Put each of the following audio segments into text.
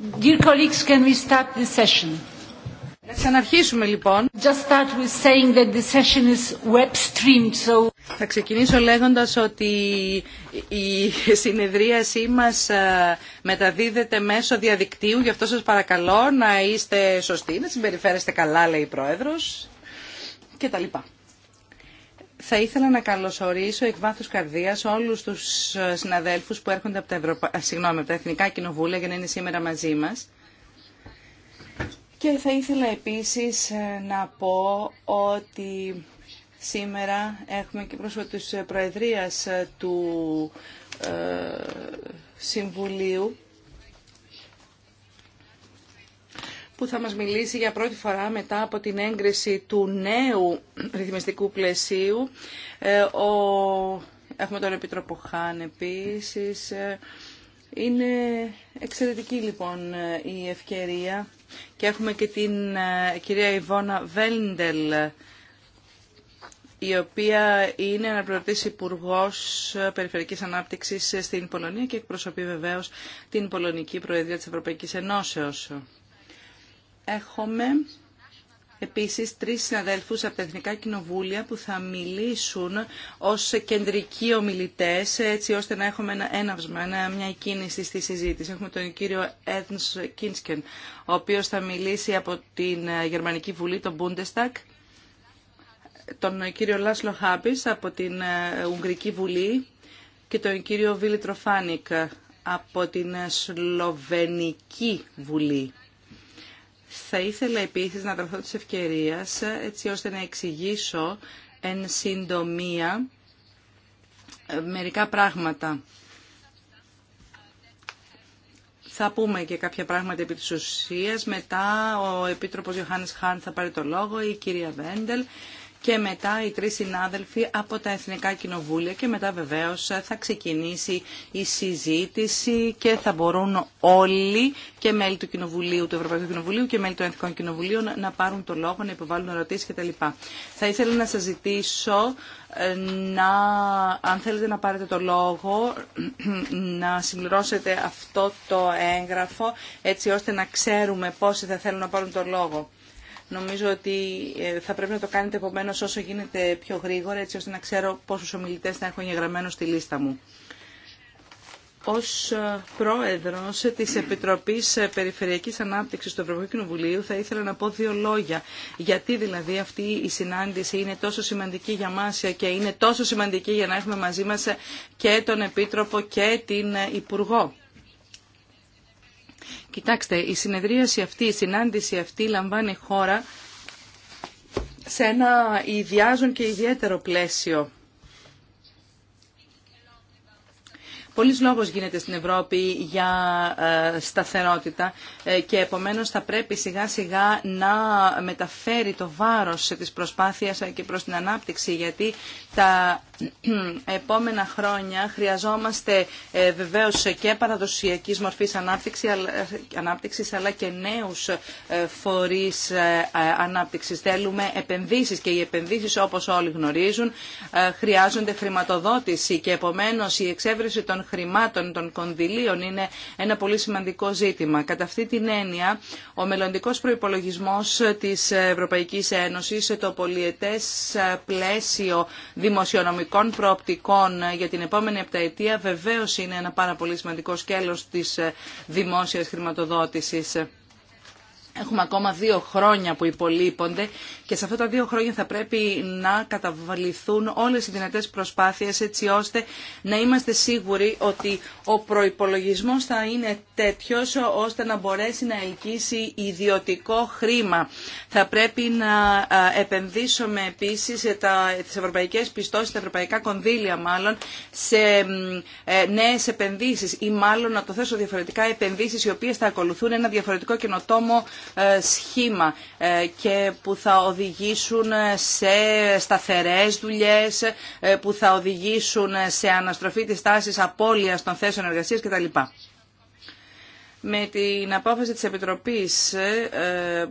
Dear colleagues, can we start the session? Let's λοιπόν. Just start with saying that the session is web streamed, so... Θα ξεκινήσω λέγοντας ότι η συνεδρίασή μας ε, μεταδίδεται μέσω διαδικτύου, γι' αυτό σας παρακαλώ να είστε σωστοί, να συμπεριφέρεστε καλά, λέει η Πρόεδρος, και τα λοιπά. Θα ήθελα να καλωσορίσω εκ βάθους καρδίας όλους τους ε, συναδέλφους που έρχονται από τα, Ευρωπα... Ε, συγγνώμη, Εθνικά Κοινοβούλια για να είναι σήμερα μαζί μας. Και θα ήθελα επίσης ε, να πω ότι σήμερα έχουμε και πρόσωπο της Προεδρίας του Συμβουλίου που θα μας μιλήσει για πρώτη φορά μετά από την έγκριση του νέου ρυθμιστικού πλαισίου. Ε, ο... Έχουμε τον Επιτρόπο Χάν επίσης. Ε, είναι εξαιρετική λοιπόν η ευκαιρία και έχουμε και την ε, κυρία Ιβώνα Βέλντελ η οποία είναι αναπληρωτής υπουργό Περιφερειακής Ανάπτυξης στην Πολωνία και εκπροσωπεί βεβαίως την Πολωνική Προεδρία της Ευρωπαϊκής Ενώσεως. Έχουμε επίσης τρεις συναδέλφους από τα Εθνικά Κοινοβούλια που θα μιλήσουν ως κεντρικοί ομιλητές έτσι ώστε να έχουμε ένα έναυσμα, μια κίνηση στη συζήτηση. Έχουμε τον κύριο Έθνς Κίνσκεν, ο οποίος θα μιλήσει από την Γερμανική Βουλή, τον Bundestag, τον κύριο Λάσλο Χάπης από την ε, Ουγγρική Βουλή και τον κύριο Βίλι Τροφάνικ από την Σλοβενική Βουλή. Θα ήθελα επίσης να δραχθώ της ευκαιρίας έτσι ώστε να εξηγήσω εν συντομία ε, μερικά πράγματα. Θα πούμε και κάποια πράγματα επί της ουσίας. Μετά ο Επίτροπος Ιωάννης Χάν θα πάρει το λόγο, η κυρία Βέντελ και μετά οι τρεις συνάδελφοι από τα Εθνικά Κοινοβούλια και μετά βεβαίως θα ξεκινήσει η συζήτηση και θα μπορούν όλοι και μέλη του Κοινοβουλίου, του Ευρωπαϊκού Κοινοβουλίου και μέλη των Εθνικών Κοινοβουλίων να πάρουν το λόγο, να υποβάλουν ερωτήσεις κτλ. Θα ήθελα να σας ζητήσω ε, να, αν θέλετε να πάρετε το λόγο, να συμπληρώσετε αυτό το έγγραφο έτσι ώστε να ξέρουμε πόσοι θα θέλουν να πάρουν το λόγο. Νομίζω ότι ε, θα πρέπει να το κάνετε επομένω όσο γίνεται πιο γρήγορα, έτσι ώστε να ξέρω πόσους ομιλητές θα έχω εγγεγραμμένο στη λίστα μου. Ως ε, πρόεδρος της Επιτροπής ε, Περιφερειακής Ανάπτυξης του Ευρωπαϊκού Κοινοβουλίου θα ήθελα να πω δύο λόγια. Γιατί δηλαδή αυτή η συνάντηση είναι τόσο σημαντική για μας και είναι τόσο σημαντική για να έχουμε μαζί μας και τον Επίτροπο και την Υπουργό. Κοιτάξτε, η συνεδρίαση αυτή, η συνάντηση αυτή λαμβάνει χώρα σε ένα ιδιάζον και ιδιαίτερο πλαίσιο. Πολλής λόγος γίνεται στην Ευρώπη για ε, σταθερότητα ε, και επομένως θα πρέπει σιγά σιγά να μεταφέρει το βάρος της προσπάθειας ε, και προς την ανάπτυξη γιατί τα επόμενα χρόνια χρειαζόμαστε βεβαίως και παραδοσιακής μορφής ανάπτυξης αλλά και νέους φορείς ανάπτυξης. Θέλουμε επενδύσεις και οι επενδύσεις όπως όλοι γνωρίζουν χρειάζονται χρηματοδότηση και επομένως η εξέβρεση των χρημάτων, των κονδυλίων είναι ένα πολύ σημαντικό ζήτημα. Κατά αυτή την έννοια, ο μελλοντικός προϋπολογισμός της Ευρωπαϊκής Ένωσης, το πολιετές πλαίσιο δημοσιονομικών προοπτικών για την επόμενη επταετία, βεβαίως είναι ένα πάρα πολύ σημαντικό σκέλος της δημόσιας χρηματοδότησης. Έχουμε ακόμα δύο χρόνια που υπολείπονται και σε αυτά τα δύο χρόνια θα πρέπει να καταβληθούν όλες οι δυνατές προσπάθειες έτσι ώστε να είμαστε σίγουροι ότι ο προϋπολογισμός θα είναι τέτοιος ώστε να μπορέσει να ελκύσει ιδιωτικό χρήμα. Θα πρέπει να επενδύσουμε επίσης τα, τις ευρωπαϊκές πιστώσεις, τα ευρωπαϊκά κονδύλια μάλλον, σε ε, νέες επενδύσεις ή μάλλον να το θέσω διαφορετικά επενδύσεις οι οποίες θα ακολουθούν ένα διαφορετικό καινοτόμο ε, σχήμα ε, και που θα οδηγήσουν σε σταθερές δουλειές, ε, που θα οδηγήσουν σε αναστροφή της τάσης απώλειας των θέσεων εργασίας κτλ. Με την απόφαση της Επιτροπής ε,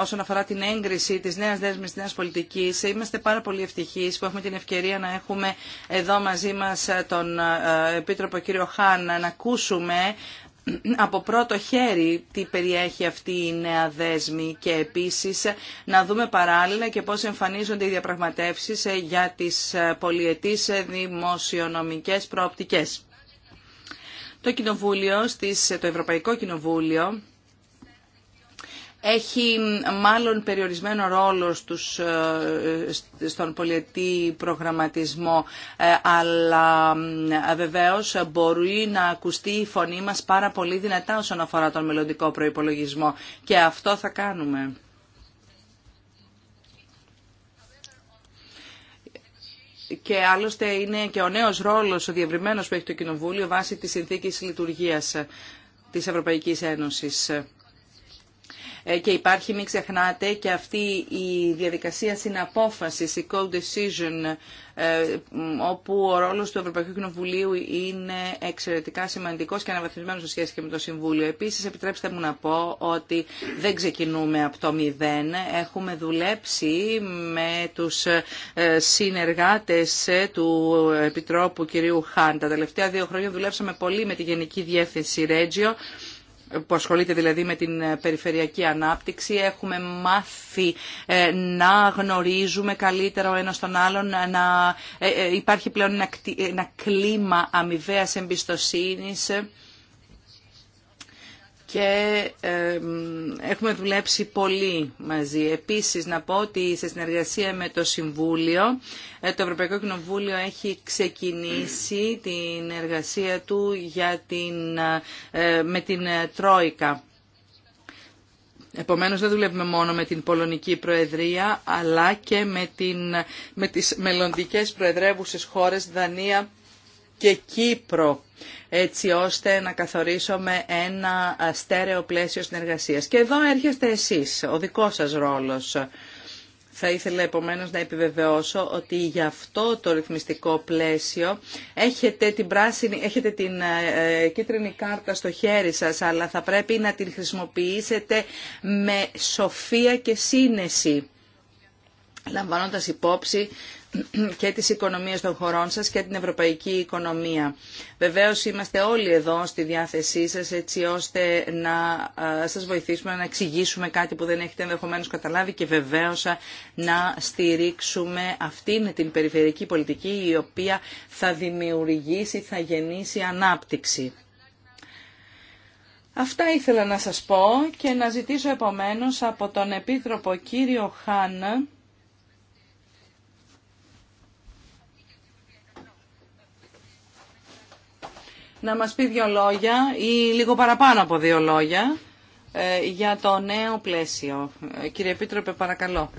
όσον αφορά την έγκριση της νέας δέσμης της νέας πολιτικής είμαστε πάρα πολύ ευτυχείς που έχουμε την ευκαιρία να έχουμε εδώ μαζί μας τον Επίτροπο κύριο Χάν να ακούσουμε από πρώτο χέρι τι περιέχει αυτή η νέα δέσμη και επίσης να δούμε παράλληλα και πώς εμφανίζονται οι διαπραγματεύσεις για τις πολιετής δημοσιονομικές προοπτικές. Το, κοινοβούλιο, το Ευρωπαϊκό Κοινοβούλιο έχει μάλλον περιορισμένο ρόλο ε, ε, στον πολιετή προγραμματισμό ε, αλλά βεβαίως μπορεί να ακουστεί η φωνή μας πάρα πολύ δυνατά όσον αφορά τον μελλοντικό προϋπολογισμό και αυτό θα κάνουμε. Και άλλωστε είναι και ο νέος ρόλος, ο διευρυμένος που έχει το Κοινοβούλιο βάσει της συνθήκης λειτουργίας της Ευρωπαϊκής Ένωσης. Ε, και υπάρχει, μην ξεχνάτε, και αυτή η διαδικασία συναπόφασης, η co-decision, ε, όπου ο ρόλος του Ευρωπαϊκού Κοινοβουλίου είναι εξαιρετικά σημαντικός και αναβαθμισμένος σε σχέση και με το Συμβούλιο. Επίσης, επιτρέψτε μου να πω ότι δεν ξεκινούμε από το μηδέν. Έχουμε δουλέψει με τους ε, συνεργάτες του Επιτρόπου κυρίου Χάν. Τα τελευταία δύο χρόνια δουλέψαμε πολύ με τη Γενική Διεύθυνση Ρέτζιο που ασχολείται δηλαδή με την ε, περιφερειακή ανάπτυξη, έχουμε μάθει ε, να γνωρίζουμε καλύτερα ο ένας τον άλλον, ε, να υπάρχει πλέον ένα κλίμα αμοιβαίας εμπιστοσύνης και έχουμε δουλέψει πολύ μαζί. Επίσης να πω ότι σε συνεργασία με το Συμβούλιο, ε, το Ευρωπαϊκό Κοινοβούλιο έχει ξεκινήσει την εργασία του για την, ε, με την ε, Τρόικα. Επομένως δεν δουλεύουμε μόνο με την Πολωνική Προεδρία, αλλά και με, την, με τις μελλοντικές προεδρεύουσες χώρες Δανία και Κύπρο έτσι ώστε να καθορίσουμε ένα στέρεο πλαίσιο συνεργασίας. Και εδώ έρχεστε εσείς, ο δικός σας ρόλος. Θα ήθελα επομένως να επιβεβαιώσω ότι για αυτό το ρυθμιστικό πλαίσιο έχετε την, πράσινη, έχετε την ε, ε, κίτρινη κάρτα στο χέρι σας, αλλά θα πρέπει να την χρησιμοποιήσετε με σοφία και σύνεση λαμβάνοντας υπόψη και τις οικονομίες των χωρών σας και την ευρωπαϊκή οικονομία. Βεβαίως είμαστε όλοι εδώ στη διάθεσή σας έτσι ώστε να σας βοηθήσουμε να εξηγήσουμε κάτι που δεν έχετε ενδεχομένως καταλάβει και βεβαίως να στηρίξουμε αυτήν την περιφερειακή πολιτική η οποία θα δημιουργήσει, θα γεννήσει ανάπτυξη. Αυτά ήθελα να σας πω και να ζητήσω επομένως από τον Επίτροπο κύριο Χάν να μας πει δύο λόγια ή λίγο παραπάνω από δύο λόγια ε, για το νέο πλαίσιο. Ε, κύριε Επίτροπε, παρακαλώ.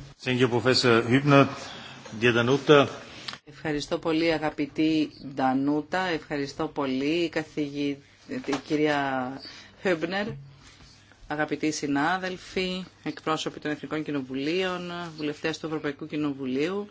Ευχαριστώ πολύ αγαπητή Ντανούτα, ευχαριστώ πολύ καθηγητή, κυρία Χέμπνερ, αγαπητοί συνάδελφοι, εκπρόσωποι των Εθνικών Κοινοβουλίων, βουλευτές του Ευρωπαϊκού Κοινοβουλίου.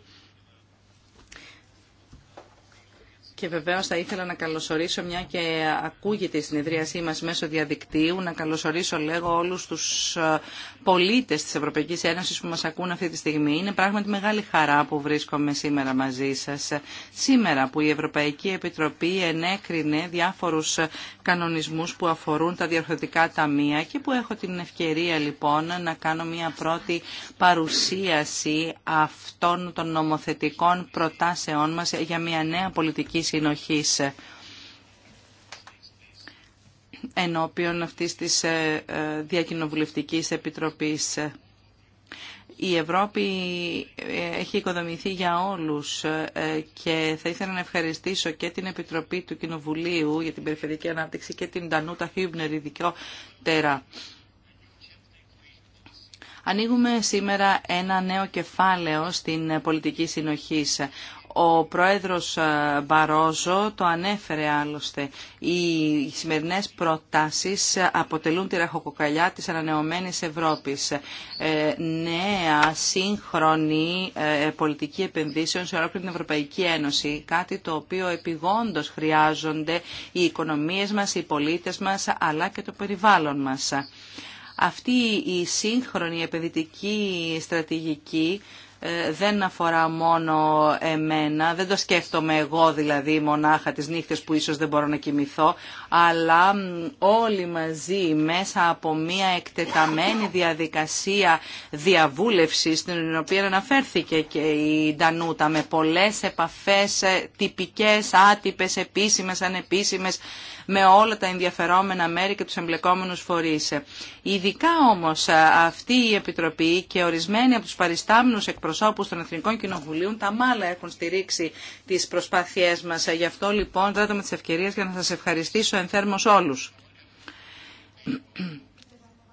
Και βεβαίως θα ήθελα να καλωσορίσω, μια και ακούγεται η συνεδρίασή μας μέσω διαδικτύου, να καλωσορίσω λέγω όλους τους ε, πολίτες της Ευρωπαϊκής Ένωσης που μας ακούν αυτή τη στιγμή. Είναι πράγματι μεγάλη χαρά που βρίσκομαι σήμερα μαζί σας. Σήμερα που η Ευρωπαϊκή Επιτροπή ενέκρινε διάφορους ε, κανονισμούς που αφορούν τα διορθωτικά ταμεία και που έχω την ευκαιρία λοιπόν να κάνω μια πρώτη παρουσίαση αυτών των νομοθετικών προτάσεών μας για μια νέα πολιτική συνοχής ενώπιον αυτής της ε, ε, διακοινοβουλευτικής επιτροπής. Η Ευρώπη ε, έχει οικοδομηθεί για όλους και θα ήθελα να ευχαριστήσω και την Επιτροπή του Κοινοβουλίου για την Περιφερειακή Ανάπτυξη και την Τανούτα Χίμπνερ ειδικότερα. Ανοίγουμε σήμερα ένα νέο κεφάλαιο στην πολιτική συνοχής. Ο πρόεδρος ε, Μπαρόζο το ανέφερε άλλωστε. Οι σημερινές προτάσεις ε, αποτελούν τη ραχοκοκαλιά της ανανεωμένης Ευρώπης. Ε, νέα, σύγχρονη πολιτική επενδύσεων σε ολόκληρη την Ευρωπαϊκή Ένωση. Κάτι το οποίο επιγόντως χρειάζονται οι οικονομίες μας, οι πολίτες μας, αλλά και το περιβάλλον μας. Αυτή η σύγχρονη επενδυτική στρατηγική ε, δεν αφορά μόνο εμένα, δεν το σκέφτομαι εγώ δηλαδή μονάχα τις νύχτες που ίσως δεν μπορώ να κοιμηθώ, αλλά όλοι μαζί μέσα από μια εκτεταμένη διαδικασία διαβούλευσης, στην οποία αναφέρθηκε και η Ντανούτα, με πολλές επαφές ε, τυπικές, άτυπες, επίσημες, ανεπίσημες, με όλα τα ενδιαφερόμενα μέρη και τους εμπλεκόμενους φορείς. Ειδικά όμως αυτή η Επιτροπή και ορισμένοι από τους παριστάμενους εκπροσώπους των Εθνικών Κοινοβουλίων τα μάλα έχουν στηρίξει τις προσπάθειές μας. Γι' αυτό λοιπόν δράτω με τις ευκαιρίες για να σας ευχαριστήσω ενθέρμως όλους.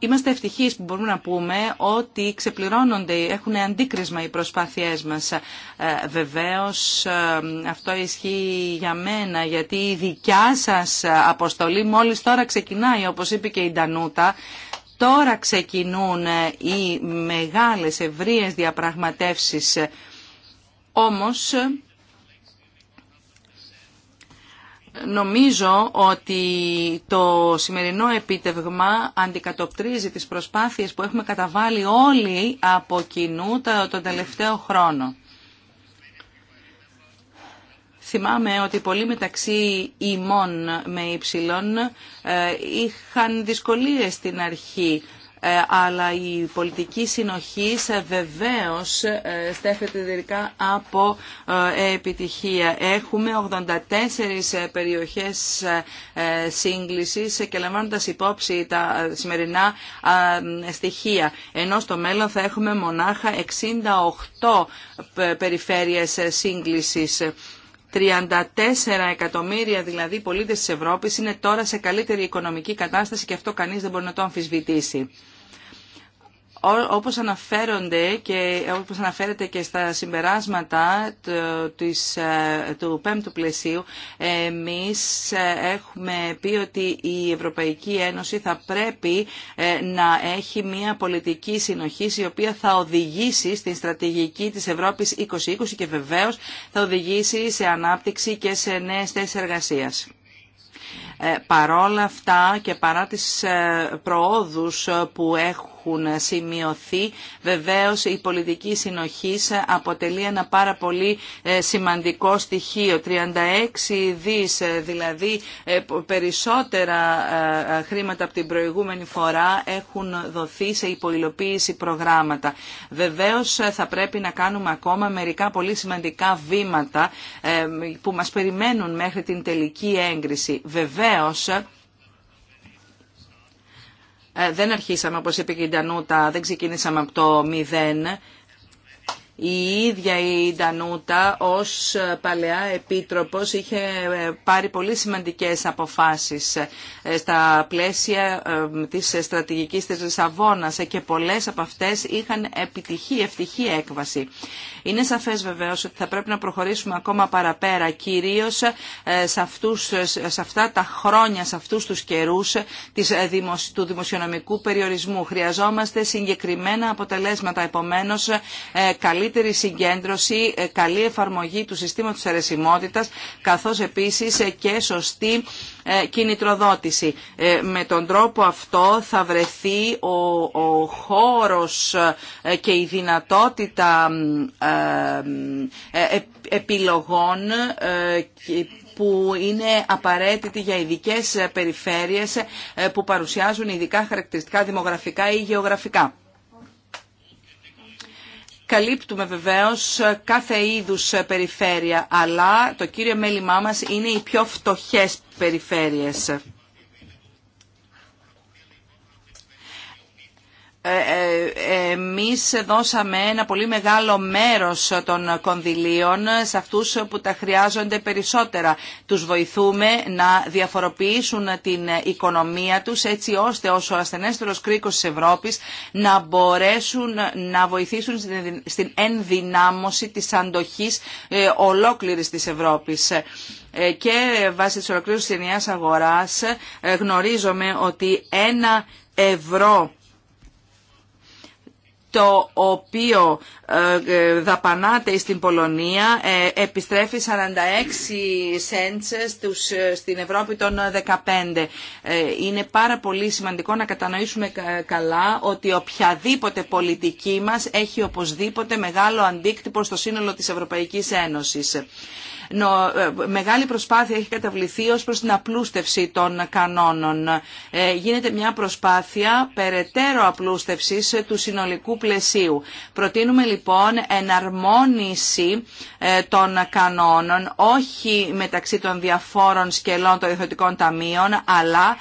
Είμαστε ευτυχείς που μπορούμε να πούμε ότι ξεπληρώνονται, έχουν αντίκρισμα οι προσπάθειές μας. Ε, βεβαίως ε, αυτό ισχύει για μένα γιατί η δικιά σας αποστολή μόλις τώρα ξεκινάει όπως είπε και η Ντανούτα. Τώρα ξεκινούν ε, οι μεγάλες ευρείες διαπραγματεύσεις όμως Νομίζω ότι το σημερινό επίτευγμα αντικατοπτρίζει τις προσπάθειες που έχουμε καταβάλει όλοι από κοινού τον τελευταίο χρόνο. Θυμάμαι ότι πολλοί μεταξύ ημών με υψηλών ε, είχαν δυσκολίες στην αρχή ε, αλλά η πολιτική συνοχή ε, βεβαίως ε, στέφεται τελικά από επιτυχία. Έχουμε 84 περιοχές σύγκλησης και λαμβάνοντας υπόψη τα σημερινά στοιχεία. Ενώ στο μέλλον θα έχουμε μονάχα 68 περιφέρειες σύγκλησης. 34 εκατομμύρια δηλαδή πολίτες της Ευρώπης είναι τώρα σε καλύτερη οικονομική κατάσταση και αυτό κανείς δεν μπορεί να το αμφισβητήσει όπως αναφέρονται και όπως αναφέρεται και στα συμπεράσματα του, ε, του πέμπτου πλαισίου, εμείς ε, έχουμε πει ότι η Ευρωπαϊκή Ένωση θα πρέπει ε, να έχει μια πολιτική συνοχή η οποία θα οδηγήσει στην στρατηγική της Ευρώπης 2020 και βεβαίως θα οδηγήσει σε ανάπτυξη και σε νέες θέσεις Παρόλα αυτά και παρά τις προόδους που έχουν έχουν σημειωθεί. Βεβαίως η πολιτική συνοχή αποτελεί ένα πάρα πολύ ε, σημαντικό στοιχείο. 36 δις ε, δηλαδή ε, περισσότερα χρήματα από την προηγούμενη φορά έχουν δοθεί σε υποειλοποίηση προγράμματα. Βεβαίως θα πρέπει να κάνουμε ακόμα μερικά πολύ σημαντικά βήματα που μας περιμένουν μέχρι την τελική έγκριση. Βεβαίως ε, δεν αρχίσαμε, όπως είπε και η Ντανούτα, δεν ξεκίνησαμε από το μηδέν. Η ίδια η Ντανούτα ως παλαιά επίτροπος είχε ε, πάρει πολύ σημαντικές αποφάσεις ε, στα πλαίσια της στρατηγικής της Λισαβόνας και πολλές από αυτές είχαν επιτυχή, ευτυχή έκβαση. Είναι σαφές βεβαίω ότι θα πρέπει να προχωρήσουμε ακόμα παραπέρα, κυρίω ε, σε, σε αυτά τα χρόνια, σε αυτούς του καιρού ε, ε, του δημοσιονομικού περιορισμού. Χρειαζόμαστε συγκεκριμένα αποτελέσματα, επομένω καλύτερη συγκέντρωση, καλή εφαρμογή του συστήματος ερεσιμότητας, καθώς επίσης και σωστή κινητροδότηση. Με τον τρόπο αυτό θα βρεθεί ο, ο χώρος και η δυνατότητα ε, ε, επιλογών ε, που είναι απαραίτητη για ειδικέ περιφέρειες που παρουσιάζουν ειδικά χαρακτηριστικά δημογραφικά ή γεωγραφικά. Καλύπτουμε βεβαίως κάθε είδους περιφέρεια, αλλά το κύριο μέλημά μας είναι οι πιο φτωχές περιφέρειες. Ε, ε, εμείς δώσαμε ένα πολύ μεγάλο μέρος των κονδυλίων σε αυτούς που τα χρειάζονται περισσότερα. Τους βοηθούμε να διαφοροποιήσουν την οικονομία τους έτσι ώστε ως ο ασθενέστερος κρίκος της Ευρώπης να μπορέσουν να βοηθήσουν στην ενδυνάμωση της αντοχής ε, ολόκληρης της Ευρώπης και βάσει της ολοκλήρωσης της ενιαίας αγοράς γνωρίζομαι ότι ένα ευρώ το οποίο ε, δαπανάται στην Πολωνία ε, επιστρέφει 46 cents ε, στην Ευρώπη των 15. Είναι πάρα πολύ σημαντικό να κατανοήσουμε καλά ότι οποιαδήποτε πολιτική μας έχει οπωσδήποτε μεγάλο αντίκτυπο στο σύνολο της Ευρωπαϊκής Ένωσης. Ε, μεγάλη προσπάθεια έχει καταβληθεί ως προς την απλούστευση των κανόνων. Ε, γίνεται μια προσπάθεια περαιτέρω απλούστευσης του συνολικού πλαισίου. Προτείνουμε λοιπόν εναρμόνιση ε, των κανόνων, όχι μεταξύ των διαφόρων σκελών των ιδιωτικών ταμείων, αλλά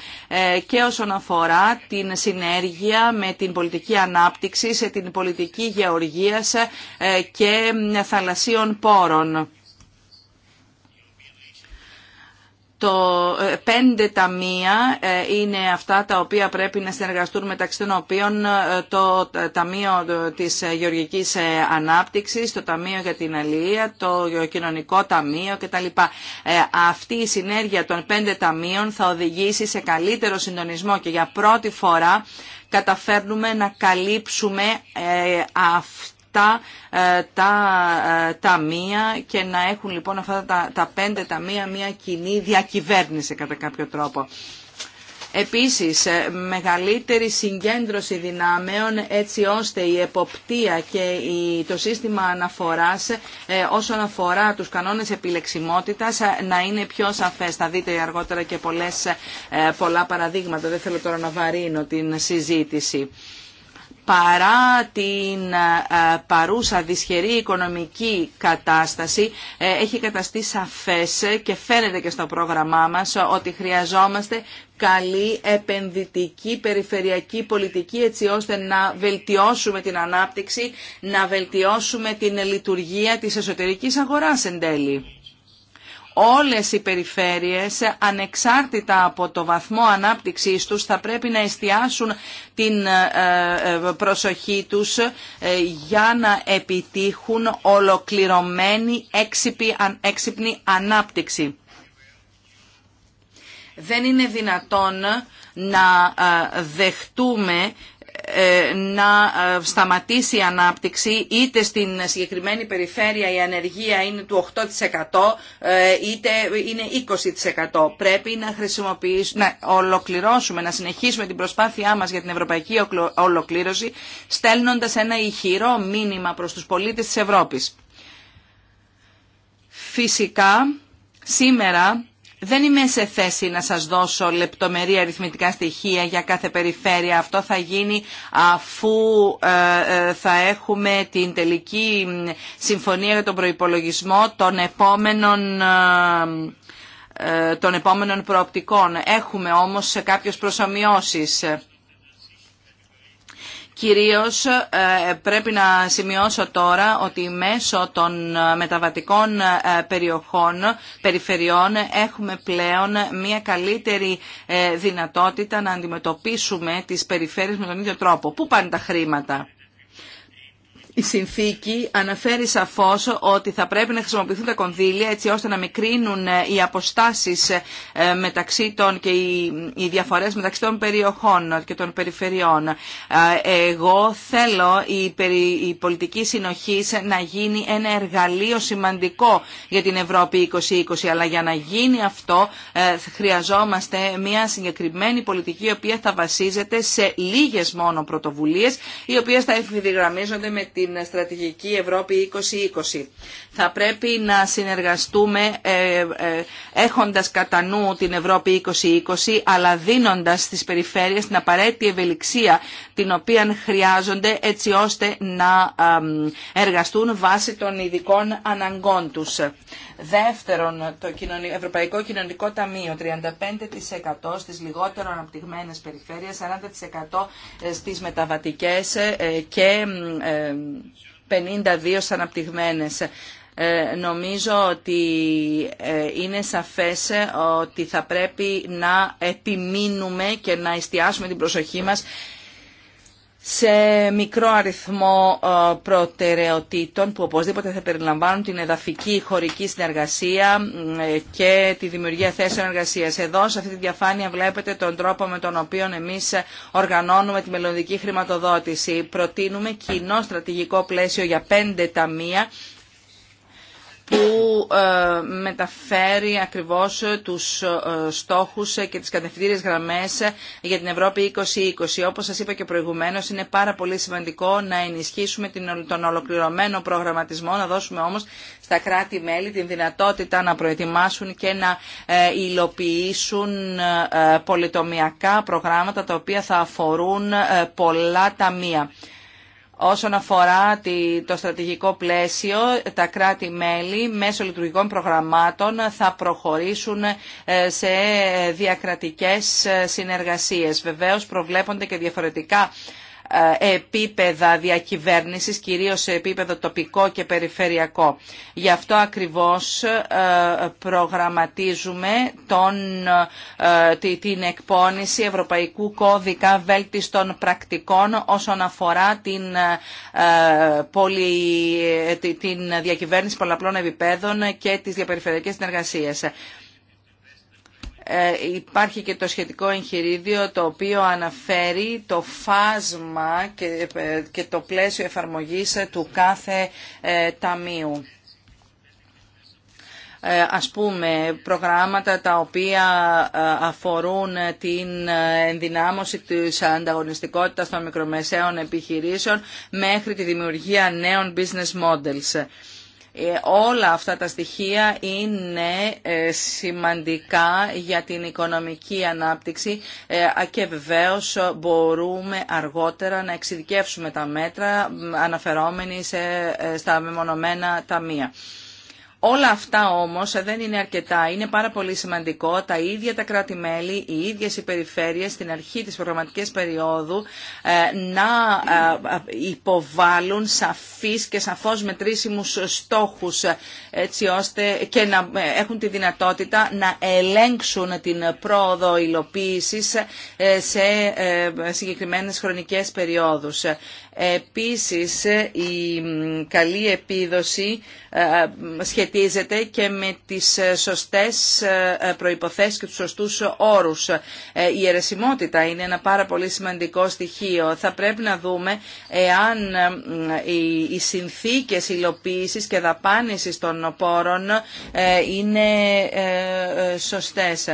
και όσον αφορά την συνέργεια με την πολιτική ανάπτυξη, σε την πολιτική γεωργίας και θαλασσίων πόρων. το ε, πέντε ταμεία ε, είναι αυτά τα οποία πρέπει να συνεργαστούν μεταξύ των οποίων ε, το Ταμείο της Γεωργικής Ανάπτυξης, το Ταμείο για την Αλληλεία, το Κοινωνικό Ταμείο κτλ. Αυτή η συνέργεια των πέντε ταμείων θα οδηγήσει σε καλύτερο συντονισμό και για πρώτη φορά καταφέρνουμε να καλύψουμε αυτή αυτά τα ε, ε, ταμεία και να έχουν λοιπόν αυτά τα, τα πέντε ταμεία μια κοινή διακυβέρνηση κατά κάποιο τρόπο. Επίσης, ε, μεγαλύτερη συγκέντρωση δυνάμεων έτσι ώστε η εποπτεία και το σύστημα αναφοράς όσον αφορά τους κανόνες επιλεξιμότητας να είναι πιο σαφές. Θα δείτε αργότερα και πολλές, πολλά παραδείγματα. Δεν θέλω τώρα να βαρύνω την συζήτηση παρά την ε, ε, παρούσα δυσχερή οικονομική κατάσταση ε, έχει καταστεί σαφές και φαίνεται και στο πρόγραμμά μας ότι χρειαζόμαστε καλή επενδυτική περιφερειακή πολιτική έτσι ώστε να βελτιώσουμε την ανάπτυξη, να βελτιώσουμε την λειτουργία της εσωτερικής αγοράς εν τέλει όλες οι περιφέρειες ανεξάρτητα από το βαθμό ανάπτυξής τους θα πρέπει να εστιάσουν την ε, ε, προσοχή τους ε, για να επιτύχουν ολοκληρωμένη έξυπνη ανάπτυξη. Δεν είναι δυνατόν να δεχτούμε ε, να ε, σταματήσει η ανάπτυξη είτε στην συγκεκριμένη περιφέρεια η ανεργία είναι του 8% ε, είτε είναι 20%. Πρέπει να χρησιμοποιήσουμε, να ολοκληρώσουμε, να συνεχίσουμε την προσπάθειά μας για την ευρωπαϊκή ολοκλήρωση στέλνοντας ένα ηχηρό μήνυμα προς τους πολίτες της Ευρώπης. Φυσικά, σήμερα δεν είμαι σε θέση να σας δώσω λεπτομερή αριθμητικά στοιχεία για κάθε περιφέρεια. Αυτό θα γίνει αφού ε, ε, θα έχουμε την τελική συμφωνία για τον προϋπολογισμό των επόμενων ε, των επόμενων προοπτικών. Έχουμε όμως κάποιες προσωμιώσεις. Κυρίως ε, πρέπει να σημειώσω τώρα ότι μέσω των ε, μεταβατικών ε, περιοχών, περιφερειών έχουμε πλέον μια καλύτερη δυνατότητα να αντιμετωπίσουμε τις περιφέρειες με τον ίδιο τρόπο. Πού πάνε τα χρήματα η συνθήκη αναφέρει σαφώς ότι θα πρέπει να χρησιμοποιηθούν τα κονδύλια έτσι ώστε να μικρύνουν ε, οι αποστάσεις ε, ε, μεταξύ των και οι διαφορές μεταξύ των περιοχών και των περιφερειών. Εγώ θέλω η πολιτική συνοχή να γίνει ένα εργαλείο σημαντικό για την Ευρώπη 2020 αλλά για να γίνει αυτό χρειαζόμαστε μια συγκεκριμένη πολιτική η οποία θα βασίζεται σε λίγε μόνο πρωτοβουλίε, οι οποίες θα ευθυγραμμίζονται με τη την στρατηγική Ευρώπη 2020. Θα πρέπει να συνεργαστούμε ε, ε, έχοντας κατά νου την Ευρώπη 2020 αλλά δίνοντας στις περιφέρειες την απαραίτητη ευελιξία την οποία χρειάζονται έτσι ώστε να εργαστούν βάσει των ειδικών αναγκών τους. Δεύτερον, το Ευρωπαϊκό Κοινωνικό Ταμείο 35% στις λιγότερο αναπτυγμένες περιφέρειες, 40% ε, στις μεταβατικές και 52 σαν αναπτυγμένες. Ε, νομίζω ότι ε, είναι σαφές ε, ότι θα πρέπει να επιμείνουμε και να εστιάσουμε την προσοχή μας σε μικρό αριθμό ε, προτεραιοτήτων που οπωσδήποτε θα περιλαμβάνουν την εδαφική χωρική συνεργασία ε, και τη δημιουργία θέσεων εργασίας. Εδώ σε αυτή τη διαφάνεια βλέπετε τον τρόπο με τον οποίο εμείς οργανώνουμε τη μελλοντική χρηματοδότηση. Προτείνουμε κοινό στρατηγικό πλαίσιο για πέντε ταμεία που ε, μεταφέρει ακριβώς ε, τους ε, στόχους και τις κατευθύντες γραμμές για την Ευρώπη 2020. Όπως σας είπα και προηγουμένως, είναι πάρα πολύ σημαντικό να ενισχύσουμε τον ολοκληρωμένο προγραμματισμό, να δώσουμε όμως στα κράτη-μέλη την δυνατότητα να προετοιμάσουν και να υλοποιήσουν πολυτομιακά προγράμματα τα οποία θα αφορούν πολλά ταμεία όσον αφορά το στρατηγικό πλαίσιο, τα κράτη-μέλη μέσω λειτουργικών προγραμμάτων θα προχωρήσουν ε, σε διακρατικές ε, συνεργασίες. Βεβαίως προβλέπονται και διαφορετικά ε, επίπεδα διακυβέρνησης, κυρίως σε επίπεδο τοπικό και περιφερειακό. Γι' αυτό ακριβώς ε, προγραμματίζουμε τον, ε, την εκπόνηση Ευρωπαϊκού Κώδικα Βέλτιστων Πρακτικών όσον αφορά την, την διακυβέρνηση πολλαπλών επιπέδων και τις διαπεριφερειακές συνεργασίες. Ε, υπάρχει και το σχετικό εγχειρίδιο το οποίο αναφέρει το φάσμα και ε, το πλαίσιο εφαρμογής του κάθε ε, ταμείου ας πούμε προγράμματα τα οποία αφορούν την ενδυνάμωση της ανταγωνιστικότητας των μικρομεσαίων επιχειρήσεων μέχρι τη δημιουργία νέων business models. Ε, όλα αυτά τα στοιχεία είναι ε, σημαντικά για την οικονομική ανάπτυξη ε, και βεβαίως μπορούμε αργότερα να εξειδικεύσουμε τα μέτρα αναφερόμενοι στα μεμονωμένα ταμεία. Όλα αυτά όμως δεν είναι αρκετά. Είναι πάρα πολύ σημαντικό τα ίδια τα κράτη-μέλη, οι ίδιες οι περιφέρειες στην αρχή της προγραμματικής περίοδου ε, να ε, ε, υποβάλουν σαφείς και σαφώς μετρήσιμους στόχους έτσι και να έχουν τη δυνατότητα να ελέγξουν την πρόοδο υλοποίησης σε συγκεκριμένες χρονικές περιόδους. Επίσης, η καλή επίδοση ε, σχετίζεται και με τις σωστές ε, προϋποθέσεις και τους σωστούς όρους. Ε, η αιρεσιμότητα είναι ένα πάρα πολύ σημαντικό στοιχείο. Θα πρέπει να δούμε εάν οι συνθήκες υλοποίησης και δαπάνησης των πόρων είναι σωστές.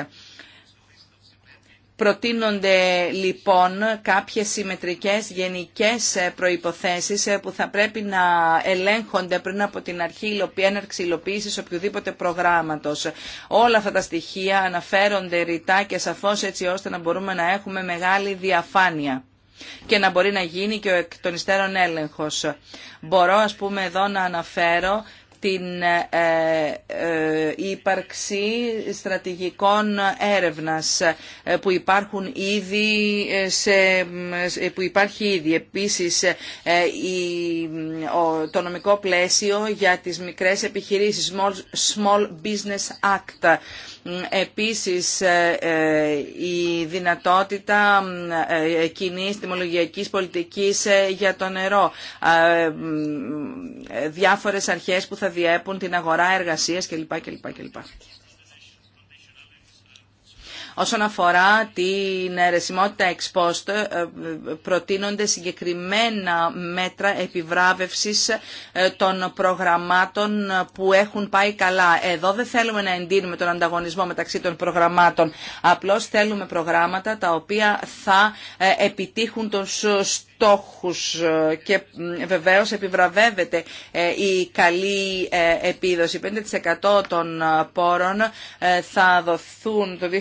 Προτείνονται λοιπόν κάποιες συμμετρικές γενικές ε, προϋποθέσεις ε, που θα πρέπει να ελέγχονται πριν από την αρχή έναρξη υλοποίηση οποιοδήποτε προγράμματος. Όλα αυτά τα στοιχεία αναφέρονται ρητά και σαφώς έτσι ώστε να μπορούμε να έχουμε μεγάλη διαφάνεια και να μπορεί να γίνει και ο εκ των υστέρων έλεγχος. Μπορώ ας πούμε εδώ να αναφέρω την ε, ε, ύπαρξη στρατηγικών έρευνας ε, που υπάρχουν ήδη σε, που υπάρχει ήδη επίσης το νομικό πλαίσιο για τις μικρές επιχειρήσεις Small Business Act Επίσης, ε, ε, η δυνατότητα ε, κοινή τιμολογιακής πολιτικής για το νερό. Διάφορες αρχές που θα διέπουν την αγορά εργασίας κλπ. Όσον αφορά την αιρεσιμότητα εξπόστ, προτείνονται συγκεκριμένα μέτρα επιβράβευσης ε, των προγραμμάτων που έχουν πάει καλά. Εδώ δεν θέλουμε να εντείνουμε τον ανταγωνισμό μεταξύ των προγραμμάτων. Απλώς θέλουμε προγράμματα τα οποία θα ε, επιτύχουν τον σωστό στόχους ε, και βεβαίως επιβραβεύεται ε, η καλή ε, επίδοση. 5% των πόρων θα δοθούν το 2019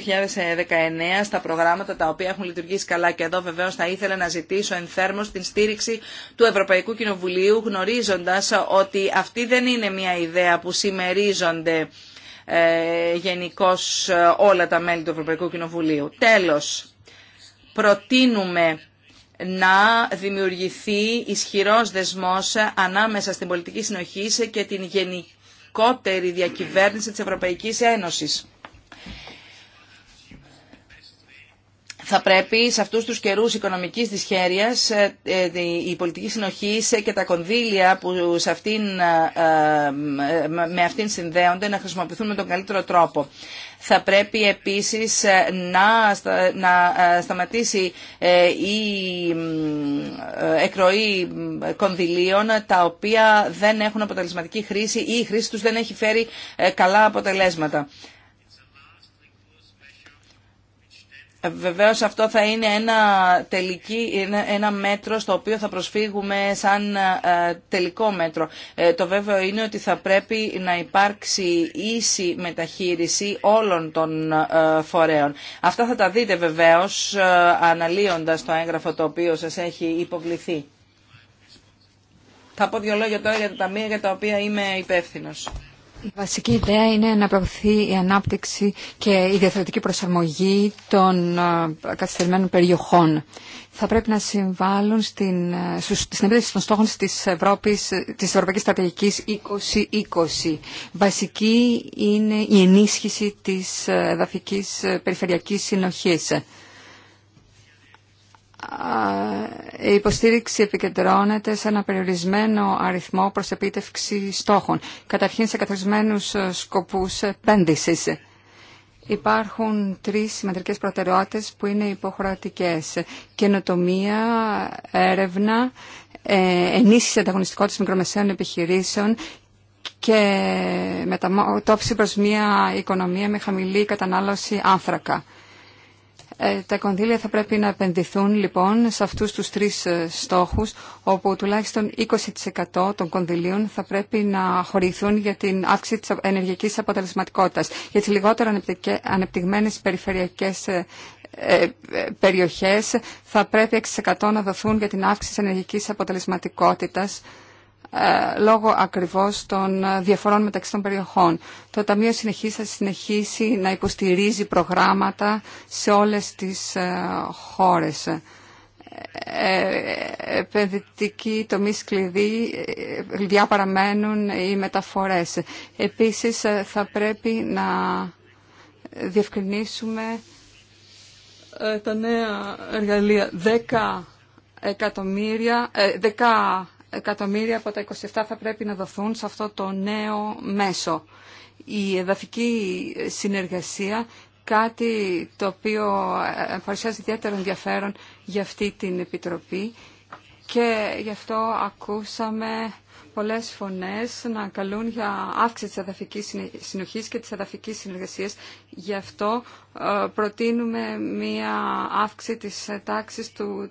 στα προγράμματα τα οποία έχουν λειτουργήσει καλά και εδώ βεβαίως θα ήθελα να ζητήσω εν θέρμος την στήριξη του Ευρωπαϊκού Κοινοβουλίου γνωρίζοντας ότι αυτή δεν είναι μια ιδέα που σημερίζονται ε, Γενικώ όλα τα μέλη του Ευρωπαϊκού Κοινοβουλίου. Τέλος, προτείνουμε να δημιουργηθεί ισχυρός δεσμός ανάμεσα στην πολιτική συνοχή και την γενικότερη διακυβέρνηση της Ευρωπαϊκής Ένωσης. θα πρέπει σε αυτούς τους καιρούς οικονομικής δυσχέρειας ε, ε, η πολιτική συνοχή και τα κονδύλια που σε αυτήν, ε, με αυτήν συνδέονται να χρησιμοποιηθούν με τον καλύτερο τρόπο. Θα πρέπει επίσης ε, να, να ε, σταματήσει ε, η εκροή κονδυλίων τα οποία δεν έχουν αποτελεσματική χρήση ή η χρήση τους δεν έχει φέρει καλά αποτελέσματα. Βεβαίως αυτό θα είναι ένα, τελική, ένα μέτρο στο οποίο θα προσφύγουμε σαν ε, τελικό μέτρο. Ε, το βέβαιο είναι ότι θα πρέπει να υπάρξει ίση μεταχείριση όλων των ε, φορέων. Αυτά θα τα δείτε βεβαίως αναλύοντας το έγγραφο το οποίο σας έχει υποβληθεί. Θα πω δύο λόγια τώρα για τα ταμεία για τα οποία είμαι υπεύθυνος. Η βασική ιδέα είναι να προωθεί η ανάπτυξη και η διαθεωρητική προσαρμογή των καθυστερημένων περιοχών. Θα πρέπει να συμβάλλουν στην, στην των στόχων της, Ευρώπης, της Ευρωπαϊκής Στρατηγικής 2020. Βασική είναι η ενίσχυση της εδαφικής ε, περιφερειακής συνοχής η υποστήριξη επικεντρώνεται σε ένα περιορισμένο αριθμό προς επίτευξη στόχων. Καταρχήν σε καθορισμένους ε, σκοπούς επένδυση. Υπάρχουν τρεις συμμετρικές προτεραιότητες που είναι υποχρεωτικές. Καινοτομία, έρευνα, ε, ενίσχυση ανταγωνιστικότητας μικρομεσαίων επιχειρήσεων και μεταμόρφωση προς μια οικονομία με χαμηλή κατανάλωση άνθρακα. Ε, τα κονδύλια θα πρέπει να επενδυθούν λοιπόν σε αυτούς τους τρεις ε, στόχους όπου τουλάχιστον 20% των κονδυλίων θα πρέπει να χωρηθούν για την αύξηση της ενεργειακής αποτελεσματικότητας για τις λιγότερο ανεπτυγμένες περιφερειακές ε, περιοχές θα πρέπει 6% να δοθούν για την αύξηση της ενεργειακής αποτελεσματικότητας ε, λόγω ακριβώς των ε, διαφορών μεταξύ των περιοχών. Το Ταμείο συνεχίζει, θα συνεχίσει να υποστηρίζει προγράμματα σε όλες τις ε, χώρες. Επενδυτικοί τομείς κλειδί, κλειδιά παραμένουν οι μεταφορές. Επίσης θα πρέπει να διευκρινίσουμε τα νέα εργαλεία. 10 εκατομμύρια, 10 εκατομμύρια από τα 27 θα πρέπει να δοθούν σε αυτό το νέο μέσο. Η εδαφική συνεργασία, κάτι το οποίο παρουσιάζει ιδιαίτερο ενδιαφέρον για αυτή την Επιτροπή και γι' αυτό ακούσαμε πολλές φωνές να καλούν για αύξηση της εδαφικής συνοχής και της εδαφικής συνεργασίας. Γι' αυτό ε, προτείνουμε μία αύξηση της τάξης του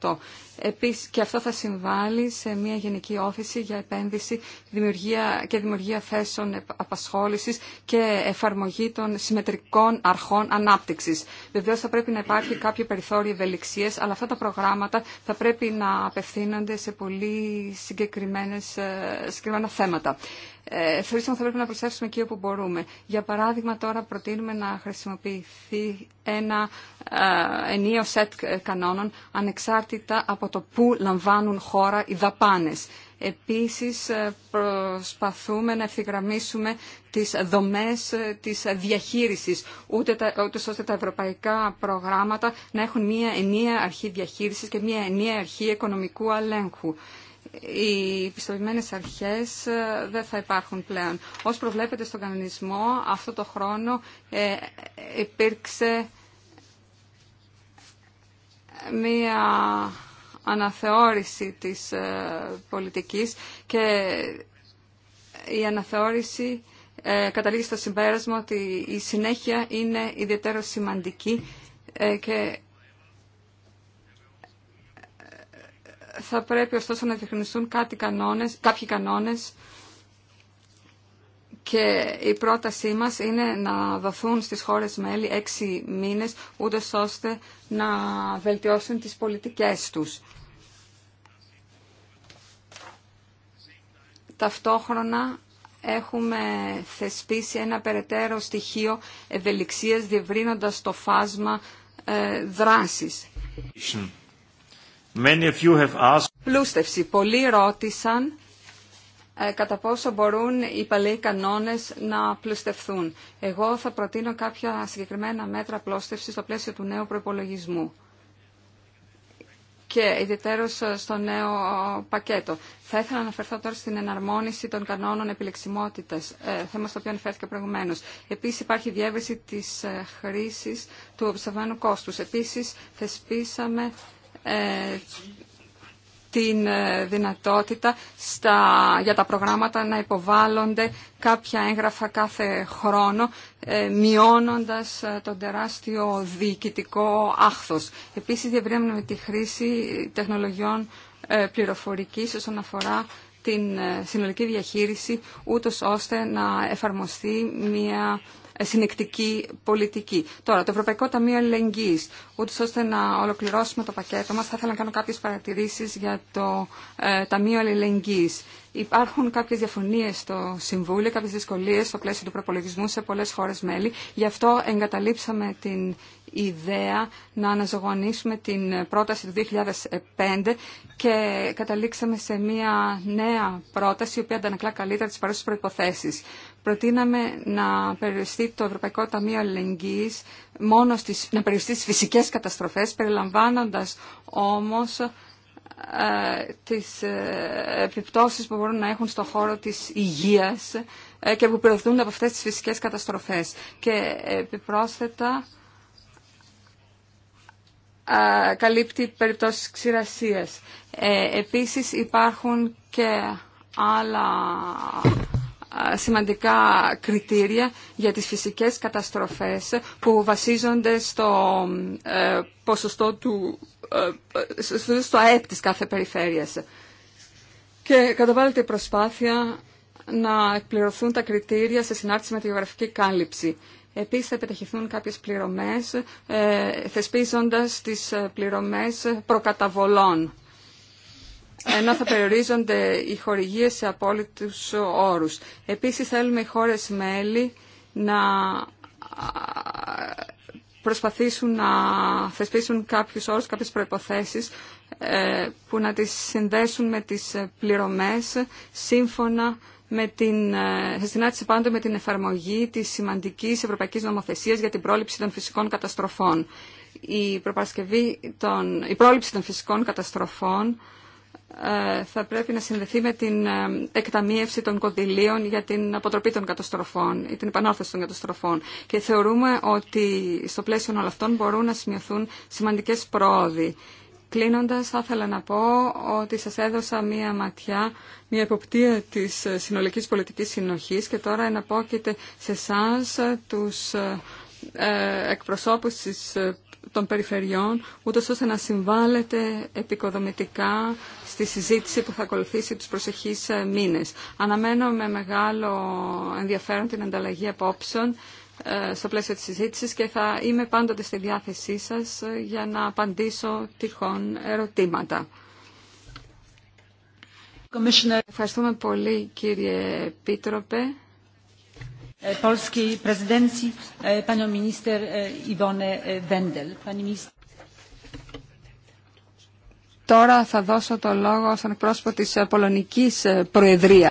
30%. Επίσης, και αυτό θα συμβάλλει σε μία γενική όφηση για επένδυση δημιουργία και δημιουργία θέσεων απασχόλησης και εφαρμογή των συμμετρικών αρχών ανάπτυξης. Βεβαίως θα πρέπει να υπάρχει κάποιο περιθώριο ευελιξίες, αλλά αυτά τα προγράμματα θα πρέπει να απευθύνονται σε πολύ ε, συγκεκριμένα θέματα. Ε, θεωρήσαμε ότι θα πρέπει να προσθέσουμε εκεί όπου μπορούμε. Για παράδειγμα, τώρα προτείνουμε να χρησιμοποιηθεί ένα ε, ενίο σετ κανόνων ανεξάρτητα από το πού λαμβάνουν χώρα οι δαπάνες. Επίσης ε, προσπαθούμε να ευθυγραμμίσουμε τις δομές ε, της διαχείρισης, ούτε, ούτε ώστε τα ευρωπαϊκά προγράμματα να έχουν μία ενία αρχή διαχείρισης και μία ενία αρχή οικονομικού αλέγχου οι πιστοποιημένες αρχές ε, δεν θα υπάρχουν πλέον. Ως προβλέπεται στον κανονισμό, αυτό το χρόνο ε, υπήρξε μία αναθεώρηση της ε, πολιτικής και η αναθεώρηση καταλήγει στο συμπέρασμα ότι η συνέχεια είναι ιδιαίτερα σημαντική και Θα πρέπει ωστόσο να διευκρινιστούν κανόνες, κάποιοι κανόνες και η πρότασή μας είναι να δοθούν στις χώρες μέλη έξι μήνες ούτε ώστε να βελτιώσουν τις πολιτικές τους. Ταυτόχρονα έχουμε θεσπίσει ένα περαιτέρω στοιχείο ευελιξίας διευρύνοντας το φάσμα ε, δράσης. Πλούστευση. Πολλοί ρώτησαν ε, κατά πόσο μπορούν οι παλαιοί κανόνες να πλουστευθούν. Εγώ θα προτείνω κάποια συγκεκριμένα μέτρα πλούστευσης στο πλαίσιο του νέου προπολογισμού και ιδιαίτερω στο νέο ε, πακέτο. Θα ήθελα να αναφερθώ τώρα στην εναρμόνιση των κανόνων επιλεξιμότητας, ε, θέμα στο οποίο αναφέρθηκα προηγουμένω. Επίση υπάρχει διεύρυνση τη χρήση του ψευμένου κόστου. Επίση, θεσπίσαμε ε, την ε, δυνατότητα στα, για τα προγράμματα να υποβάλλονται κάποια έγγραφα κάθε χρόνο, ε, μειώνοντας ε, τον τεράστιο διοικητικό άχθος. Επίσης, διευρύνουμε τη χρήση τεχνολογιών ε, πληροφορικής όσον αφορά την συνολική διαχείριση, ούτως ώστε να εφαρμοστεί μια συνεκτική πολιτική. Τώρα, το Ευρωπαϊκό Ταμείο Ελεγγύης, ούτω ώστε να ολοκληρώσουμε το πακέτο μας, θα ήθελα να κάνω κάποιες παρατηρήσεις για το ε, Ταμείο Ελεγγύης. Υπάρχουν κάποιες διαφωνίες στο Συμβούλιο, κάποιες δυσκολίες στο πλαίσιο του προπολογισμού σε πολλές χώρες μέλη. Γι' αυτό εγκαταλείψαμε την ιδέα να αναζωογονήσουμε την πρόταση του 2005 και καταλήξαμε σε μια νέα πρόταση, η οποία αντανακλά καλύτερα τις παρούσες προϋποθέσεις. Προτείναμε να περιοριστεί το Ευρωπαϊκό Ταμείο Αλληλεγγύης μόνο στις, να περιοριστεί στις φυσικές καταστροφές, περιλαμβάνοντας όμως ε, τις ε, επιπτώσεις που μπορούν να έχουν στον χώρο της υγείας ε, και που προωθούν από αυτές τις φυσικές καταστροφές. Και επιπρόσθετα καλύπτει περιπτώσεις ξηρασίας. Ε, επίσης υπάρχουν και άλλα σημαντικά κριτήρια για τις φυσικές καταστροφές που βασίζονται στο ε, ποσοστό του, ε, ε, στο ΑΕΠ της κάθε περιφέρειας. Και καταβάλλεται η προσπάθεια να εκπληρωθούν τα κριτήρια σε συνάρτηση με τη γεωγραφική κάλυψη. Επίσης θα επιταχυθούν κάποιες πληρωμές, ε, θεσπίζοντας τις ε, πληρωμές προκαταβολών ενώ θα περιορίζονται οι χορηγίες σε απόλυτους όρους. Επίσης θέλουμε οι χώρες μέλη να προσπαθήσουν να θεσπίσουν κάποιους όρους, κάποιες προϋποθέσεις ε, που να τις συνδέσουν με τις πληρωμές σύμφωνα με την, ε, σε συνάντηση πάντοτε με την εφαρμογή της σημαντικής ευρωπαϊκής νομοθεσίας για την πρόληψη των φυσικών καταστροφών. Η, προπαρασκευή των, η πρόληψη των φυσικών καταστροφών ε, θα πρέπει να συνδεθεί με την ε, εκταμείευση των κονδυλίων για την αποτροπή των καταστροφών ή την επανόρθωση των καταστροφών. Και θεωρούμε ότι στο πλαίσιο όλων αυτών μπορούν να σημειωθούν σημαντικές πρόοδοι. Κλείνοντας, θα ήθελα να πω ότι σας έδωσα μία ματιά, μία εποπτεία της συνολικής πολιτικής συνοχής και τώρα εναπόκειται σε εσά τους ε, εκπροσώπους ε, των περιφερειών, ούτω ώστε να συμβάλλετε επικοδομητικά στη συζήτηση που θα ακολουθήσει τους προσεχείς ε, μήνες. Αναμένω με μεγάλο ενδιαφέρον την ανταλλαγή απόψεων ε, στο πλαίσιο της συζήτησης και θα είμαι πάντοτε στη διάθεσή σας ε, για να απαντήσω τυχόν ερωτήματα. Ευχαριστούμε πολύ κύριε Πίτροπε. Ε, Τώρα θα δώσω το λόγο στον εκπρόσωπο της Πολωνικής Προεδρίας.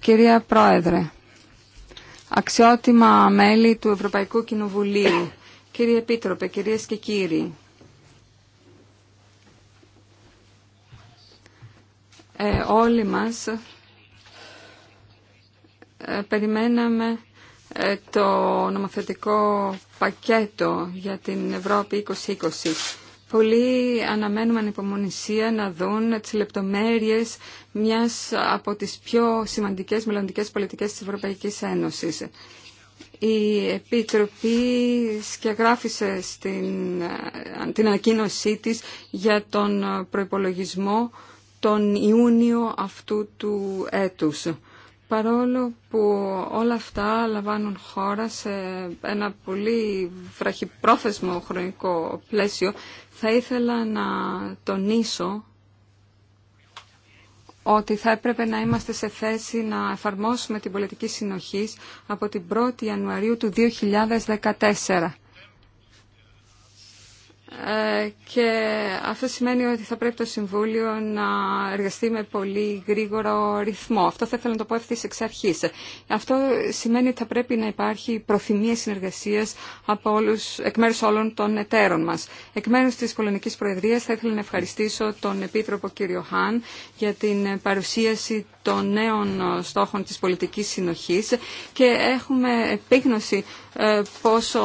Κυρία Πρόεδρε, αξιότιμα μέλη του Ευρωπαϊκού Κοινοβουλίου, κύριε Επίτροπε, κυρίες και κύριοι. Ε, όλοι μας ε, περιμέναμε ε, το νομοθετικό πακέτο για την Ευρώπη 2020 Πολλοί αναμένουμε ανυπομονησία να δουν τις λεπτομέρειες μιας από τις πιο σημαντικές μελλοντικές πολιτικές της Ευρωπαϊκής Ένωσης. Η Επίτροπη σκιαγράφησε στην, την ανακοίνωσή της για τον προϋπολογισμό τον Ιούνιο αυτού του έτους. Παρόλο που όλα αυτά λαμβάνουν χώρα σε ένα πολύ βραχυπρόθεσμο χρονικό πλαίσιο, θα ήθελα να τονίσω ότι θα έπρεπε να είμαστε σε θέση να εφαρμόσουμε την πολιτική συνοχής από την 1η Ιανουαρίου του 2014. Ε, και αυτό σημαίνει ότι θα πρέπει το Συμβούλιο να εργαστεί με πολύ γρήγορο ρυθμό. Αυτό θα ήθελα να το πω ευθύ εξ αρχή. Αυτό σημαίνει ότι θα πρέπει να υπάρχει προθυμία συνεργασία εκ μέρου όλων των εταίρων μα. Εκ μέρου τη Πολωνική Προεδρία θα ήθελα να ευχαριστήσω τον Επίτροπο κ. Χάν για την παρουσίαση των νέων ε, στόχων της πολιτικής συνοχής και έχουμε επίγνωση ε, πόσο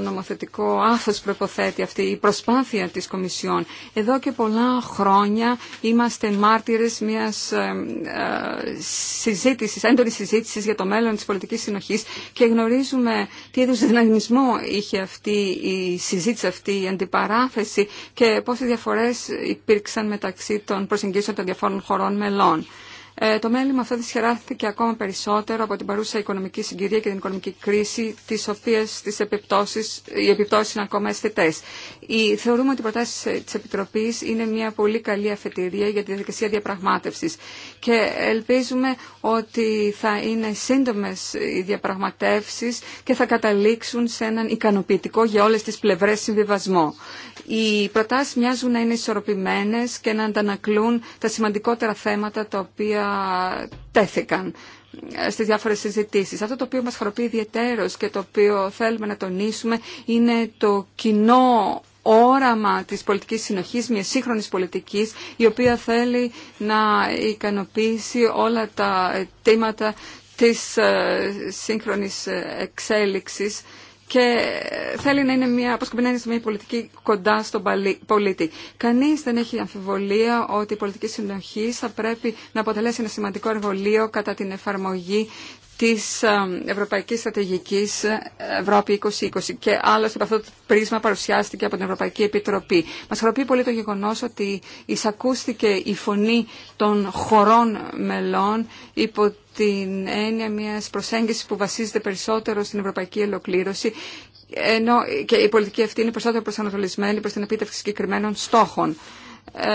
νομοθετικό άθος προποθέτει αυτή η προσπάθεια της Κομισιόν. Εδώ και πολλά χρόνια είμαστε μάρτυρες μιας ε, συζήτησης, έντονης συζήτησης για το μέλλον της πολιτικής συνοχής και γνωρίζουμε τι είδους δυναμισμό είχε αυτή η συζήτηση, αυτή η αντιπαράθεση και πόσες διαφορές υπήρξαν μεταξύ των προσεγγίσεων των διαφόρων χωρών μελών. Ε, το μέλημα αυτό δυσχεράθηκε ακόμα περισσότερο από την παρούσα οικονομική συγκυρία και την οικονομική κρίση, τι οποίε, τις επιπτώσεις, οι επιπτώσει είναι ακόμα αισθητέ. Θεωρούμε ότι οι προτάσει ε, τη Επιτροπής είναι μια πολύ καλή αφετηρία για τη διαδικασία διαπραγμάτευση. και ελπίζουμε ότι θα είναι σύντομε οι διαπραγματεύσει και θα καταλήξουν σε έναν ικανοποιητικό για όλε τι πλευρέ συμβιβασμό. Οι προτάσει μοιάζουν να είναι ισορροπημένε και να αντανακλούν τα σημαντικότερα θέματα τα οποία τέθηκαν στις διάφορες συζητήσεις. Αυτό το οποίο μας χαροποιεί ιδιαιτέρως και το οποίο θέλουμε να τονίσουμε είναι το κοινό όραμα της πολιτικής συνοχής, μια σύγχρονης πολιτικής, η οποία θέλει να ικανοποιήσει όλα τα αιτήματα της ε, σύγχρονης ε, εξέλιξης και θέλει να είναι μια, αποσκοπημένη είναι μια πολιτική κοντά στον πολίτη. Κανείς δεν έχει αμφιβολία ότι η πολιτική συνοχή θα πρέπει να αποτελέσει ένα σημαντικό εργολείο κατά την εφαρμογή της Ευρωπαϊκής Στρατηγικής ε, Ευρώπη 2020 και άλλωστε από αυτό το πρίσμα παρουσιάστηκε από την Ευρωπαϊκή Επιτροπή. Μας χαροποιεί πολύ το γεγονός ότι εισακούστηκε η φωνή των χωρών μελών υπό την έννοια μιας προσέγγισης που βασίζεται περισσότερο στην ευρωπαϊκή ολοκλήρωση ενώ και η πολιτική αυτή είναι περισσότερο προσανατολισμένη προς την επίτευξη συγκεκριμένων στόχων. Ε,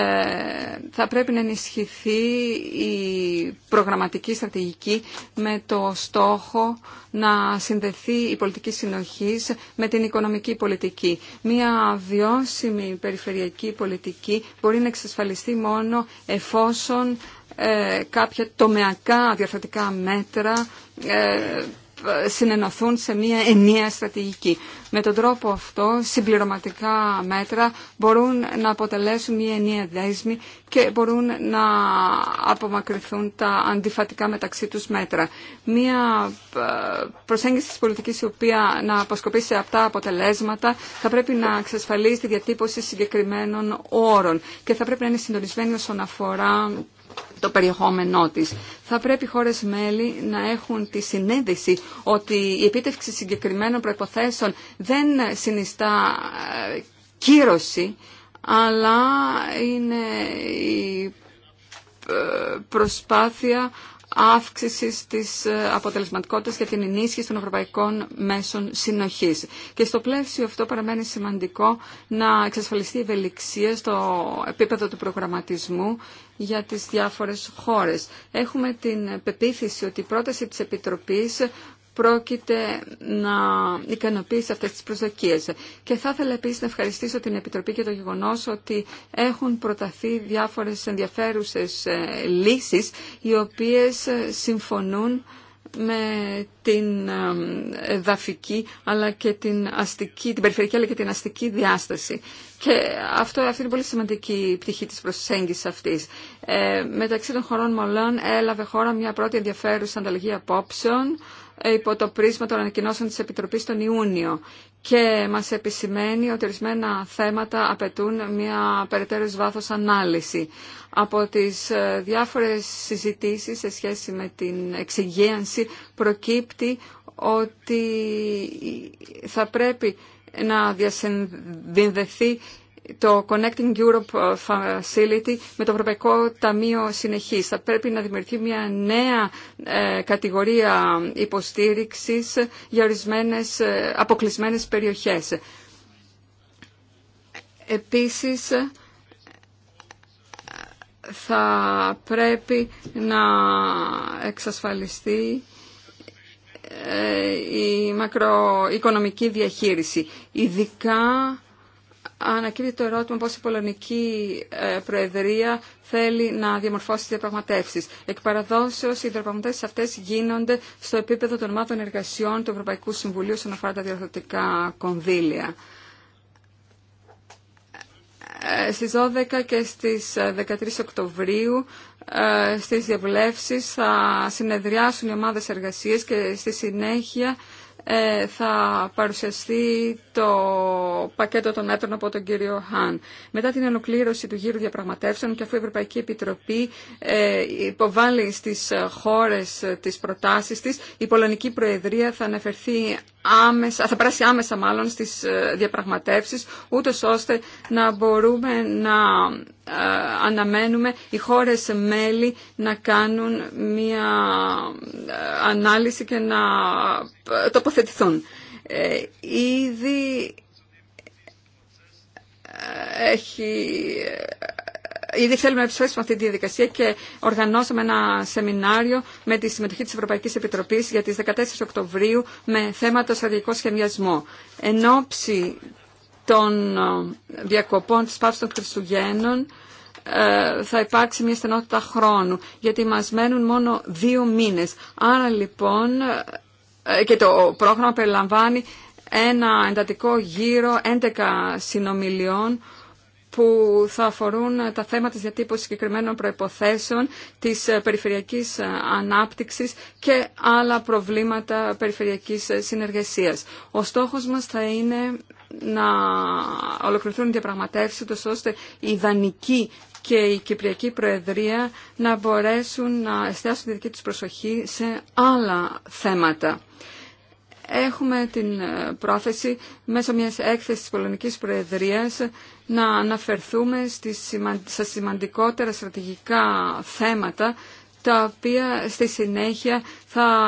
θα πρέπει να ενισχυθεί η προγραμματική στρατηγική με το στόχο να συνδεθεί η πολιτική συνοχής με την οικονομική πολιτική. Μία βιώσιμη περιφερειακή πολιτική μπορεί να εξασφαλιστεί μόνο εφόσον ε, κάποια τομεακά διαφορετικά μέτρα ε, συνενωθούν σε μια ενιαία στρατηγική. Με τον τρόπο αυτό συμπληρωματικά μέτρα μπορούν να αποτελέσουν μια ενιαία δέσμη και μπορούν να απομακρυνθούν τα αντιφατικά μεταξύ τους μέτρα. Μια ε, προσέγγιση της πολιτικής η οποία να αποσκοπεί σε αυτά αποτελέσματα θα πρέπει να εξασφαλίσει τη διατύπωση συγκεκριμένων όρων και θα πρέπει να είναι συντονισμένη όσον αφορά το περιεχόμενό της. Θα πρέπει οι χώρες μέλη να έχουν τη συνέντευξη ότι η επίτευξη συγκεκριμένων προϋποθέσεων δεν συνιστά ε, κύρωση, αλλά είναι η ε, προσπάθεια Αύξηση τη ε, αποτελεσματικότητα και την ενίσχυση των ευρωπαϊκών μέσων συνοχής. Και στο πλαίσιο αυτό παραμένει σημαντικό να εξασφαλιστεί η ευελιξία στο επίπεδο του προγραμματισμού για τις διάφορες χώρες. Έχουμε την πεποίθηση ότι η πρόταση της Επιτροπής πρόκειται να ικανοποιήσει αυτές τις προσδοκίες. Και θα ήθελα επίσης να ευχαριστήσω την Επιτροπή και το γεγονός ότι έχουν προταθεί διάφορες ενδιαφέρουσες ε, λύσεις οι οποίες ε, συμφωνούν με την ε, εδαφική αλλά και την αστική, την περιφερειακή αλλά και την αστική διάσταση. Και αυτό, αυτή είναι πολύ σημαντική η πτυχή της προσέγγισης αυτής. Ε, μεταξύ των χωρών μολών έλαβε χώρα μια πρώτη ενδιαφέρουσα ανταλλαγή απόψεων υπό το πρίσμα των ανακοινώσεων της Επιτροπής τον Ιούνιο και μας επισημαίνει ότι ορισμένα θέματα απαιτούν μια περαιτέρω βάθος ανάλυση. Από τις ε, διάφορες συζητήσεις σε σχέση με την εξυγίανση προκύπτει ότι θα πρέπει να διασυνδεθεί το Connecting Europe ε, Facility με το Ευρωπαϊκό Ταμείο Συνεχής. Θα πρέπει να δημιουργηθεί μια νέα ε, κατηγορία υποστήριξης για ορισμένες ε, αποκλεισμένες περιοχές. Επίσης, θα πρέπει να εξασφαλιστεί η μακροοικονομική διαχείριση, ειδικά ανακύπτει το ερώτημα πώς η Πολωνική ε, Προεδρία θέλει να διαμορφώσει τις διαπραγματεύσεις. Εκ παραδόσεως, οι διαπραγματεύσεις αυτές γίνονται στο επίπεδο των ομάδων εργασιών του Ευρωπαϊκού Συμβουλίου στον αφορά τα διορθωτικά κονδύλια. Ε, στις 12 και στις 13 ε, Οκτωβρίου στις διαβουλεύσεις θα συνεδριάσουν οι ομάδες εργασίες και στη συνέχεια ε, θα παρουσιαστεί το πακέτο των μέτρων από τον κύριο Χάν. Μετά την ολοκλήρωση του γύρου διαπραγματεύσεων και αφού η Ευρωπαϊκή Επιτροπή ε, υποβάλλει στις ε, χώρες τις προτάσεις της, η Πολωνική Προεδρία θα αναφερθεί άμεσα, θα περάσει άμεσα μάλλον στις ε, διαπραγματεύσεις, ούτω ώστε να μπορούμε να ε, αναμένουμε οι χώρες μέλη να κάνουν μια ε, ανάλυση και να τοποθετηθούν. ήδη έχει Ήδη θέλουμε να επιστρέψουμε αυτή τη διαδικασία και οργανώσαμε ένα σεμινάριο με τη συμμετοχή της Ευρωπαϊκής Επιτροπής για τις 14 Οκτωβρίου με θέμα το στρατηγικό σχεδιασμό. Εν ώψη των ε, διακοπών της Πάψης των Χριστουγέννων ε, θα υπάρξει μια στενότητα χρόνου γιατί μας μένουν μόνο δύο μήνες. Άρα λοιπόν ε, και το πρόγραμμα περιλαμβάνει ένα εντατικό γύρο 11 συνομιλιών που θα αφορούν τα θέματα της διατύπωσης συγκεκριμένων προϋποθέσεων, της περιφερειακής ανάπτυξης και άλλα προβλήματα περιφερειακής συνεργασίας. Ο στόχος μας θα είναι να ολοκληρωθούν οι διαπραγματεύσεις, ώστε η ιδανική και η Κυπριακή Προεδρία να μπορέσουν να εστιάσουν τη δική τους προσοχή σε άλλα θέματα έχουμε την ε, πρόθεση μέσω μιας έκθεσης της Πολωνικής Προεδρίας να αναφερθούμε στα σημαντικότερα στρατηγικά θέματα τα οποία στη συνέχεια θα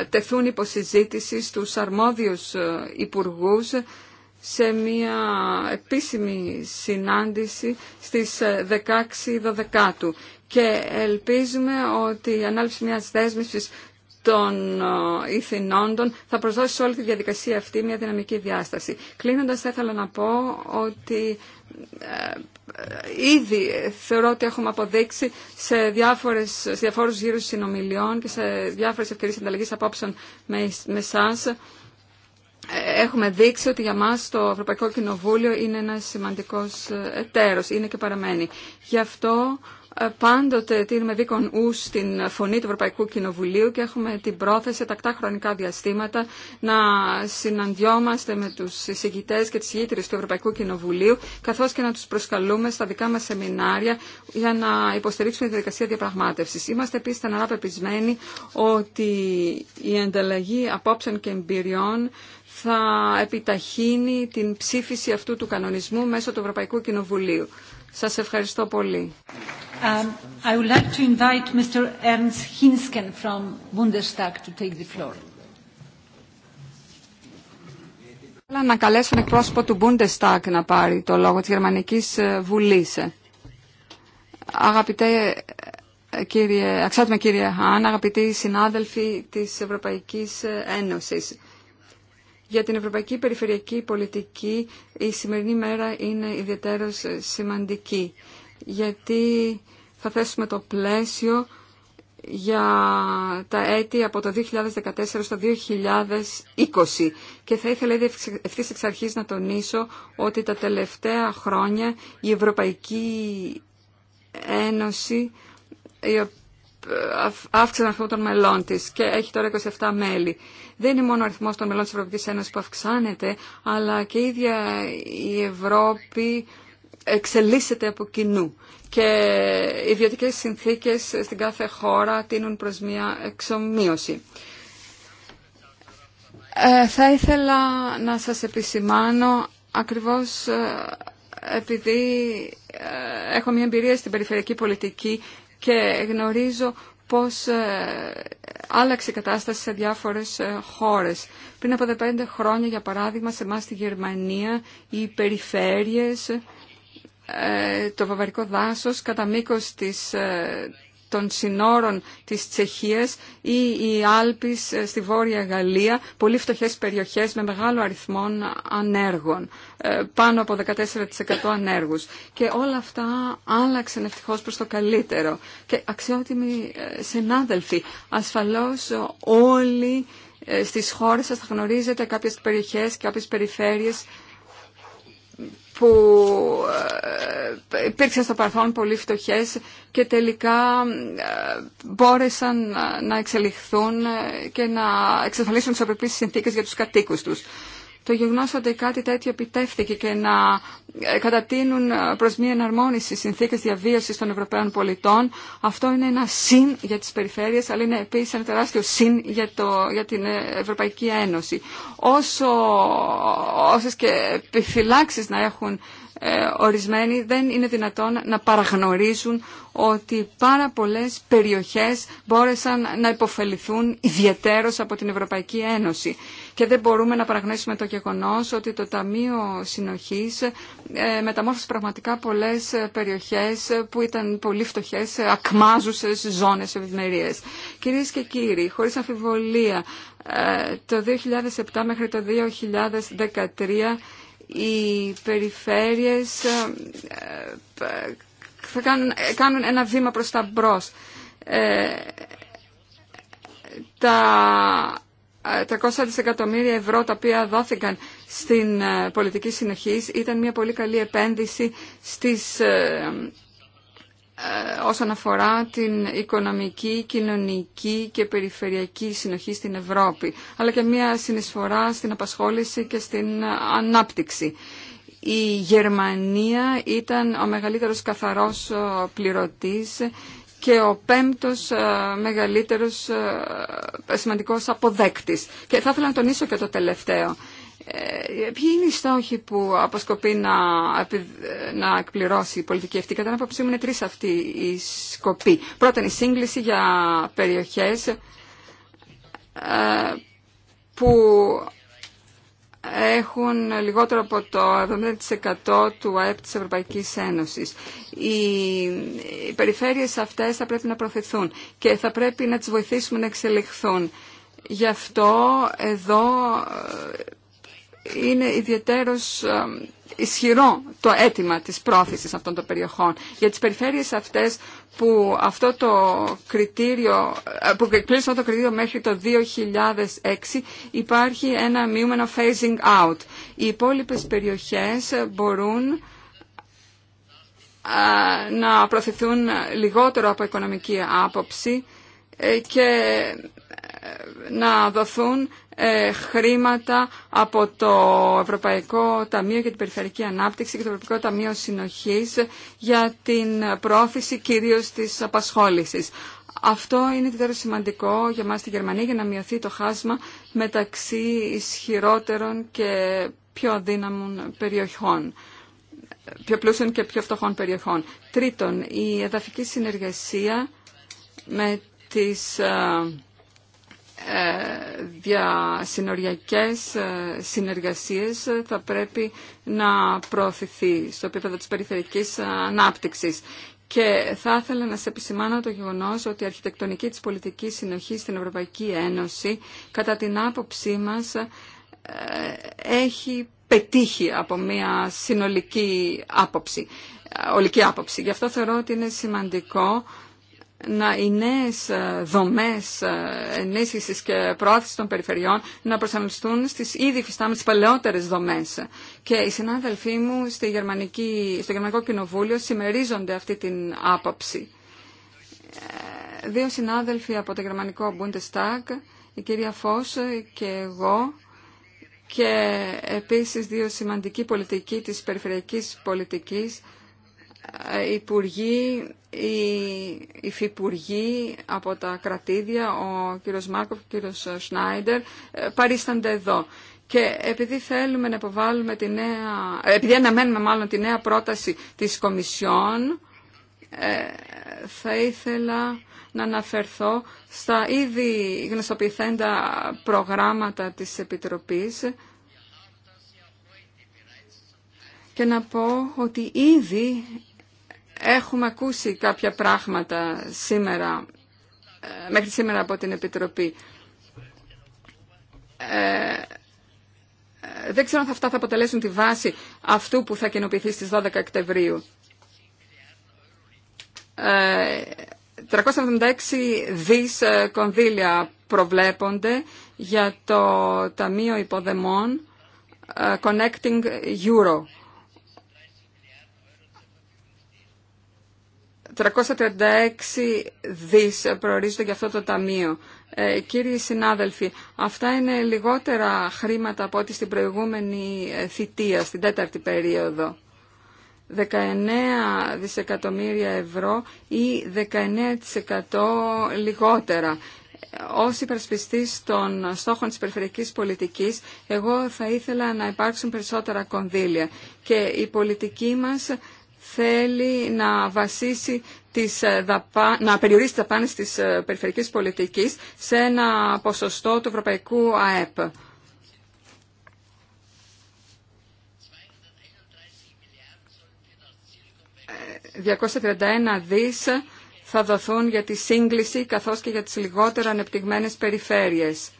ε, τεθούν υποσυζήτηση στους αρμόδιους ε, υπουργούς σε μια επίσημη συνάντηση στις 16 12 και ελπίζουμε ότι η ανάλυση μιας δέσμευσης των ε, ηθινόντων θα προσδώσει σε όλη τη διαδικασία αυτή μια δυναμική διάσταση. Κλείνοντας θα ήθελα να πω ότι ε, ε, ήδη θεωρώ ότι έχουμε αποδείξει σε, διάφορες, σε διαφόρους γύρους συνομιλιών και σε διάφορες ευκαιρίες ανταλλαγής απόψεων με, με εσάς έχουμε δείξει ότι για μας το Ευρωπαϊκό Κοινοβούλιο είναι ένας σημαντικός εταίρος, είναι και παραμένει. Γι' αυτό πάντοτε τίνουμε δίκον ου στην φωνή του Ευρωπαϊκού Κοινοβουλίου και έχουμε την πρόθεση τακτά χρονικά διαστήματα να συναντιόμαστε με τους εισηγητές και τις ηγήτρες του Ευρωπαϊκού Κοινοβουλίου καθώς και να τους προσκαλούμε στα δικά μας σεμινάρια για να υποστηρίξουμε τη διαδικασία διαπραγμάτευσης. Είμαστε επίσης στεναρά πεπισμένοι ότι η ανταλλαγή απόψεων και εμπειριών θα επιταχύνει την ψήφιση αυτού του κανονισμού μέσω του Ευρωπαϊκού Κοινοβουλίου. Σας ευχαριστώ πολύ. Θα um, ήθελα Θέλω να καλέσω τον εκπρόσωπο του Bundestag να πάρει το λόγο της Γερμανικής ε, Βουλής. Αγαπητέ ε, κύριε, αξιότιμα κύριε Χάν, αγαπητοί συνάδελφοι της Ευρωπαϊκής ε, Ένωσης. Για την Ευρωπαϊκή Περιφερειακή Πολιτική η σημερινή μέρα είναι ιδιαίτερα σημαντική γιατί θα θέσουμε το πλαίσιο για τα έτη από το 2014 στο 2020 και θα ήθελα ευθύ εξ αρχή να τονίσω ότι τα τελευταία χρόνια η Ευρωπαϊκή Ένωση αύξησε τον αριθμό των μελών τη και έχει τώρα 27 μέλη. Δεν είναι μόνο ο αριθμό των μελών τη Ευρωπαϊκή Ένωση που αυξάνεται, αλλά και η ίδια η Ευρώπη εξελίσσεται από κοινού. Και οι ιδιωτικέ συνθήκες στην κάθε χώρα τίνουν προ μια εξομοίωση. Ε, θα ήθελα να σας επισημάνω ακριβώς ε, επειδή ε, έχω μια εμπειρία στην περιφερειακή πολιτική και γνωρίζω πώς ε, άλλαξε η κατάσταση σε διάφορες ε, χώρες. Πριν από 15 χρόνια, για παράδειγμα, σε εμάς στη Γερμανία, οι περιφέρειες, ε, το βαβαρικό δάσος κατά μήκος της, των συνόρων της Τσεχίας ή η οι Άλπις ε, στη Βόρεια Γαλλία, πολύ φτωχές περιοχές με μεγάλο αριθμό ανέργων, ε, πάνω από 14% ανέργους. Και όλα αυτά άλλαξαν ευτυχώς προς το καλύτερο. Και αξιότιμοι ε, συνάδελφοι, ασφαλώς όλοι στις χώρες σας θα γνωρίζετε κάποιες περιοχές, κάποιες περιφέρειες που ε, υπήρξαν στο παρελθόν πολύ φτωχές και τελικά ε, μπόρεσαν να εξελιχθούν και να εξασφαλίσουν τις απαιτήσεις συνθήκες για τους κατοίκους τους. Το γεγονό ότι κάτι τέτοιο επιτεύχθηκε και να ε, κατατείνουν ε, προ μία εναρμόνιση συνθήκε διαβίωση των Ευρωπαίων πολιτών, αυτό είναι ένα συν για τι περιφέρειες, αλλά είναι επίση ένα τεράστιο συν για, το, για την ε, Ευρωπαϊκή Ένωση. Όσο, όσες και επιφυλάξει να έχουν ορισμένοι δεν είναι δυνατόν να παραγνωρίζουν ότι πάρα πολλές περιοχές μπόρεσαν να υποφεληθούν ιδιαίτερως από την Ευρωπαϊκή Ένωση και δεν μπορούμε να παραγνέσουμε το γεγονός ότι το Ταμείο Συνοχής ε, μεταμόρφωσε πραγματικά πολλές ε, περιοχές που ήταν πολύ φτωχές, ε, ακμάζουσες ζώνες ευημερίες. Κυρίες και κύριοι, χωρίς αμφιβολία, το 2007 μέχρι το 2013 οι περιφέρειες θα κάνουν, κάνουν ένα βήμα προς τα μπρος. Τα 300 δισεκατομμύρια ευρώ τα οποία δόθηκαν στην ε, πολιτική συνοχή ήταν μια πολύ καλή επένδυση στις, ε, ε, όσον αφορά την οικονομική, κοινωνική και περιφερειακή συνοχή στην Ευρώπη, αλλά και μια συνεισφορά στην απασχόληση και στην ανάπτυξη. Η Γερμανία ήταν ο μεγαλύτερος καθαρός πληρωτής και ο πέμπτος ε, μεγαλύτερος ε, σημαντικός αποδέκτης. Και θα ήθελα να τονίσω και το τελευταίο. Ε, ποιοι είναι οι στόχοι που αποσκοπεί να, να εκπληρώσει η πολιτική αυτή. Κατά την άποψή μου είναι τρεις αυτοί οι σκοποί. Πρώτον η σύγκληση για περιοχές που έχουν λιγότερο από το 70% του ΑΕΠ της Ευρωπαϊκής Ένωσης. Οι περιφέρειες αυτές θα πρέπει να προθεθούν και θα πρέπει να τις βοηθήσουμε να εξελιχθούν. Γι' αυτό εδώ ε, είναι ιδιαίτερος ε, ισχυρό το αίτημα της πρόθεσης αυτών των περιοχών. Για τις περιφέρειες αυτές που αυτό το κριτήριο, ε, που το κριτήριο μέχρι το 2006 υπάρχει ένα μειούμενο phasing out. Οι υπόλοιπε περιοχές μπορούν ε, να προθεθούν λιγότερο από οικονομική άποψη ε, και να δοθούν ε, χρήματα από το Ευρωπαϊκό Ταμείο για την Περιφερειακή Ανάπτυξη και το Ευρωπαϊκό Ταμείο Συνοχής για την πρόθεση κυρίως της απασχόλησης. Αυτό είναι ιδιαίτερα σημαντικό για μας στη Γερμανία για να μειωθεί το χάσμα μεταξύ ισχυρότερων και πιο αδύναμων περιοχών πιο πλούσιων και πιο φτωχών περιοχών. Τρίτον, η εδαφική συνεργασία με τις ε, ε, συνοριακές ε, συνεργασίες θα πρέπει να προωθηθεί στο επίπεδο της περιφερειακής ανάπτυξης. Και θα ήθελα να σε επισημάνω το γεγονός ότι η αρχιτεκτονική της πολιτικής συνοχής στην Ευρωπαϊκή Ένωση, κατά την άποψή μας, ε, έχει πετύχει από μια συνολική άποψη, ολική άποψη. Γι' αυτό θεωρώ ότι είναι σημαντικό να οι νέε δομέ ε, ενίσχυση και προώθηση των περιφερειών να προσανατολιστούν στι ήδη φυστάμενε παλαιότερε δομέ. Και οι συνάδελφοί μου στο Γερμανικό Κοινοβούλιο συμμερίζονται αυτή την άποψη. Ε, δύο συνάδελφοι από το Γερμανικό Bundestag, η κυρία Φως και εγώ, και επίσης δύο σημαντικοί πολιτικοί της περιφερειακής πολιτικής, ε, υπουργοί, οι υφυπουργοί από τα κρατήδια, ο κύριος Μάρκοφ και ο κύριος Σνάιντερ, ε, παρίστανται εδώ. Και επειδή θέλουμε να υποβάλουμε τη νέα, ε, επειδή αναμένουμε μάλλον τη νέα πρόταση της Κομισιόν, θα ήθελα να αναφερθώ στα ήδη γνωστοποιηθέντα προγράμματα της Επιτροπής και να πω ότι ήδη Έχουμε ακούσει κάποια πράγματα σήμερα, ε, μέχρι σήμερα από την Επιτροπή. Ε, ε δεν ξέρω αν αυτά θα αποτελέσουν τη βάση αυτού που θα κοινοποιηθεί στις 12 Οκτεβρίου. Ε, 376 δις ε, κονδύλια προβλέπονται για το Ταμείο Υποδεμών Connecting Euro. 336 δις προορίζονται για αυτό το ταμείο. Ε, κύριοι συνάδελφοι, αυτά είναι λιγότερα χρήματα από ό,τι στην προηγούμενη ε, θητεία, στην τέταρτη περίοδο. 19 δισεκατομμύρια ευρώ ή 19% λιγότερα. Ως υπερασπιστής των στόχων της περιφερειακής πολιτικής, εγώ θα ήθελα να υπάρξουν περισσότερα κονδύλια και η πολιτική μας θέλει να βασίσει τις ε, να περιορίσει τις δαπάνες της ε, περιφερικής πολιτικής σε ένα ποσοστό του Ευρωπαϊκού ΑΕΠ. 231 ε, δις θα δοθούν για τη σύγκληση καθώς και για τις λιγότερο ανεπτυγμένες περιφέρειες.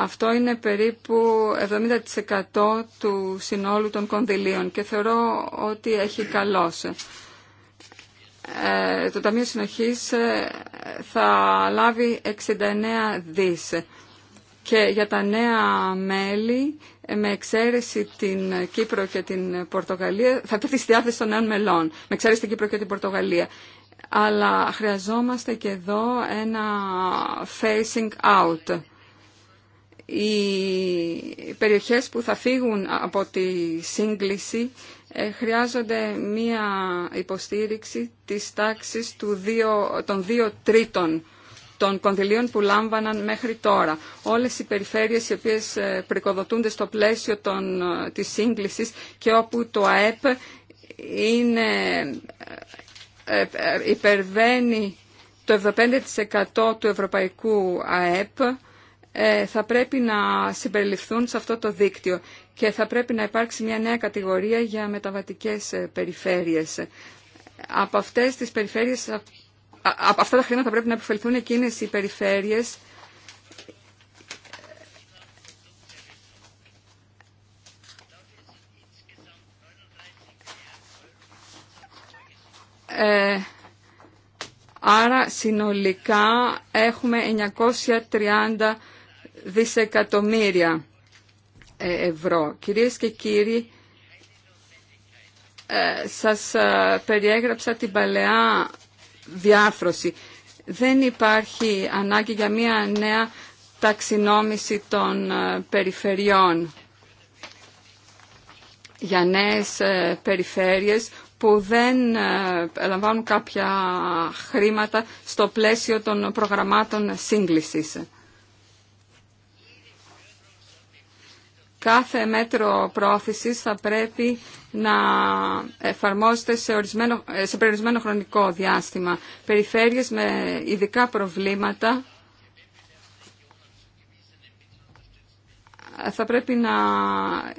Αυτό είναι περίπου 70% του συνόλου των κονδυλίων και θεωρώ ότι έχει Ε, Το Ταμείο Συνοχής ε, θα λάβει 69 δις και για τα νέα μέλη ε, με εξαίρεση την Κύπρο και την Πορτογαλία θα πέφτει στη διάθεση των νέων μελών με εξαίρεση την Κύπρο και την Πορτογαλία αλλά χρειαζόμαστε και εδώ ένα facing out οι περιοχές που θα φύγουν από τη σύγκληση ε, χρειάζονται μία υποστήριξη της τάξης του δύο, των 2 τρίτων των κονδυλίων που λάμβαναν μέχρι τώρα. Όλες οι περιφέρειες οι οποίες ε, πρικοδοτούνται στο πλαίσιο των, ε, της σύγκλησης και όπου το ΑΕΠ είναι, υπερβαίνει το 75% του ευρωπαϊκού ΑΕΠ ε, θα πρέπει να συμπεριληφθούν σε αυτό το δίκτυο και θα πρέπει να υπάρξει μια νέα κατηγορία για μεταβατικές ε, περιφέρειες. Από αυτές τις περιφέρειες, από αυτά τα χρήματα θα πρέπει να επιφελθούν εκείνες οι περιφέρειες ε, άρα συνολικά έχουμε 930 δισεκατομμύρια ε, ευρώ. Κυρίες και κύριοι, ε, σας ε, περιέγραψα την παλαιά διάφρωση. Δεν υπάρχει ανάγκη για μια νέα ταξινόμηση των περιφερειών για νέες περιφέρειες που δεν λαμβάνουν κάποια χρήματα στο πλαίσιο των προγραμμάτων σύγκλησης. κάθε μέτρο πρόθεσης θα πρέπει να εφαρμόζεται σε, ορισμένο, σε περιορισμένο χρονικό διάστημα. Περιφέρειες με ειδικά προβλήματα θα πρέπει να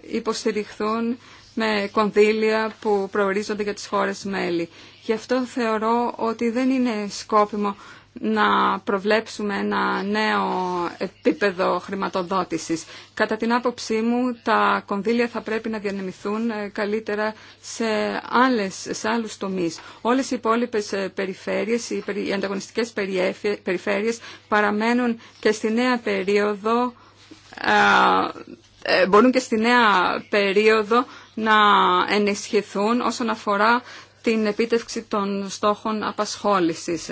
υποστηριχθούν με κονδύλια που προορίζονται για τις χώρες μέλη. Γι' αυτό θεωρώ ότι δεν είναι σκόπιμο να προβλέψουμε ένα νέο επίπεδο χρηματοδότησης. Κατά την άποψή μου, τα κονδύλια θα πρέπει να διανεμηθούν ε, καλύτερα σε, άλλες, σε άλλους τομείς. Όλες οι υπόλοιπες ε, περιφέρειες, οι ανταγωνιστικές περιφέρειες παραμένουν και στη νέα περίοδο ε, ε, μπορούν και στη νέα περίοδο να ενισχυθούν όσον αφορά την επίτευξη των στόχων απασχόλησης.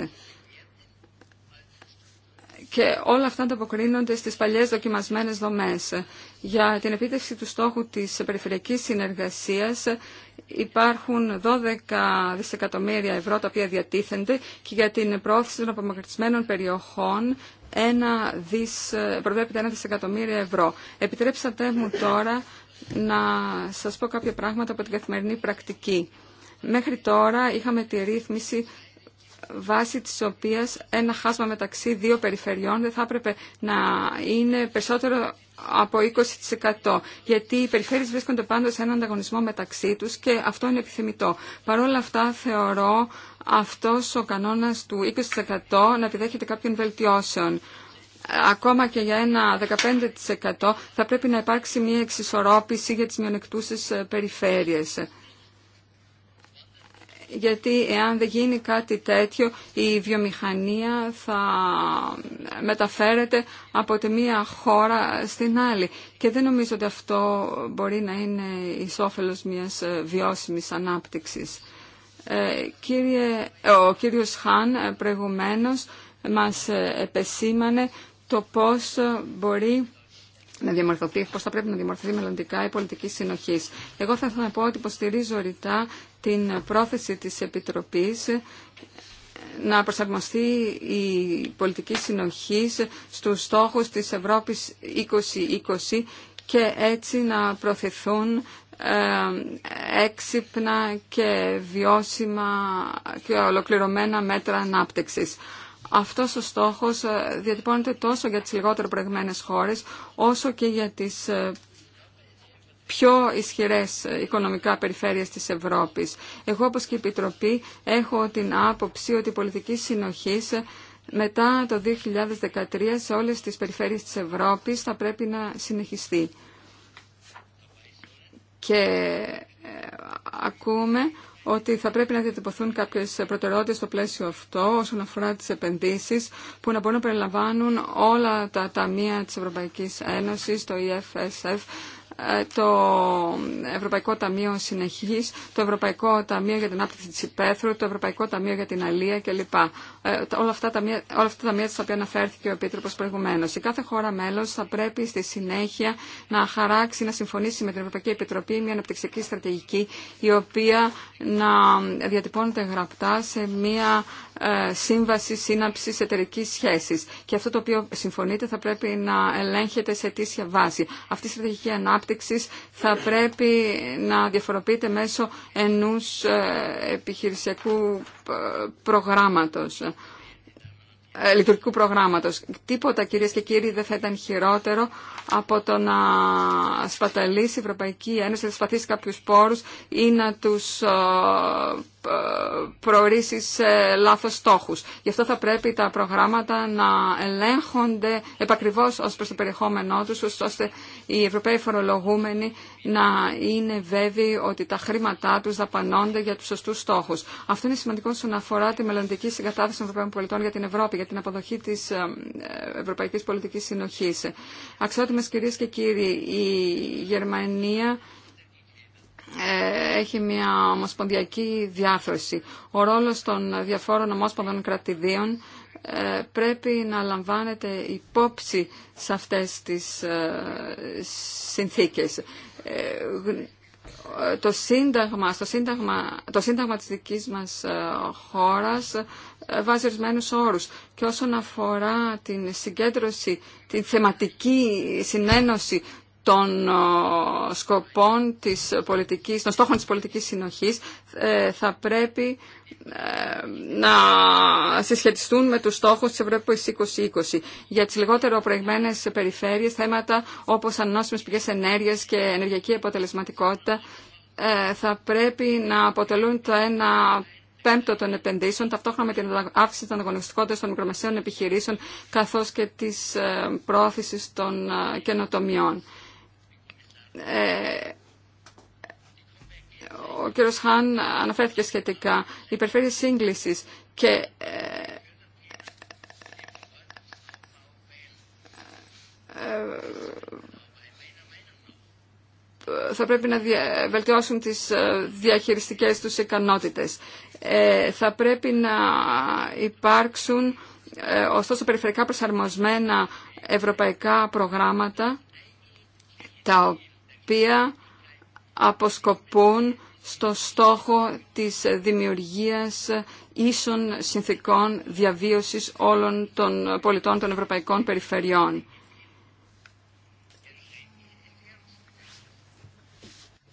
Και όλα αυτά ανταποκρίνονται στις παλιές δοκιμασμένες δομές. Για την επίτευξη του στόχου της περιφερειακής συνεργασίας υπάρχουν 12 δισεκατομμύρια ευρώ τα οποία διατίθενται και για την πρόθεση των απομακρυσμένων περιοχών ένα δις, προβλέπεται ένα δισεκατομμύριο ευρώ. Επιτρέψατε μου τώρα να σας πω κάποια πράγματα από την καθημερινή πρακτική. Μέχρι τώρα είχαμε τη ρύθμιση βάσει της οποίας ένα χάσμα μεταξύ δύο περιφερειών δεν θα έπρεπε να είναι περισσότερο από 20% γιατί οι περιφέρειες βρίσκονται πάντως σε έναν ανταγωνισμό μεταξύ τους και αυτό είναι επιθυμητό. Παρ' όλα αυτά θεωρώ αυτός ο κανόνας του 20% να επιδέχεται κάποιων βελτιώσεων. Ακόμα και για ένα 15% θα πρέπει να υπάρξει μια εξισορρόπηση για τις μειονεκτούσες ε, περιφέρειες γιατί εάν δεν γίνει κάτι τέτοιο η βιομηχανία θα μεταφέρεται από τη μία χώρα στην άλλη και δεν νομίζω ότι αυτό μπορεί να είναι ισόφελος μιας ε, βιώσιμης ανάπτυξης. Ε, κύριε, ε, ο κύριος Χάν ε, προηγουμένως μας επεσήμανε το πώς μπορεί να διαμορφωθεί, πώς θα πρέπει να διαμορφωθεί μελλοντικά η πολιτική συνοχή. Εγώ θα ήθελα να πω ότι υποστηρίζω ρητά την πρόθεση της Επιτροπής να προσαρμοστεί η πολιτική συνοχή στους στόχους της Ευρώπης 2020 και έτσι να προθεθούν. Ε, έξυπνα και βιώσιμα και ολοκληρωμένα μέτρα ανάπτυξης. Αυτός ο στόχος ε, διατυπώνεται τόσο για τις λιγότερο προηγμένες χώρες όσο και για τις ε, πιο ισχυρές οικονομικά περιφέρειες της Ευρώπης. Εγώ όπως και η Επιτροπή έχω την άποψη ότι η πολιτική συνοχής μετά το 2013 σε όλες τις περιφέρειες της Ευρώπης θα πρέπει να συνεχιστεί και ε, ακούμε ότι θα πρέπει να διατυπωθούν κάποιε προτεραιότητε στο πλαίσιο αυτό όσον αφορά τι επενδύσει που να μπορούν να περιλαμβάνουν όλα τα ταμεία τη Ευρωπαϊκή Ένωση, το EFSF, το Ευρωπαϊκό Ταμείο Συνεχής, το Ευρωπαϊκό Ταμείο για την Άπτυξη της Υπέθρου, το Ευρωπαϊκό Ταμείο για την Αλία κλπ. Ε, όλα αυτά τα ταμεία, όλα αυτά τα ταμεία στα οποία αναφέρθηκε ο Επίτροπος προηγουμένως. Η κάθε χώρα μέλος θα πρέπει στη συνέχεια να χαράξει, να συμφωνήσει με την Ευρωπαϊκή Επιτροπή μια αναπτυξιακή στρατηγική η οποία να διατυπώνεται γραπτά σε μια ε, σύμβαση σύναψη εταιρική σχέση. Και αυτό το οποίο συμφωνείτε θα πρέπει να ελέγχεται σε αιτήσια βάση. Αυτή η στρατηγική ανάπτυξη θα πρέπει να διαφοροποιείται μέσω ενό ε, επιχειρησιακού ε, προγράμματο λειτουργικού προγράμματος. Τίποτα κυρίες και κύριοι δεν θα ήταν χειρότερο από το να σπαταλήσει η Ευρωπαϊκή Ένωση, να σπαθήσει κάποιους πόρους ή να τους προορίσει σε λάθος στόχους. Γι' αυτό θα πρέπει τα προγράμματα να ελέγχονται επακριβώς ως προς το περιεχόμενό τους, ώστε οι Ευρωπαίοι φορολογούμενοι να είναι βέβαιοι ότι τα χρήματά τους δαπανώνται για τους σωστούς στόχους. Αυτό είναι σημαντικό όσον αφορά τη μελλοντική συγκατάθεση των Ευρωπαίων πολιτών για την Ευρώπη, για την αποδοχή της ε, Ευρωπαϊκής Πολιτικής Συνοχής. Αξιότιμες κυρίες και κύριοι, η Γερμανία ε, έχει μια ομοσπονδιακή διάθρωση. Ο ρόλος των διαφόρων ομόσπονδων κρατηδίων ε, πρέπει να λαμβάνεται υπόψη σε αυτές τις ε, συνθήκες. Το σύνταγμα, στο σύνταγμα, το σύνταγμα της δικής μας χώρας βάζει ορισμένου όρους και όσον αφορά την συγκέντρωση, την θεματική συνένωση των ε, σκοπών της πολιτικής, των στόχων της πολιτικής συνοχής ε, θα πρέπει ε, να συσχετιστούν με τους στόχους της Ευρώπης 2020. Για τις λιγότερο προηγμένες περιφέρειες, θέματα όπως ανώσιμες πηγές ενέργειας και ενεργειακή αποτελεσματικότητα θα πρέπει να αποτελούν το ένα πέμπτο των επενδύσεων, ταυτόχρονα με την αύξηση των αγωνιστικότητα των μικρομεσαίων επιχειρήσεων, καθώς και της πρόθεσης των καινοτομιών. Ε, ο κύριος Χάν αναφέρθηκε σχετικά, η σύγκλησης και ε, θα πρέπει να βελτιώσουν τις ε, διαχειριστικές τους ικανότητες. Ε, θα πρέπει να υπάρξουν ωστόσο περιφερικά προσαρμοσμένα ευρωπαϊκά προγράμματα τα οποία αποσκοπούν στο στόχο της δημιουργίας ίσων συνθήκων διαβίωσης όλων των πολιτών των ευρωπαϊκών περιφερειών.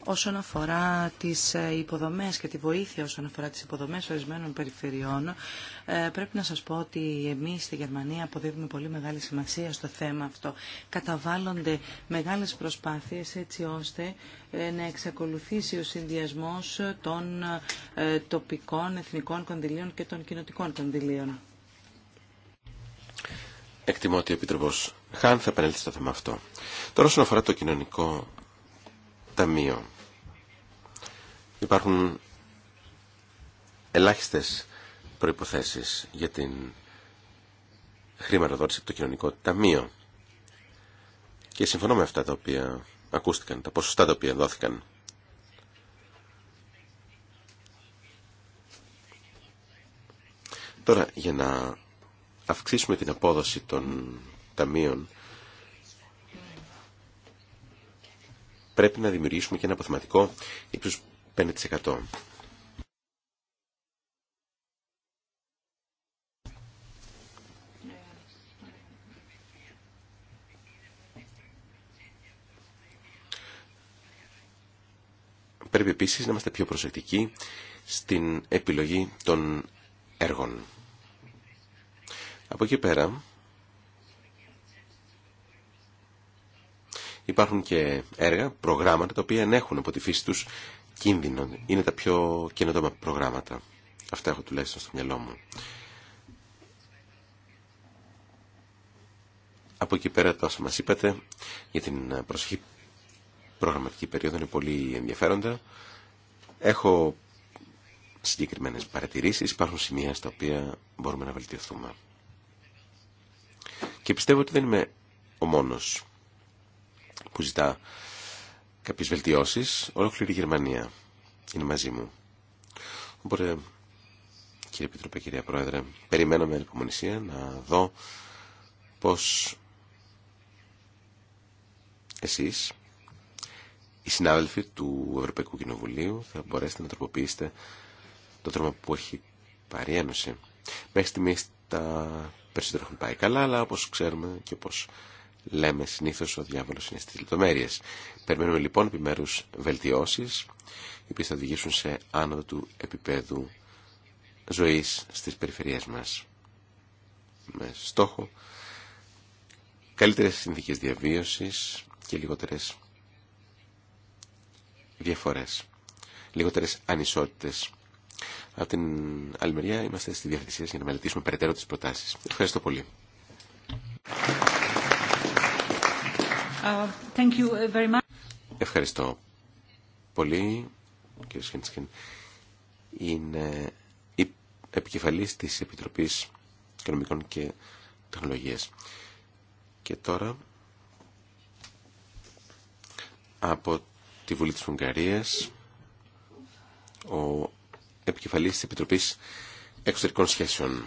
όσον αφορά τις ε, υποδομές και τη βοήθεια όσον αφορά τις υποδομές ορισμένων περιφερειών, ε, πρέπει να σας πω ότι εμείς στη Γερμανία αποδίδουμε πολύ μεγάλη σημασία στο θέμα αυτό. Καταβάλλονται μεγάλες προσπάθειες έτσι ώστε ε, να εξακολουθήσει ο συνδυασμός των τοπικών, εθνικών κονδυλίων και των κοινοτικών κονδυλίων. Εκτιμώ ότι ο Επίτροπος Χάν θα επανέλθει στο θέμα αυτό. Τώρα όσον αφορά το κοινωνικό ταμείο. Υπάρχουν ελάχιστες προϋποθέσεις για την χρηματοδότηση από το κοινωνικό ταμείο. Και συμφωνώ με αυτά τα οποία ακούστηκαν, τα ποσοστά τα οποία δόθηκαν. Τώρα, για να αυξήσουμε την απόδοση των ταμείων, πρέπει να δημιουργήσουμε και ένα αποθεματικό 5%. Πρέπει επίσης να είμαστε πιο προσεκτικοί στην επιλογή των έργων. Από εκεί πέρα υπάρχουν και έργα, προγράμματα τα οποία ενέχουν από τη φύση τους είναι τα πιο καινοτόμα προγράμματα. Αυτά έχω τουλάχιστον στο μυαλό μου. Από εκεί πέρα το μας είπατε για την προσοχή προγραμματική περίοδο είναι πολύ ενδιαφέροντα. Έχω συγκεκριμένες παρατηρήσεις, υπάρχουν σημεία στα οποία μπορούμε να βελτιωθούμε. Και πιστεύω ότι δεν είμαι ο μόνος που ζητά κάποιες βελτιώσεις, ολόκληρη η Γερμανία είναι μαζί μου. Οπότε, κύριε Επιτροπέ, κυρία Πρόεδρε, περιμένω με ανυπομονησία να δω πώς εσείς, οι συνάδελφοι του Ευρωπαϊκού Κοινοβουλίου, θα μπορέσετε να τροποποιήσετε το τρόπο που έχει πάρει Μέχρι στιγμής τα περισσότερα έχουν πάει καλά, αλλά όπως ξέρουμε και όπως Λέμε συνήθως ο διάβολος είναι στις λεπτομέρειες. Περιμένουμε λοιπόν επιμέρους βελτιώσεις, οι οποίες θα οδηγήσουν σε άνοδο του επίπεδου ζωής στις περιφερειές μας. Με στόχο καλύτερες συνθήκες διαβίωσης και λιγότερες διαφορές, λιγότερες ανισότητες. Από την άλλη μεριά είμαστε στη διαθεσία για να μελετήσουμε περαιτέρω τις προτάσεις. Ευχαριστώ πολύ. Uh, Ευχαριστώ πολύ, κύριε Σχέντσκιν. Είναι η επικεφαλής της Επιτροπής Οικονομικών και Τεχνολογίας. Και τώρα, από τη Βουλή της Ουγγαρίας, ο επικεφαλής της Επιτροπής Εξωτερικών Σχέσεων.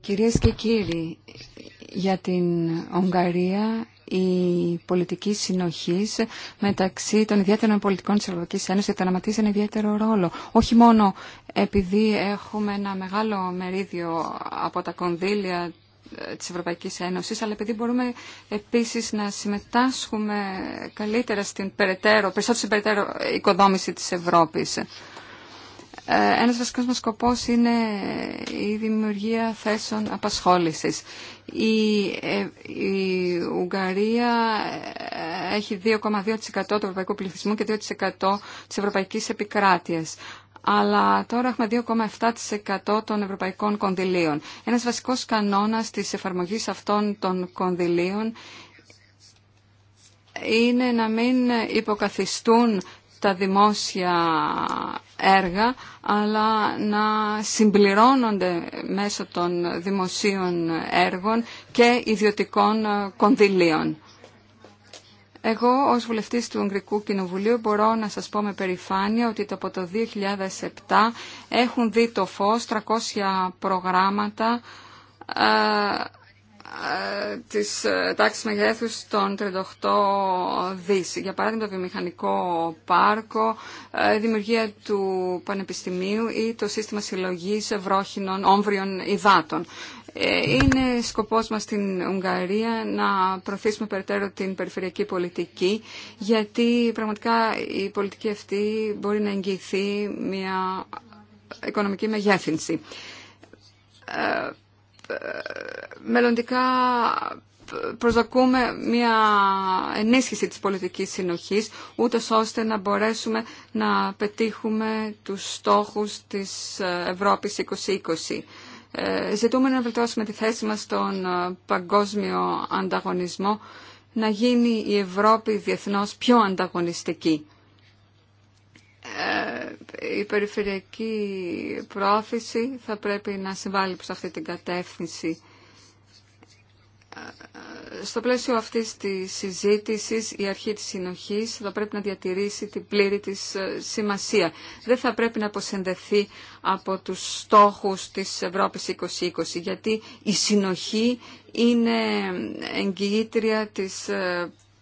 Κυρίες και κύριοι, για την Ουγγαρία η πολιτική συνοχή μεταξύ των ιδιαίτερων πολιτικών της Ευρωπαϊκής Ένωσης διαδραματίζει ένα ιδιαίτερο ρόλο. Όχι μόνο επειδή έχουμε ένα μεγάλο μερίδιο από τα κονδύλια ε, της Ευρωπαϊκής Ένωσης, αλλά επειδή μπορούμε επίσης να συμμετάσχουμε καλύτερα στην περαιτέρω, περισσότερο περαιτέρω οικοδόμηση της Ευρώπης. Ε, ένας βασικός μας σκοπός είναι η δημιουργία θέσεων απασχόλησης. Η, ε, η Ουγγαρία ε, έχει 2,2% του ευρωπαϊκού πληθυσμού και 2% της ευρωπαϊκής επικράτειας αλλά τώρα έχουμε 2,7% των ευρωπαϊκών κονδυλίων. Ένας βασικός κανόνας της εφαρμογής αυτών των κονδυλίων είναι να μην υποκαθιστούν τα δημόσια έργα, αλλά να συμπληρώνονται μέσω των δημοσίων έργων και ιδιωτικών κονδυλίων. Εγώ ως βουλευτής του Ουγγρικού Κοινοβουλίου μπορώ να σας πω με περηφάνεια ότι από το 2007 έχουν δει το φως 300 προγράμματα ε, ε, της ε, τάξης μεγέθους των 38 δις. Για παράδειγμα το βιομηχανικό πάρκο, η ε, δημιουργία του πανεπιστημίου ή το σύστημα συλλογής βρόχινων όμβριων υδάτων. Είναι σκοπός μας στην Ουγγαρία να προωθήσουμε περαιτέρω την περιφερειακή πολιτική, γιατί πραγματικά η πολιτική αυτή μπορεί να εγγυηθεί μια οικονομική μεγέθυνση μελλοντικά προσδοκούμε μια ενίσχυση της πολιτικής συνοχής, ούτε ώστε να μπορέσουμε να πετύχουμε τους στόχους της Ευρώπης 2020. Ε, ζητούμε να βελτιώσουμε τη θέση μας στον ε, παγκόσμιο ανταγωνισμό, να γίνει η Ευρώπη διεθνώς πιο ανταγωνιστική. Ε, η περιφερειακή πρόθεση θα πρέπει να συμβάλλει προς αυτή την κατεύθυνση. Ε, στο πλαίσιο αυτής της συζήτησης η αρχή της συνοχής θα πρέπει να διατηρήσει την πλήρη της ε, σημασία. Δεν θα πρέπει να αποσυνδεθεί από τους στόχους της Ευρώπης 2020 γιατί η συνοχή είναι εγγυήτρια της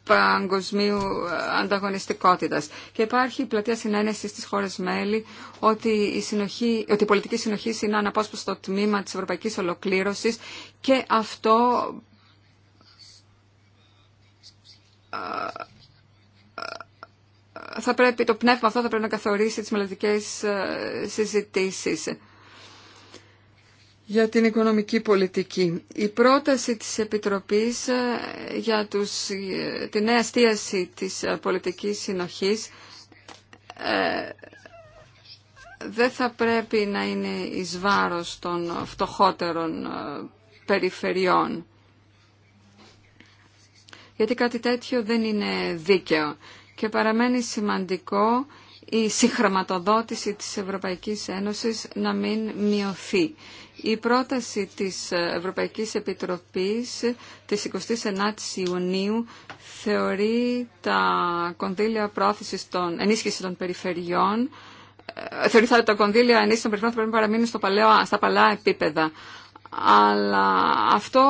παγκοσμίου ε, ανταγωνιστικότητας. Και υπάρχει πλατεία συνένεση στις χώρες μέλη ότι η, συνοχή, ότι πολιτική συνοχή είναι αναπόσπαστο τμήμα της ευρωπαϊκής ολοκλήρωσης και αυτό ε, ε, θα πρέπει, το πνεύμα αυτό θα πρέπει να καθορίσει τις μελλοντικές συζητήσεις για την οικονομική πολιτική. Η πρόταση της Επιτροπής ε, για τους, ε, τη νέα της ε, πολιτικής συνοχής δεν θα πρέπει να είναι εις βάρος των φτωχότερων περιφερειών. Γιατί κάτι τέτοιο δεν είναι δίκαιο και παραμένει σημαντικό η συγχρηματοδότηση της Ευρωπαϊκής Ένωσης να μην μειωθεί. Η πρόταση της Ευρωπαϊκής Επιτροπής της 29ης Ιουνίου θεωρεί τα κονδύλια πρόθεσης των ενίσχυση των περιφερειών ε, θεωρεί τα κονδύλια ενίσχυση των περιφερειών πρέπει να παραμείνουν στο παλαιό, στα παλά επίπεδα. Αλλά αυτό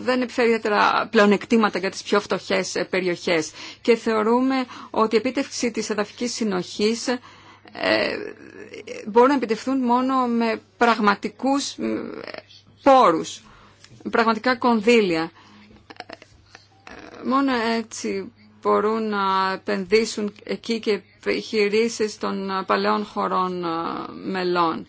δεν επιφέρει ιδιαίτερα πλεονεκτήματα για τις πιο φτωχές περιοχές. Και θεωρούμε ότι η επίτευξη της εδαφικής συνοχής ε, μπορούν να επιτευχθούν μόνο με πραγματικούς πόρους, πραγματικά κονδύλια. Ε, μόνο έτσι μπορούν να επενδύσουν εκεί και επιχειρήσεις των παλαιών χωρών ε, μελών.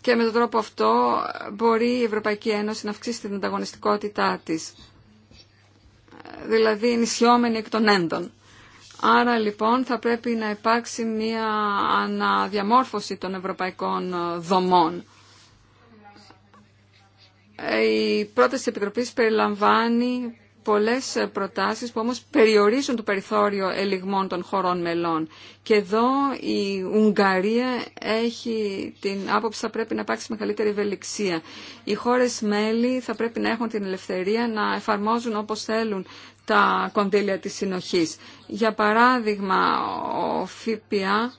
Και με τον τρόπο αυτό μπορεί η Ευρωπαϊκή Ένωση να αυξήσει την ανταγωνιστικότητά της. Δηλαδή ενισχυόμενη εκ των έντων. Άρα λοιπόν θα πρέπει να υπάρξει μια αναδιαμόρφωση των ευρωπαϊκών ε, δομών. Η πρόταση της Επιτροπής περιλαμβάνει πολλές προτάσεις που όμως περιορίζουν το περιθώριο ελιγμών των χωρών μελών. Και εδώ η Ουγγαρία έχει την άποψη θα πρέπει να υπάρξει μεγαλύτερη ευελιξία. Οι χώρες μέλη θα πρέπει να έχουν την ελευθερία να εφαρμόζουν όπως θέλουν τα κονδύλια της συνοχής. Για παράδειγμα, ο ΦΠΑ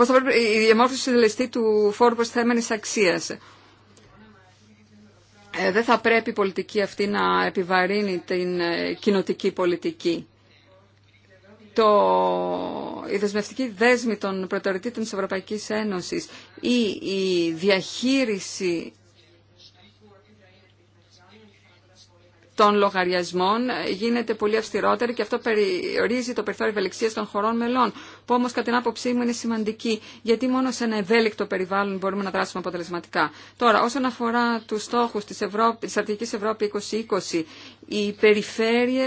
ε, θα πρέπει, η διαμόρφωση συντελεστή του φόρου θέμενης αξίας. Ε, δεν θα πρέπει η πολιτική αυτή να επιβαρύνει την ε, κοινοτική πολιτική. Το, η δεσμευτική δέσμη των προτεραιοτήτων της Ευρωπαϊκής Ένωσης ή η διαχείριση των λογαριασμών γίνεται πολύ αυστηρότερη και αυτό περιορίζει το περιθώριο ευελιξία των χωρών μελών, που όμω κατά την άποψή μου είναι σημαντική, γιατί μόνο σε ένα ευέλικτο περιβάλλον μπορούμε να δράσουμε αποτελεσματικά. Τώρα, όσον αφορά του στόχου της, Ευρώπη, της Ευρώπη 2020, οι περιφέρειε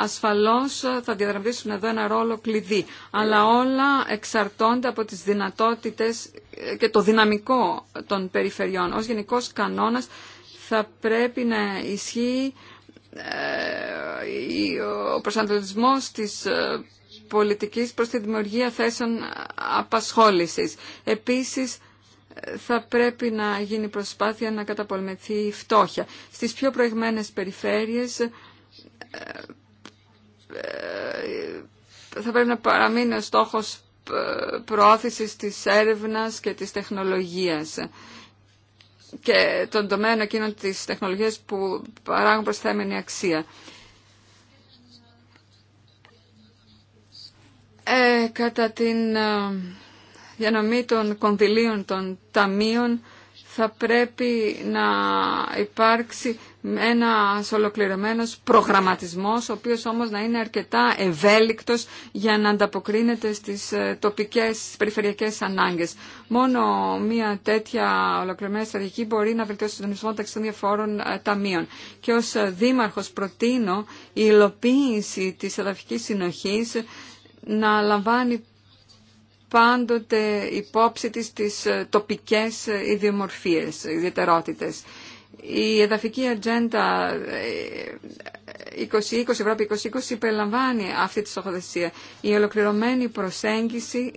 ασφαλώ θα διαδραματίσουν εδώ ένα ρόλο κλειδί, αλλά όλα εξαρτώνται από τι δυνατότητε ε, και το δυναμικό των περιφερειών. Ω γενικός κανόνα θα πρέπει να ισχύει ε, ο προσανατολισμός της ε, πολιτικής προς τη δημιουργία θέσεων απασχόλησης. Επίσης, θα πρέπει να γίνει προσπάθεια να καταπολεμηθεί η φτώχεια. Στις πιο προηγμένες περιφέρειες ε, θα πρέπει να παραμείνει ο στόχος προώθησης της έρευνας και της τεχνολογίας και τον τομέα εκείνων της τεχνολογίας που παράγουν προσθέμενη αξία. Ε, κατά την ε, διανομή των κονδυλίων των ταμείων θα πρέπει να υπάρξει ένα ολοκληρωμένο προγραμματισμός, ο οποίος όμως να είναι αρκετά ευέλικτο για να ανταποκρίνεται στις ε, τοπικές, περιφερειακέ περιφερειακές ανάγκες. Μόνο μια τέτοια ολοκληρωμένη στρατηγική μπορεί να βελτιώσει τον ρυθμό μεταξύ των διαφόρων ε, ταμείων. Και ω ε, δήμαρχος προτείνω η υλοποίηση τη εδαφική συνοχή να λαμβάνει πάντοτε υπόψη της τις ε, τοπικές ε, ιδιομορφίες, ιδιαιτερότητες. Η εδαφική ατζέντα 2020, ε, Ευρώπη 2020 περιλαμβάνει αυτή τη στοχοθεσία. Η ολοκληρωμένη προσέγγιση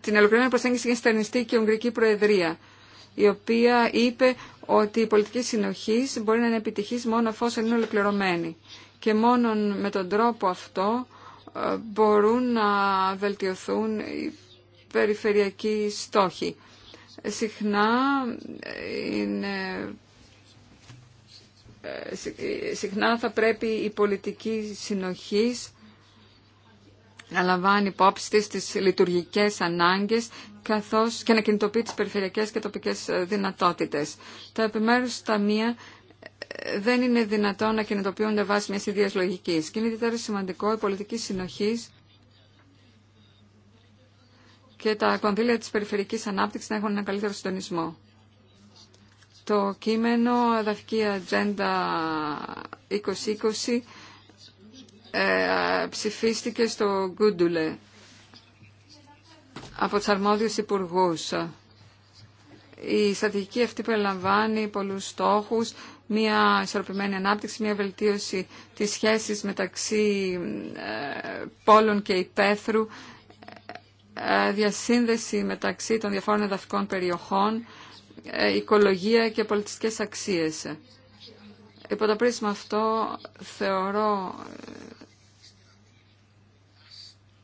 την ολοκληρωμένη προσέγγιση για στερνιστή και Ουγγρική Προεδρία, η οποία είπε ότι η πολιτική συνοχή μπορεί να είναι επιτυχής μόνο αφού είναι ολοκληρωμένη και μόνον με τον τρόπο αυτό ε, μπορούν να βελτιωθούν οι περιφερειακοί στόχοι. Ε, συχνά ε, είναι συχνά θα πρέπει η πολιτική συνοχής να λαμβάνει υπόψη της τις λειτουργικές ανάγκες καθώς και να κινητοποιεί τις περιφερειακές και τοπικές δυνατότητες. Τα επιμέρους ταμεία δεν είναι δυνατόν να κινητοποιούνται βάσει μια ίδια λογική. Και είναι ιδιαίτερα σημαντικό η πολιτική συνοχής και τα κονδύλια της περιφερικής ανάπτυξης να έχουν ένα καλύτερο συντονισμό. Το κείμενο Αδαφική Ατζέντα 2020 ε, ψηφίστηκε στο Γκούντουλε από τους αρμόδιους υπουργούς. Η στρατηγική αυτή περιλαμβάνει πολλούς στόχους μια ισορροπημένη ανάπτυξη, μια βελτίωση της σχέσης μεταξύ ε, πόλων και υπαίθρου, ε, διασύνδεση μεταξύ των διαφόρων εδαφικών περιοχών, ε, οικολογία και πολιτιστικές αξίες. Υπό το πρίσμα αυτό θεωρώ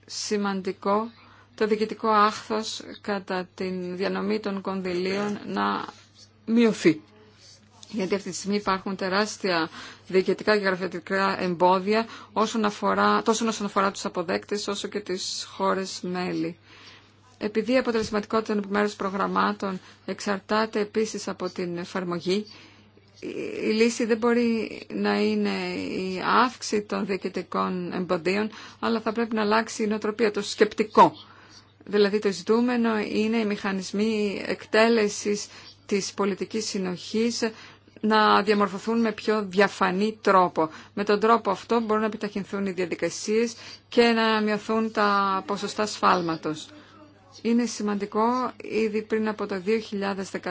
σημαντικό το διοικητικό άχθος κατά τη διανομή των κονδυλίων να μειωθεί γιατί αυτή τη στιγμή υπάρχουν τεράστια διοικητικά και γραφειοκρατικά εμπόδια όσον αφορά, τόσο όσον αφορά τους αποδέκτες όσο και τις χώρες μέλη. Επειδή η αποτελεσματικότητα των επιμέρους προγραμμάτων εξαρτάται επίσης από την εφαρμογή, η λύση δεν μπορεί να είναι η αύξηση των διοικητικών εμποδίων, αλλά θα πρέπει να αλλάξει η νοοτροπία, το σκεπτικό. Δηλαδή το ζητούμενο είναι οι μηχανισμοί εκτέλεσης της πολιτικής συνοχής να διαμορφωθούν με πιο διαφανή τρόπο. Με τον τρόπο αυτό μπορούν να επιταχυνθούν οι διαδικασίες και να μειωθούν τα ποσοστά σφάλματος. Είναι σημαντικό ήδη πριν από το 2014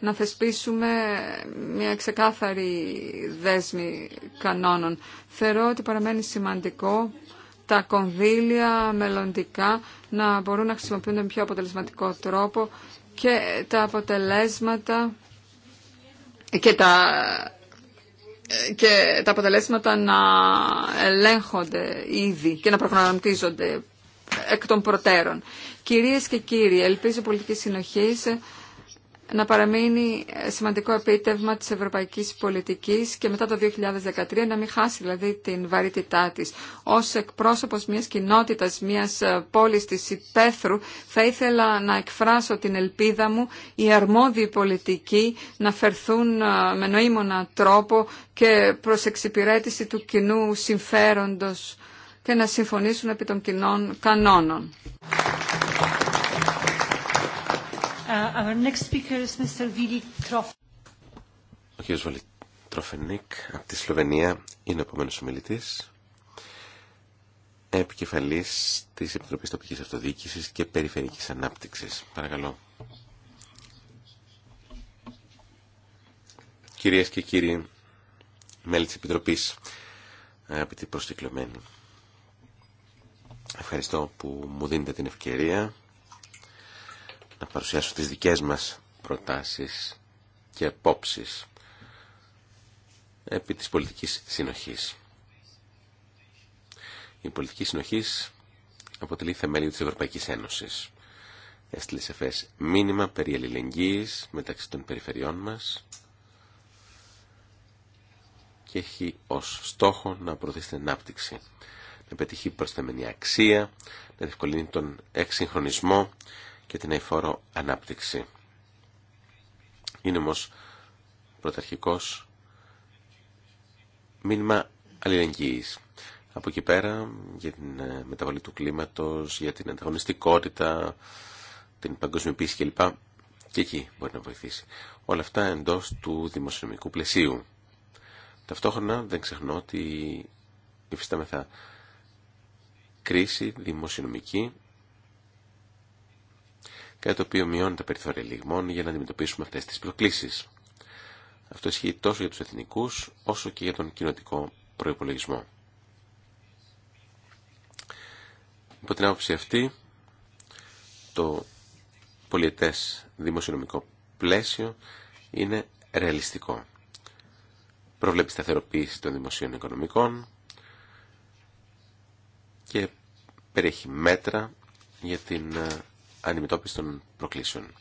να θεσπίσουμε μια ξεκάθαρη δέσμη κανόνων. Θεωρώ ότι παραμένει σημαντικό τα κονδύλια μελλοντικά να μπορούν να χρησιμοποιούνται με πιο αποτελεσματικό τρόπο και τα αποτελέσματα και τα, και τα αποτελέσματα να ελέγχονται ήδη και να προγραμματίζονται εκ των προτέρων. Κυρίες και κύριοι, ελπίζω πολιτική συνοχή να παραμείνει σημαντικό επίτευγμα της ευρωπαϊκής πολιτικής και μετά το 2013 να μην χάσει δηλαδή την βαρύτητά της. Ως εκπρόσωπος μιας κοινότητας, μιας ε, πόλης της Υπέθρου θα ήθελα να εκφράσω την ελπίδα μου οι αρμόδιοι πολιτικοί να φερθούν ε, με νοήμονα τρόπο και προς εξυπηρέτηση του κοινού συμφέροντος και να συμφωνήσουν επί των κοινών κανόνων. Uh, our next speaker is Mr. Vili Ο κύριος Βαλή Τροφενίκ από τη Σλοβενία είναι ο επόμενος ομιλητής επικεφαλής της Επιτροπής Τοπικής Αυτοδιοίκησης και Περιφερειακής Ανάπτυξης. Παρακαλώ. Κυρίες και κύριοι μέλη της Επιτροπής, αγαπητοί προσκεκλωμένοι, ευχαριστώ που μου δίνετε την ευκαιρία να παρουσιάσω τις δικές μας προτάσεις και απόψεις επί της πολιτικής συνοχής. Η πολιτική συνοχής αποτελεί θεμέλιο της Ευρωπαϊκής Ένωσης. Έστειλε ΦΕΣ μήνυμα περί αλληλεγγύης μεταξύ των περιφερειών μας και έχει ως στόχο να προωθήσει την ανάπτυξη, να πετύχει προσθεμένη αξία, να διευκολύνει τον εξυγχρονισμό, και την αηφόρο ανάπτυξη. Είναι όμω πρωταρχικός μήνυμα αλληλεγγύης. Από εκεί πέρα για την ε, μεταβολή του κλίματος, για την ανταγωνιστικότητα, την παγκοσμιοποίηση κλπ. Και εκεί μπορεί να βοηθήσει. Όλα αυτά εντός του δημοσιονομικού πλαισίου. Ταυτόχρονα δεν ξεχνώ ότι υφιστάμεθα κρίση δημοσιονομική κάτι το οποίο μειώνει τα περιθώρια λιγμών για να αντιμετωπίσουμε αυτές τις προκλήσεις. Αυτό ισχύει τόσο για τους εθνικούς όσο και για τον κοινοτικό προϋπολογισμό. Υπό την άποψη αυτή, το πολιετές δημοσιονομικό πλαίσιο είναι ρεαλιστικό. Προβλέπει σταθεροποίηση των δημοσίων οικονομικών και περιέχει μέτρα για την ε, αντιμετώπιση των προκλήσεων.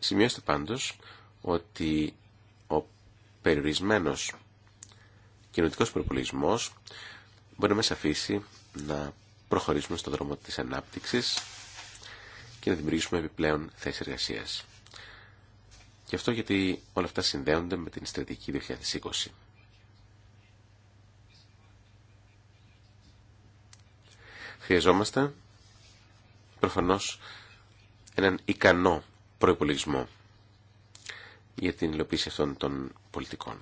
Σημειώστε πάντως ότι ο περιορισμένος κοινωτικός προπολισμός μπορεί να μας αφήσει να προχωρήσουμε στον δρόμο της ανάπτυξης και να δημιουργήσουμε επιπλέον θέσεις εργασίας. Και αυτό γιατί όλα αυτά συνδέονται με την στρατηγική 2020. Χρειαζόμαστε προφανώς έναν ικανό προϋπολογισμό για την υλοποίηση αυτών των πολιτικών.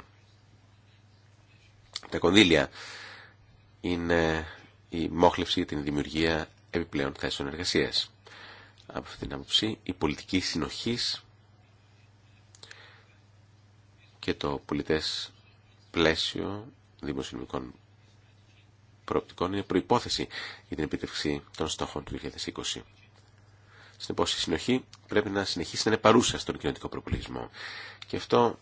Τα κονδύλια είναι η μόχλευση για την δημιουργία επιπλέον θέσεων εργασίας. Από αυτήν την άποψη, η πολιτική συνοχής και το πολιτές πλαίσιο δημοσιονομικών προοπτικών είναι προϋπόθεση για την επίτευξη των στόχων του 2020. Συνεπώ, η συνοχή πρέπει να συνεχίσει να είναι παρούσα στον κοινωνικό προπολισμό. Και αυτό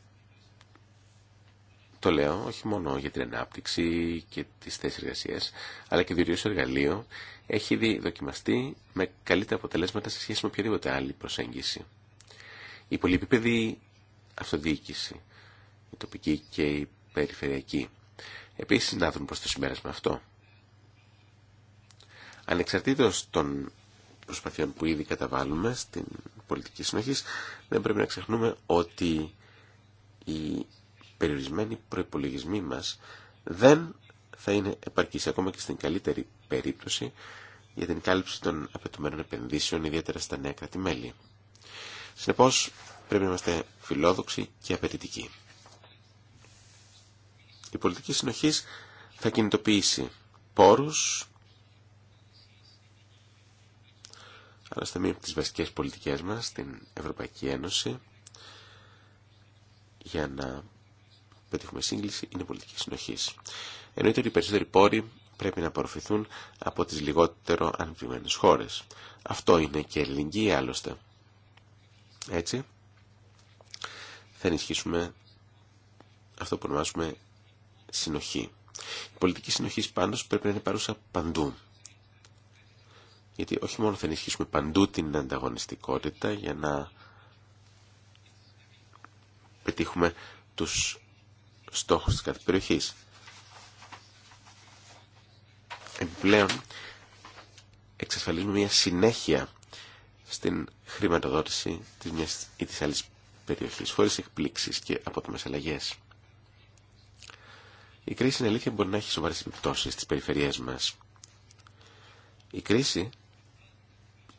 το λέω όχι μόνο για την ανάπτυξη και τις θέσει εργασία, αλλά και διότι εργαλείο έχει ήδη δοκιμαστεί με καλύτερα αποτελέσματα σε σχέση με οποιαδήποτε άλλη προσέγγιση. Η πολυεπίπεδη αυτοδιοίκηση, η τοπική και η περιφερειακή, επίσης δούμε προς το συμπέρασμα αυτό. Ανεξαρτήτως των προσπαθειών που ήδη καταβάλουμε στην πολιτική συνοχής, δεν πρέπει να ξεχνούμε ότι οι περιορισμένοι προϋπολογισμοί μας δεν θα είναι επαρκείς ακόμα και στην καλύτερη περίπτωση για την κάλυψη των απαιτουμένων επενδύσεων, ιδιαίτερα στα νέα κράτη-μέλη. Συνεπώς, πρέπει να είμαστε φιλόδοξοι και απαιτητικοί. Η πολιτική συνοχής θα κινητοποιήσει πόρους στα μία από τις βασικές πολιτικές μας στην Ευρωπαϊκή Ένωση για να πετύχουμε σύγκληση είναι πολιτική συνοχή. Εννοείται ότι οι περισσότεροι πόροι πρέπει να απορροφηθούν από τις λιγότερο ανεπτυγμένες χώρες. Αυτό είναι και ελληνική άλλωστε. Έτσι θα ενισχύσουμε αυτό που ονομάζουμε συνοχή. Η πολιτική συνοχή πάντως πρέπει να είναι παρούσα παντού γιατί όχι μόνο θα ενισχύσουμε παντού την ανταγωνιστικότητα για να πετύχουμε τους στόχους της κάθε περιοχής. Επιπλέον, εξασφαλίζουμε μια συνέχεια στην χρηματοδότηση της μιας ή της άλλης περιοχής, χωρίς εκπλήξεις και απότομες αλλαγές. Η κρίση, είναι η κριση μπορεί να έχει σοβαρές επιπτώσεις στις περιφερειές μας. Η κρίση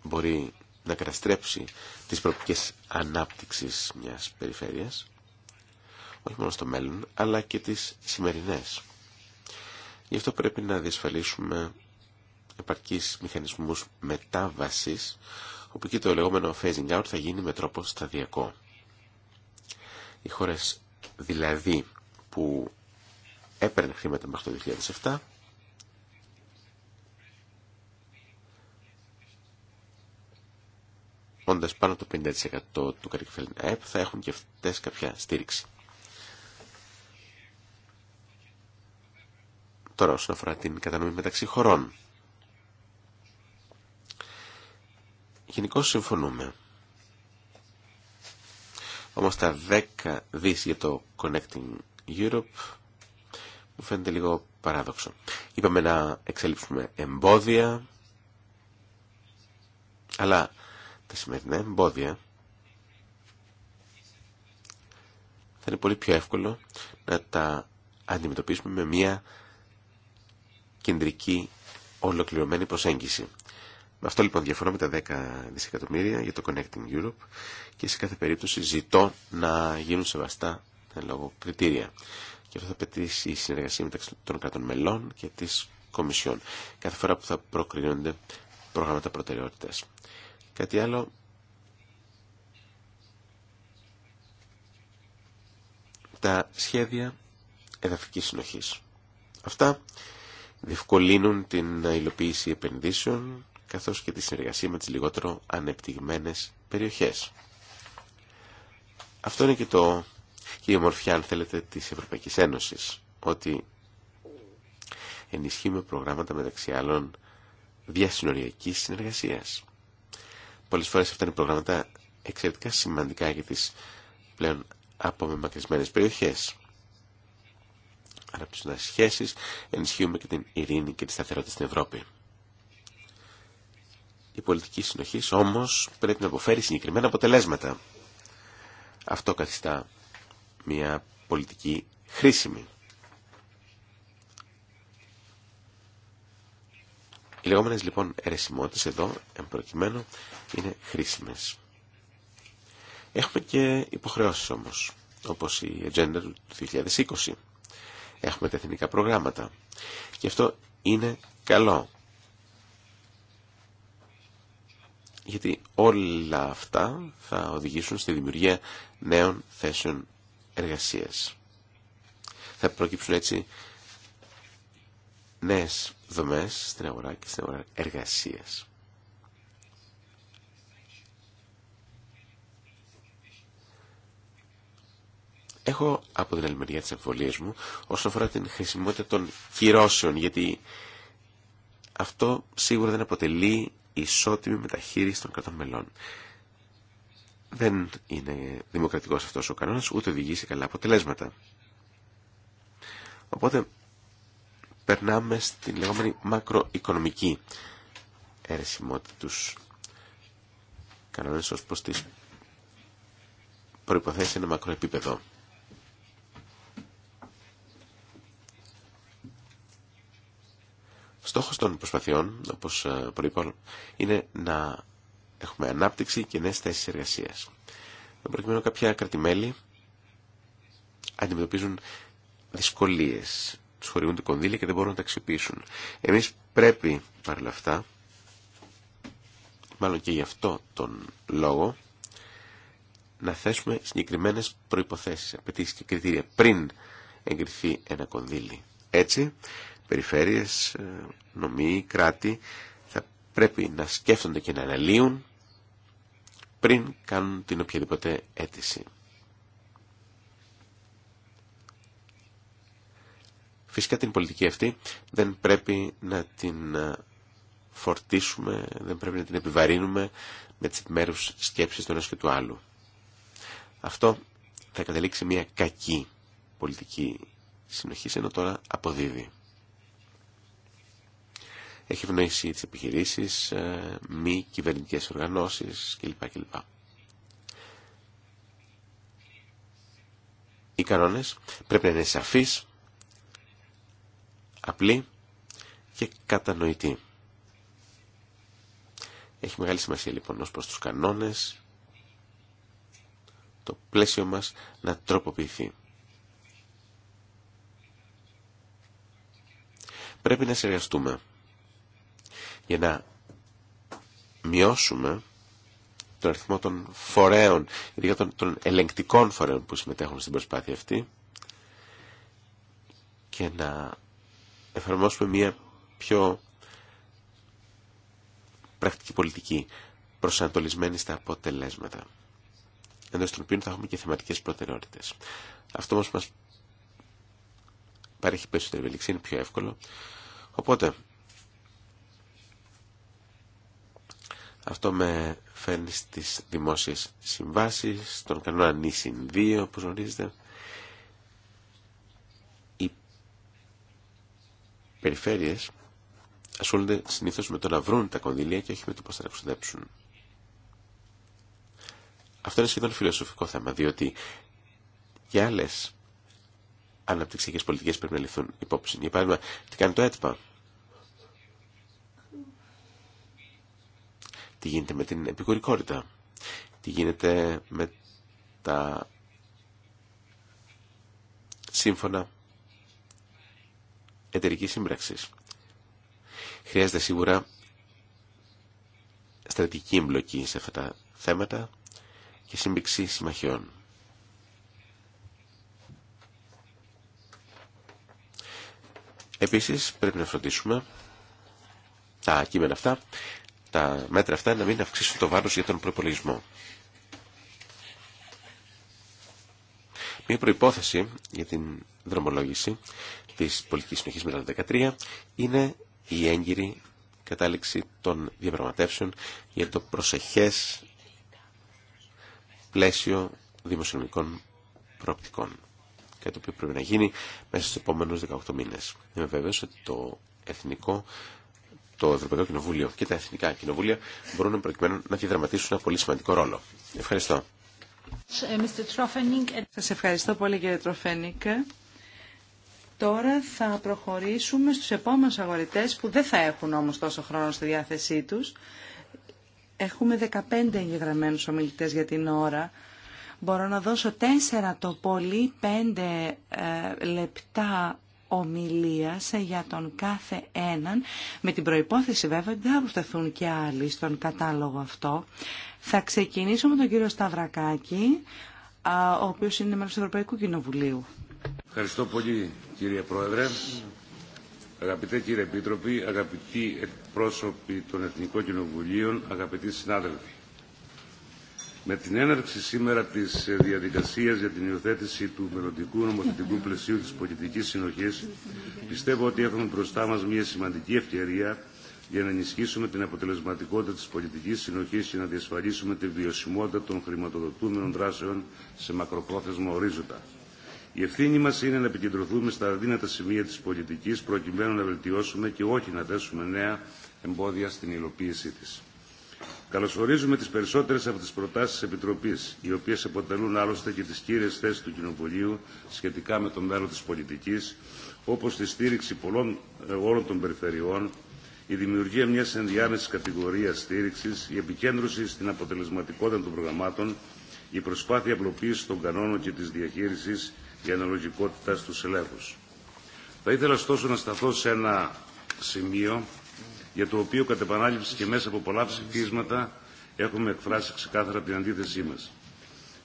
μπορεί να καταστρέψει τις προοπτικές ανάπτυξης μιας περιφέρειας, όχι μόνο στο μέλλον, αλλά και τις σημερινές. Γι' αυτό πρέπει να διασφαλίσουμε επαρκείς μηχανισμούς μετάβασης, όπου και το λεγόμενο phasing out θα γίνει με τρόπο σταδιακό. Οι χώρες δηλαδή που έπαιρνε χρήματα μέχρι το 2007 όντα πάνω το 50% του κατοικοφέλην ΑΕΠ, θα έχουν και αυτέ κάποια στήριξη. Τώρα, όσον αφορά την κατανομή μεταξύ χωρών. Γενικώ συμφωνούμε. Όμω τα 10 δι για το Connecting Europe μου φαίνεται λίγο παράδοξο. Είπαμε να εξελίξουμε εμπόδια, αλλά τα σημερινά εμπόδια, θα είναι πολύ πιο εύκολο να τα αντιμετωπίσουμε με μια κεντρική ολοκληρωμένη προσέγγιση. Με αυτό λοιπόν διαφωνώ με τα 10 δισεκατομμύρια για το Connecting Europe και σε κάθε περίπτωση ζητώ να γίνουν σεβαστά τα λόγω κριτήρια. Και αυτό θα πετύσει η συνεργασία μεταξύ των κρατών μελών και της Κομισιόν κάθε φορά που θα προκρίνονται προγράμματα προτεραιότητας. Κάτι άλλο. Τα σχέδια εδαφικής συνοχής. Αυτά διευκολύνουν την υλοποίηση επενδύσεων καθώς και τη συνεργασία με τις λιγότερο ανεπτυγμένες περιοχές. Αυτό είναι και, το, και η αν θέλετε, της Ευρωπαϊκής Ένωσης, ότι ενισχύουμε προγράμματα μεταξύ άλλων διασυνοριακής συνεργασίας. Πολλές φορές αυτά είναι προγράμματα εξαιρετικά σημαντικά για τις πλέον απομεμακρυσμένες περιοχές. Αναπτύσσοντας σχέσεις, ενισχύουμε και την ειρήνη και τη σταθερότητα στην Ευρώπη. Η πολιτική συνοχή όμως πρέπει να αποφέρει συγκεκριμένα αποτελέσματα. Αυτό καθιστά μια πολιτική χρήσιμη. Οι λεγόμενες λοιπόν αιρεσιμότητες εδώ, εν είναι χρήσιμες. Έχουμε και υποχρεώσεις όμως, όπως η Agenda του 2020. Έχουμε τα εθνικά προγράμματα. Και αυτό είναι καλό. Γιατί όλα αυτά θα οδηγήσουν στη δημιουργία νέων θέσεων εργασίας. Θα προκύψουν έτσι νέες δομές στην αγορά και στην αγορά εργασίας. Έχω από την άλλη μεριά τις αμφιβολίες μου όσον αφορά την χρησιμότητα των κυρώσεων γιατί αυτό σίγουρα δεν αποτελεί ισότιμη μεταχείριση των κρατών μελών. Δεν είναι δημοκρατικός αυτός ο κανόνας ούτε οδηγεί καλά αποτελέσματα. Οπότε περνάμε στην λεγόμενη μακροοικονομική αιρεσιμότητα τους κανόνες ως προς τις προϋποθέσεις ένα μακροεπίπεδο. Στόχος των προσπαθειών, όπως ε, προείπα, είναι να έχουμε ανάπτυξη και νέες θέσεις εργασίας. Με προκειμένου κάποια κρατημέλη αντιμετωπίζουν δυσκολίες του χωριούνται κονδύλια και δεν μπορούν να τα αξιοποιήσουν. Εμεί πρέπει παρ' αυτά, μάλλον και γι' αυτό τον λόγο, να θέσουμε συγκεκριμένε προποθέσει, απαιτήσει και κριτήρια πριν εγκριθεί ένα κονδύλι. Έτσι, περιφέρειες, ε, νομοί, κράτη θα πρέπει να σκέφτονται και να αναλύουν πριν κάνουν την οποιαδήποτε αίτηση. Φυσικά την πολιτική αυτή δεν πρέπει να την ε, φορτίσουμε, δεν πρέπει να την επιβαρύνουμε με τις επιμέρους σκέψεις του ένας και του άλλου. Αυτό θα καταλήξει μια κακή πολιτική συνοχή, ενώ τώρα αποδίδει. Έχει ευνοήσει τις επιχειρήσεις, ε, μη κυβερνητικές οργανώσεις κλπ. κλπ. Οι κανόνες πρέπει να είναι σαφείς, απλή και κατανοητή. Έχει μεγάλη σημασία λοιπόν ως προς τους κανόνες, το πλαίσιο μας να τροποποιηθεί. Πρέπει να συνεργαστούμε για να μειώσουμε τον αριθμό των φορέων, ειδικά των, των ελεγκτικών φορέων που συμμετέχουν στην προσπάθεια αυτή και να εφαρμόσουμε μια πιο πρακτική πολιτική προσανατολισμένη στα αποτελέσματα εντός των οποίων θα έχουμε και θεματικές προτεραιότητες. Αυτό όμως μας παρέχει περισσότερη ευελιξία, είναι πιο εύκολο. Οπότε, αυτό με φέρνει στις δημόσιες συμβάσεις, στον κανόνα νησιν 2, όπως γνωρίζετε, περιφέρειες ασχολούνται συνήθως με το να βρουν τα κονδύλια και όχι με το πώ θα τα Αυτό είναι σχεδόν φιλοσοφικό θέμα, διότι για άλλε αναπτυξιακέ πολιτικέ πρέπει να ληφθούν υπόψη. Για παράδειγμα, τι κάνει το ΕΤΠΑ. Τι γίνεται με την επικουρικότητα. Τι γίνεται με τα σύμφωνα Εταιρική σύμπραξη. Χρειάζεται σίγουρα στρατηγική εμπλοκή σε αυτά τα θέματα και σύμπηξη συμμαχιών. Επίσης πρέπει να φροντίσουμε τα κείμενα αυτά, τα μέτρα αυτά να μην αυξήσουν το βάρος για τον προπολογισμό. Μία προϋπόθεση για την δρομολόγηση της πολιτικής συνοχής μετά το 2013 είναι η έγκυρη κατάληξη των διαπραγματεύσεων για το προσεχές πλαίσιο δημοσιονομικών προοπτικών. Κάτι το οποίο πρέπει να γίνει μέσα στου επόμενου 18 μήνες. Είμαι βέβαιος ότι το εθνικό το Ευρωπαϊκό Κοινοβούλιο και τα Εθνικά Κοινοβούλια μπορούν προκειμένου να διαδραματίσουν ένα πολύ σημαντικό ρόλο. Ευχαριστώ. Ε, Σα ευχαριστώ πολύ κύριε Τροφένικ. Τώρα θα προχωρήσουμε στους επόμενους αγορητές που δεν θα έχουν όμως τόσο χρόνο στη διάθεσή τους. Έχουμε 15 εγγεγραμμένους ομιλητές για την ώρα. Μπορώ να δώσω 4 το πολύ 5 ε, λεπτά ομιλίας για τον κάθε έναν, με την προϋπόθεση βέβαια ότι θα προσταθούν και άλλοι στον κατάλογο αυτό. Θα ξεκινήσω με τον κύριο Σταυρακάκη, ο οποίος είναι μέλος του Ευρωπαϊκού Κοινοβουλίου. Ευχαριστώ πολύ κύριε Πρόεδρε. Αγαπητέ κύριε Επίτροπη, αγαπητοί εκπρόσωποι των Εθνικών Κοινοβουλίων, αγαπητοί συνάδελφοι. Με την έναρξη σήμερα της διαδικασίας για την υιοθέτηση του μελλοντικού νομοθετικού πλαισίου της πολιτικής συνοχής, πιστεύω ότι έχουμε μπροστά μας μια σημαντική ευκαιρία για να ενισχύσουμε την αποτελεσματικότητα της πολιτικής συνοχής και να διασφαλίσουμε τη βιωσιμότητα των χρηματοδοτούμενων δράσεων σε μακροπρόθεσμο ορίζοντα. Η ευθύνη μα είναι να επικεντρωθούμε στα αδύνατα σημεία τη πολιτική προκειμένου να βελτιώσουμε και όχι να θέσουμε νέα εμπόδια στην υλοποίησή τη. Καλωσορίζουμε τι περισσότερε από τι προτάσει τη Επιτροπή, οι οποίε αποτελούν άλλωστε και τι κύριε θέσει του Κοινοβουλίου σχετικά με το μέλλον τη πολιτική, όπω τη στήριξη πολλών ε, όλων των περιφερειών, η δημιουργία μια ενδιάμεση κατηγορία στήριξη, η επικέντρωση στην αποτελεσματικότητα των προγραμμάτων, η προσπάθεια απλοποίηση των κανόνων και τη διαχείριση, η αναλογικότητα στους ελέγχους. Θα ήθελα ωστόσο να σταθώ σε ένα σημείο για το οποίο κατ' επανάληψη και μέσα από πολλά ψηφίσματα έχουμε εκφράσει ξεκάθαρα την αντίθεσή μας.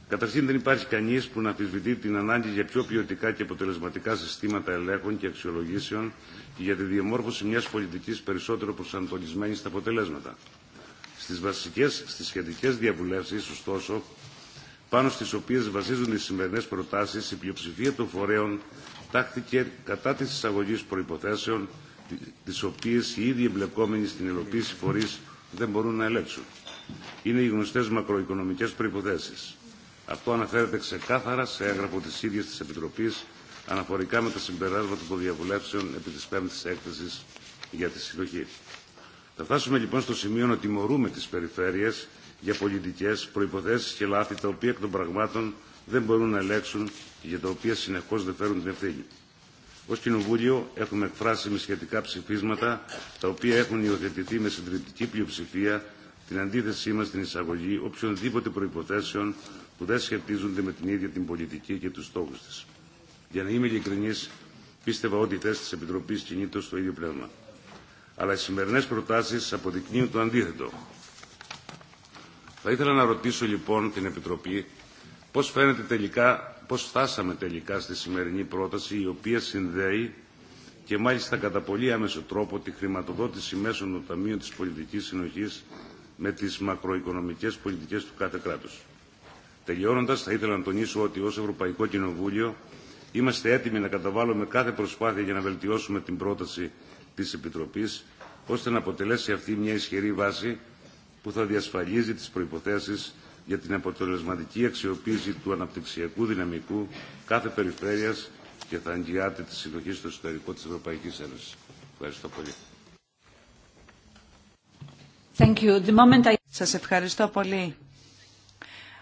Καταρχήν δεν υπάρχει κανείς που να αμφισβητεί την ανάγκη για πιο ποιοτικά και αποτελεσματικά συστήματα ελέγχων και αξιολογήσεων και για τη διαμόρφωση μιας πολιτικής περισσότερο προσανατολισμένης στα αποτελέσματα. Στις βασικές, στις σχετικές διαβουλεύσεις, ωστόσο, πάνω στις οποίες βασίζονται οι σημερινές προτάσεις, η πλειοψηφία των φορέων τάχθηκε κατά της εισαγωγής προϋποθέσεων, τις οποίες οι ίδιοι εμπλεκόμενοι στην υλοποίηση φορείς δεν μπορούν να ελέγξουν. Είναι οι γνωστές μακροοικονομικές προϋποθέσεις. Αυτό αναφέρεται ξεκάθαρα σε έγγραφο της ίδιας της Επιτροπής αναφορικά με τα συμπεράσματα των διαβουλεύσεων επί της πέμπτης έκθεσης για τη συλλογή. Θα φτάσουμε λοιπόν στο σημείο να τιμωρούμε τις περιφέρειες για πολιτικές προϋποθέσεις και λάθη τα οποία εκ των πραγμάτων δεν μπορούν να ελέγξουν και για τα οποία συνεχώς δεν φέρουν την ευθύνη. Ω Κοινοβούλιο έχουμε εκφράσει με σχετικά ψηφίσματα τα οποία έχουν υιοθετηθεί με συντριπτική πλειοψηφία την αντίθεσή μα στην εισαγωγή οποιονδήποτε προποθέσεων που δεν σχετίζονται με την ίδια την πολιτική και του στόχου τη. Για να είμαι ειλικρινή, πίστευα ότι η θέση τη Επιτροπή κινείται στο ίδιο πνεύμα. Αλλά οι σημερινέ προτάσει αποδεικνύουν το αντίθετο. Θα ήθελα να ρωτήσω λοιπόν την Επιτροπή πώς φαίνεται τελικά, πώς φτάσαμε τελικά στη σημερινή πρόταση η οποία συνδέει και μάλιστα κατά πολύ άμεσο τρόπο τη χρηματοδότηση μέσων των ταμείων της πολιτικής συνοχής με τις μακροοικονομικές πολιτικές του κάθε κράτους. Τελειώνοντας, θα ήθελα να τονίσω ότι ως Ευρωπαϊκό Κοινοβούλιο είμαστε έτοιμοι να καταβάλουμε κάθε προσπάθεια για να βελτιώσουμε την πρόταση της Επιτροπής, ώστε να αποτελέσει αυτή μια ισχυρή βάση που θα διασφαλίζει τις προϋποθέσεις για την αποτελεσματική αξιοποίηση του αναπτυξιακού δυναμικού κάθε περιφέρειας και θα εγγυάται τη συνοχή στο εσωτερικό της Ευρωπαϊκής Ένωσης. Ευχαριστώ πολύ. Σας ευχαριστώ πολύ.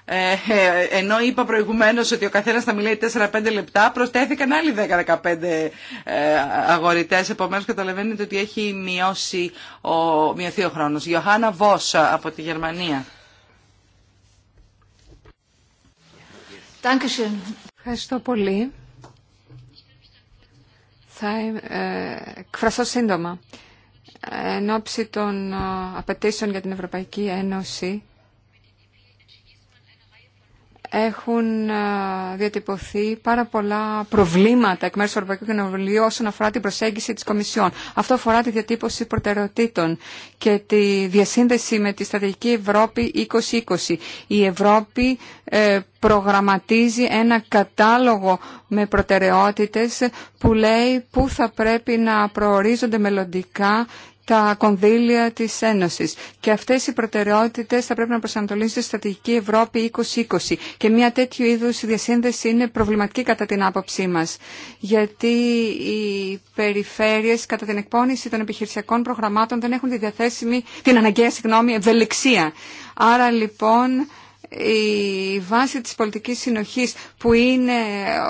Ε, ε, ενώ είπα προηγουμένως ότι ο καθένας θα μιλάει 4-5 λεπτά, προστέθηκαν άλλοι 10-15 ε, αγορητές, επομένως καταλαβαίνετε ότι έχει μειωθεί ο χρόνος. Ιωάννα Βόσα από τη Γερμανία. Ευχαριστώ πολύ. Θα εκφραστώ σύντομα. Εν ώψη των απαιτήσεων για την Ευρωπαϊκή Ένωση, έχουν διατυπωθεί πάρα πολλά προβλήματα εκ μέρους του Ευρωπαϊκού Κοινοβουλίου όσον αφορά την προσέγγιση της Κομισιόν. Αυτό αφορά τη διατύπωση προτεραιοτήτων και τη διασύνδεση με τη Στρατηγική Ευρώπη 2020. Η Ευρώπη ε, προγραμματίζει ένα κατάλογο με προτεραιότητες που λέει πού θα πρέπει να προορίζονται μελλοντικά τα κονδύλια της Ένωσης. Και αυτές οι προτεραιότητες θα πρέπει να προσανατολίζονται στη στρατηγική Ευρώπη 2020. Και μια τέτοιου είδους διασύνδεση είναι προβληματική κατά την άποψή μας. Γιατί οι περιφέρειες κατά την εκπόνηση των επιχειρησιακών προγραμμάτων δεν έχουν τη διαθέσιμη, την αναγκαία συγγνώμη, ευελιξία. Άρα λοιπόν η βάση της πολιτικής συνοχής που είναι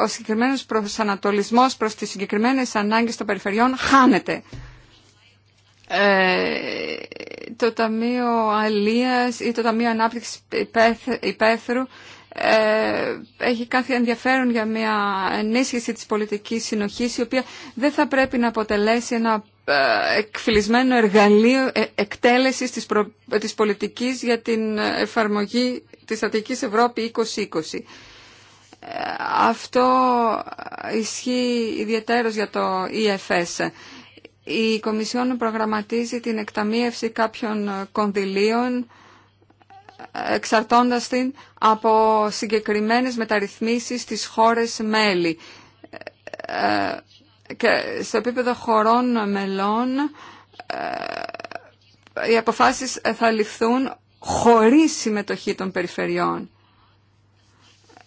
ο συγκεκριμένος προσανατολισμός προς τις συγκεκριμένες ανάγκες των περιφερειών χάνεται. Ε, το Ταμείο Αλίας ή το Ταμείο Ανάπτυξης Υπέθρου ε, έχει κάθε ενδιαφέρον για μια ενίσχυση της πολιτικής συνοχής η οποία δεν θα πρέπει να αποτελέσει ένα ε, εκφυλισμένο εργαλείο εκτέλεσης της, προ... πολιτικής για την εφαρμογή της Αττικής Ευρώπη 2020. Αυτό ισχύει ιδιαίτερος για το EFS η Κομισιόν προγραμματίζει την εκταμείευση κάποιων κονδυλίων εξαρτώντας την από συγκεκριμένες μεταρρυθμίσεις στις χώρες μέλη. Και στο επίπεδο χωρών μελών ε, οι αποφάσεις θα ληφθούν χωρίς συμμετοχή των περιφερειών.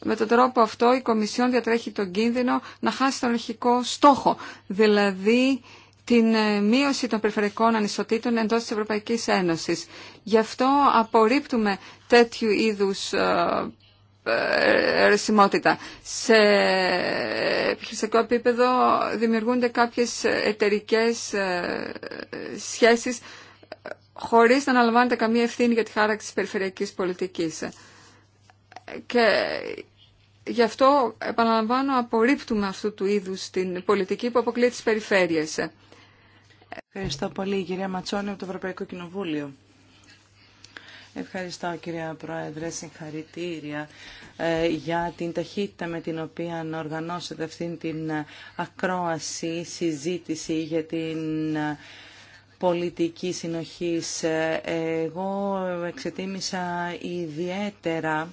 Με τον τρόπο αυτό η Κομισιόν διατρέχει τον κίνδυνο να χάσει τον αρχικό στόχο, δηλαδή την ε, μείωση των περιφερειακών ανισοτήτων εντός της Ευρωπαϊκής Ένωσης. Γι' αυτό απορρίπτουμε τέτοιου είδους ε, ε, ρεσιμότητα. Σε επιχειρησιακό επίπεδο δημιουργούνται κάποιες εταιρικές σχέσεις χωρίς να αναλαμβάνεται καμία ευθύνη για τη χάραξη της περιφερειακής πολιτικής. Και γι' αυτό, επαναλαμβάνω, απορρίπτουμε αυτού του είδους την πολιτική που αποκλείει τις περιφέρειες. Ευχαριστώ πολύ, κυρία Ματσόνη από το Ευρωπαϊκό Κοινοβούλιο. Ευχαριστώ κυρία Πρόεδρε, συγχαρητήρια ε, για την ταχύτητα με την οποία οργανώσατε αυτήν την ε, ακρόαση, συζήτηση για την ε, πολιτική συνοχής. Εγώ εξετίμησα ιδιαίτερα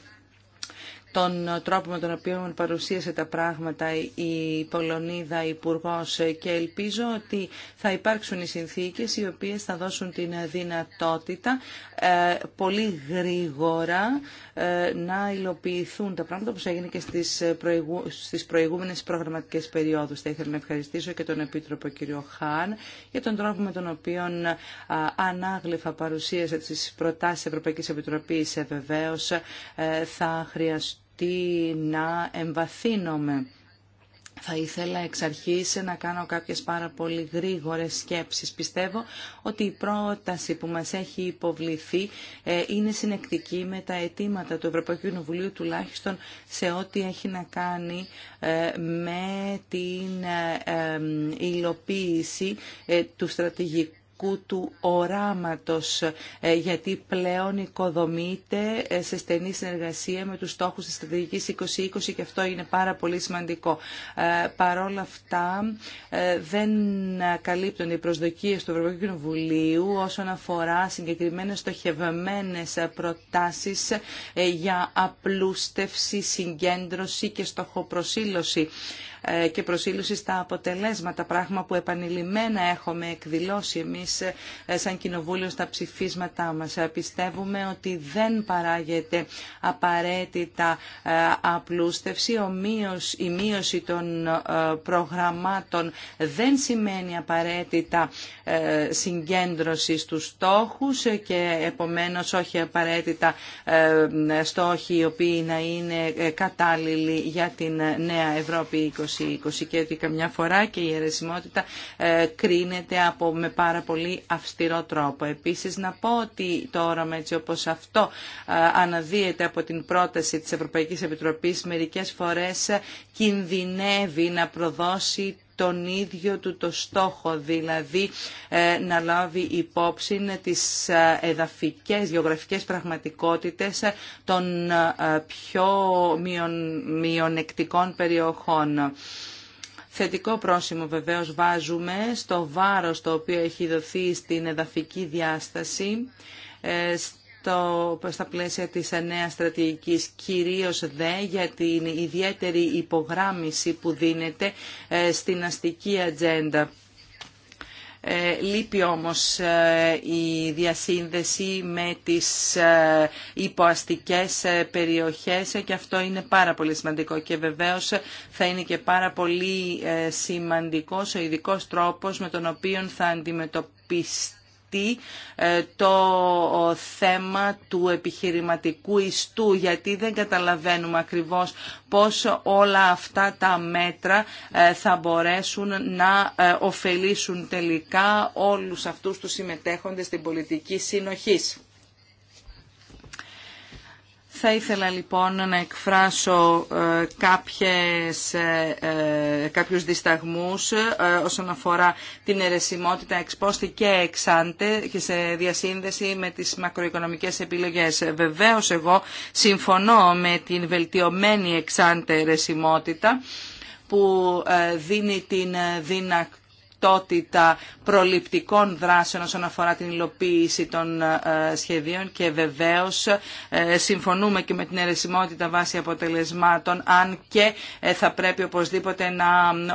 τον τρόπο με τον οποίο παρουσίασε τα πράγματα η Πολωνίδα υπουργό και ελπίζω ότι θα υπάρξουν οι συνθήκες οι οποίες θα δώσουν την δυνατότητα ε, πολύ γρήγορα ε, να υλοποιηθούν τα πράγματα όπως έγινε και στις, προηγου... στις προηγούμενες προγραμματικές περιόδους. Θα ήθελα να ευχαριστήσω και τον Επίτροπο κ. Χάν για τον τρόπο με τον οποίο ε, ανάγλυφα παρουσίασε τις προτάσεις Ευρωπαϊκής Επιτροπής. Βεβαίως θα χρειαστούν τι να εμβαθύνομαι. Θα ήθελα εξ αρχής να κάνω κάποιες πάρα πολύ γρήγορες σκέψεις. Πιστεύω ότι η πρόταση που μας έχει υποβληθεί ε, είναι συνεκτική με τα αιτήματα του Ευρωπαϊκού Κοινοβουλίου, τουλάχιστον σε ό,τι έχει να κάνει ε, με την ε, υλοποίηση του στρατηγικού πολιτικού του οράματος, ε, γιατί πλέον οικοδομείται ε, σε στενή συνεργασία με τους στόχους της στρατηγικής 2020 και αυτό είναι πάρα πολύ σημαντικό. Ε, παρόλα αυτά, δεν καλύπτουν οι προσδοκίες του Ευρωπαϊκού Κοινοβουλίου όσον αφορά συγκεκριμένες στοχευμένες προτάσεις για απλούστευση, συγκέντρωση και στοχοπροσύλωση ε, και προσήλωση στα αποτελέσματα, πράγμα που επανειλημμένα έχουμε εκδηλώσει εμείς ε, σαν Κοινοβούλιο στα ψηφίσματά μας. Ε, πιστεύουμε ότι δεν παράγεται απαραίτητα απλούστευση, η μείωση των προγραμμάτων δεν σημαίνει απαραίτητα συγκέντρωση στους στόχους και επομένως όχι απαραίτητα στόχοι οι οποίοι να είναι κατάλληλοι για την νέα Ευρώπη 2020. 20 και ότι καμιά φορά και η αιρεσιμότητα ε, κρίνεται από, με πάρα πολύ αυστηρό τρόπο. Επίσης να πω ότι το όραμα έτσι όπως αυτό ε, αναδύεται από την πρόταση της Ευρωπαϊκής Επιτροπής μερικές φορές ε, κινδυνεύει να προδώσει τον ίδιο του το στόχο, δηλαδή ε, να λάβει υπόψη τις ε, εδαφικές, γεωγραφικές πραγματικότητες ε, των πιο μειονεκτικών περιοχών. Θετικό πρόσημο βεβαίως βάζουμε στο βάρος το οποίο έχει δοθεί στην εδαφική διάσταση, στο, στα πλαίσια της νέας στρατηγικής, κυρίως δε για την ιδιαίτερη υπογράμμιση που δίνεται ε, στην αστική ατζέντα. Ε, λείπει όμως ε, η διασύνδεση με τις υποαστικές περιοχές και αυτό είναι πάρα πολύ σημαντικό και βεβαίως θα είναι και πάρα πολύ σημαντικός ο ειδικός τρόπος με τον οποίο θα αντιμετωπιστεί τι ε, το θέμα του επιχειρηματικού ιστού, γιατί δεν καταλαβαίνουμε ακριβώς πώς όλα αυτά τα μέτρα ε, θα μπορέσουν να ε, ωφελήσουν τελικά όλους αυτούς τους συμμετέχοντες στην πολιτική συνοχής. Θα ήθελα λοιπόν να εκφράσω ε, κάποιες, ε, ε, κάποιους δισταγμούς όσον αφορά την αιρεσιμότητα εξπόστη και εξάντε και σε διασύνδεση με τις μακροοικονομικές επιλογές. Βεβαίως εγώ συμφωνώ με την βελτιωμένη εξάντε αιρεσιμότητα που δίνει την δυνατότητα τα προληπτικών δράσεων όσον αφορά την υλοποίηση των ε, σχεδίων και βεβαίως ε, συμφωνούμε και με την αιρεσιμότητα βάση αποτελεσμάτων αν και ε, θα πρέπει οπωσδήποτε να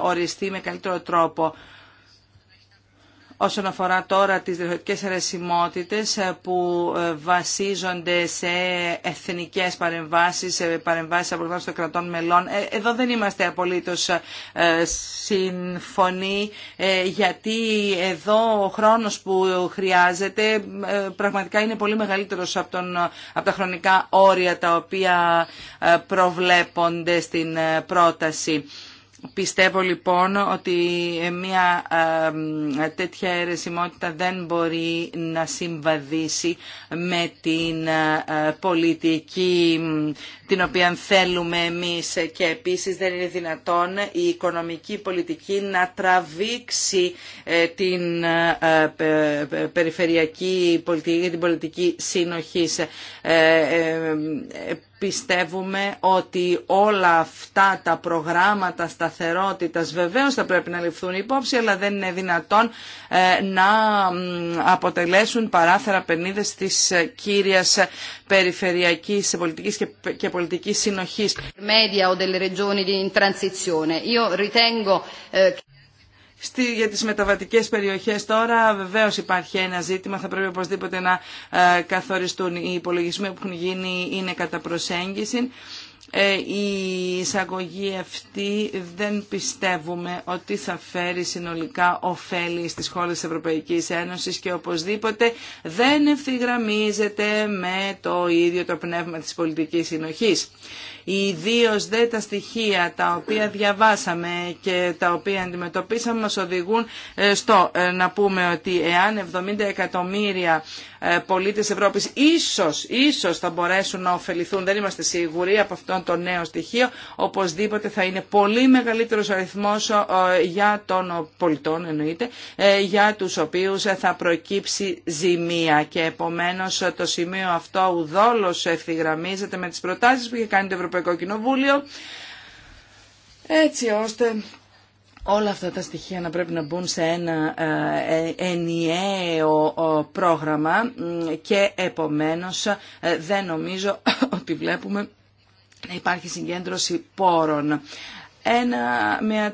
οριστεί με καλύτερο τρόπο. Όσον αφορά τώρα τις διαφορετικές αιρεσιμότητες ε, που ε, βασίζονται σε εθνικές παρεμβάσεις, σε παρεμβάσεις από των κρατών μελών, ε, εδώ δεν είμαστε απολύτως συμφωνοί, γιατί εδώ ο χρόνος που χρειάζεται πραγματικά είναι πολύ μεγαλύτερος από, τον, από τα χρονικά όρια τα οποία προβλέπονται στην πρόταση. Πιστεύω λοιπόν ότι μια τέτοια αιρεσιμότητα δεν μπορεί να συμβαδίσει με την ε, πολιτική την οποία θέλουμε εμείς και επίσης δεν είναι δυνατόν η οικονομική πολιτική να τραβήξει ε, την ε, περιφερειακή πολιτική την πολιτική συνοχής πιστεύουμε ότι όλα αυτά τα προγράμματα σταθερότητας βεβαίως θα πρέπει να ληφθούν υπόψη αλλά δεν είναι δυνατόν ε, να αποτελέσουν παράθερα πενίδες της ε, κύριας ε, περιφερειακής πολιτικής και πολιτικής συνοχής. Στη, για τις μεταβατικές περιοχές τώρα βεβαίως υπάρχει ένα ζήτημα, θα πρέπει οπωσδήποτε να ε, καθοριστούν οι υπολογισμοί που έχουν γίνει είναι κατά προσέγγιση. Ε, η εισαγωγή αυτή δεν πιστεύουμε ότι θα φέρει συνολικά ωφέλη στις χώρες της Ευρωπαϊκής Ένωσης και οπωσδήποτε δεν ευθυγραμμίζεται με το ίδιο το πνεύμα της πολιτικής συνοχής. Ιδίω δε τα στοιχεία τα οποία διαβάσαμε και τα οποία αντιμετωπίσαμε μας οδηγούν ε, στο ε, να πούμε ότι εάν 70 εκατομμύρια ε, πολίτες Ευρώπης ίσως, ίσως θα μπορέσουν να ωφεληθούν, δεν είμαστε σίγουροι από αυτό το νέο στοιχείο, οπωσδήποτε θα είναι πολύ μεγαλύτερος αριθμός για τον πολιτών εννοείται, ε, για τους οποίους θα προκύψει ζημία και επομένως το σημείο αυτό ουδόλως ευθυγραμμίζεται με τις προτάσεις που είχε κάνει το Ευρωπαϊκό Κοινοβούλιο έτσι ώστε όλα αυτά τα στοιχεία να πρέπει να μπουν σε ένα ε, ε, ενιαίο πρόγραμμα και επομένως ε, δεν νομίζω ότι βλέπουμε να υπάρχει συγκέντρωση πόρων. Ένα,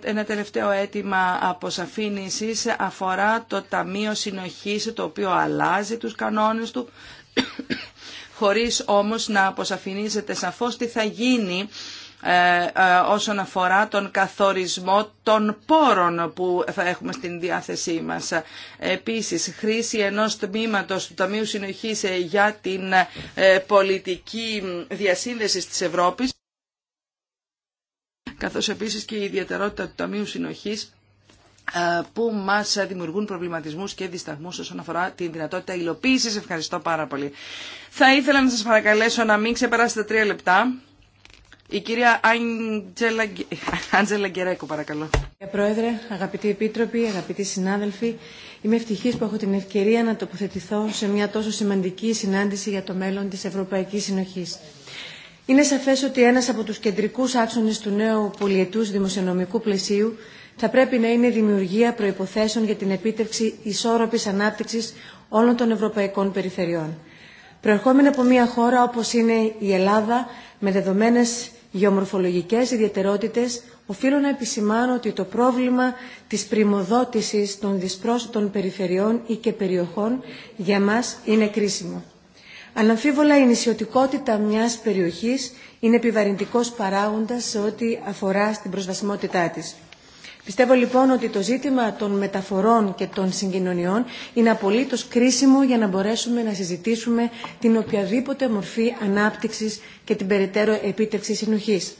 ένα τελευταίο αίτημα αποσαφήνισης αφορά το Ταμείο Συνοχής, το οποίο αλλάζει τους κανόνες του, χωρίς όμως να αποσαφηνίζεται σαφώς τι θα γίνει ε, ε, όσον αφορά τον καθορισμό των πόρων που θα έχουμε στην διάθεσή μας. Επίσης, χρήση ενός τμήματος του Ταμείου Συνοχής ε, για την πολιτική διασύνδεση της Ευρώπης, καθώς επίσης και η ιδιαιτερότητα του Ταμείου Συνοχής που μας δημιουργούν προβληματισμούς και δισταγμούς όσον αφορά την δυνατότητα υλοποίησης. Ευχαριστώ πάρα πολύ. Θα ήθελα να σας παρακαλέσω να μην ξεπεράσετε τρία λεπτά η κυρία Άντζελα, Γκερέκο, παρακαλώ. Κύριε Πρόεδρε, αγαπητοί επίτροποι, αγαπητοί συνάδελφοι, είμαι ευτυχής που έχω την ευκαιρία να τοποθετηθώ σε μια τόσο σημαντική συνάντηση για το μέλλον της Ευρωπαϊκής Συνοχής. Είναι σαφές ότι ένας από τους κεντρικούς άξονες του νέου πολιετούς δημοσιονομικού πλαισίου θα πρέπει να είναι η δημιουργία προϋποθέσεων για την επίτευξη ισόρροπης ανάπτυξης όλων των ευρωπαϊκών περιφερειών. Προερχόμενη από μια χώρα όπως είναι η Ελλάδα, με δεδομένες γεωμορφολογικές ιδιαιτερότητες, οφείλω να επισημάνω ότι το πρόβλημα της πρημοδότησης των δυσπρόσωτων περιφερειών ή και περιοχών για μας είναι κρίσιμο. Αναμφίβολα η νησιωτικότητα μιας περιοχής είναι επιβαρυντικός παράγοντας σε ό,τι αφορά στην προσβασιμότητά της. Πιστεύω λοιπόν ότι το ζήτημα των μεταφορών και των συγκοινωνιών είναι απολύτως κρίσιμο για να μπορέσουμε να συζητήσουμε την οποιαδήποτε μορφή ανάπτυξης και την περαιτέρω επίτευξη συνοχής.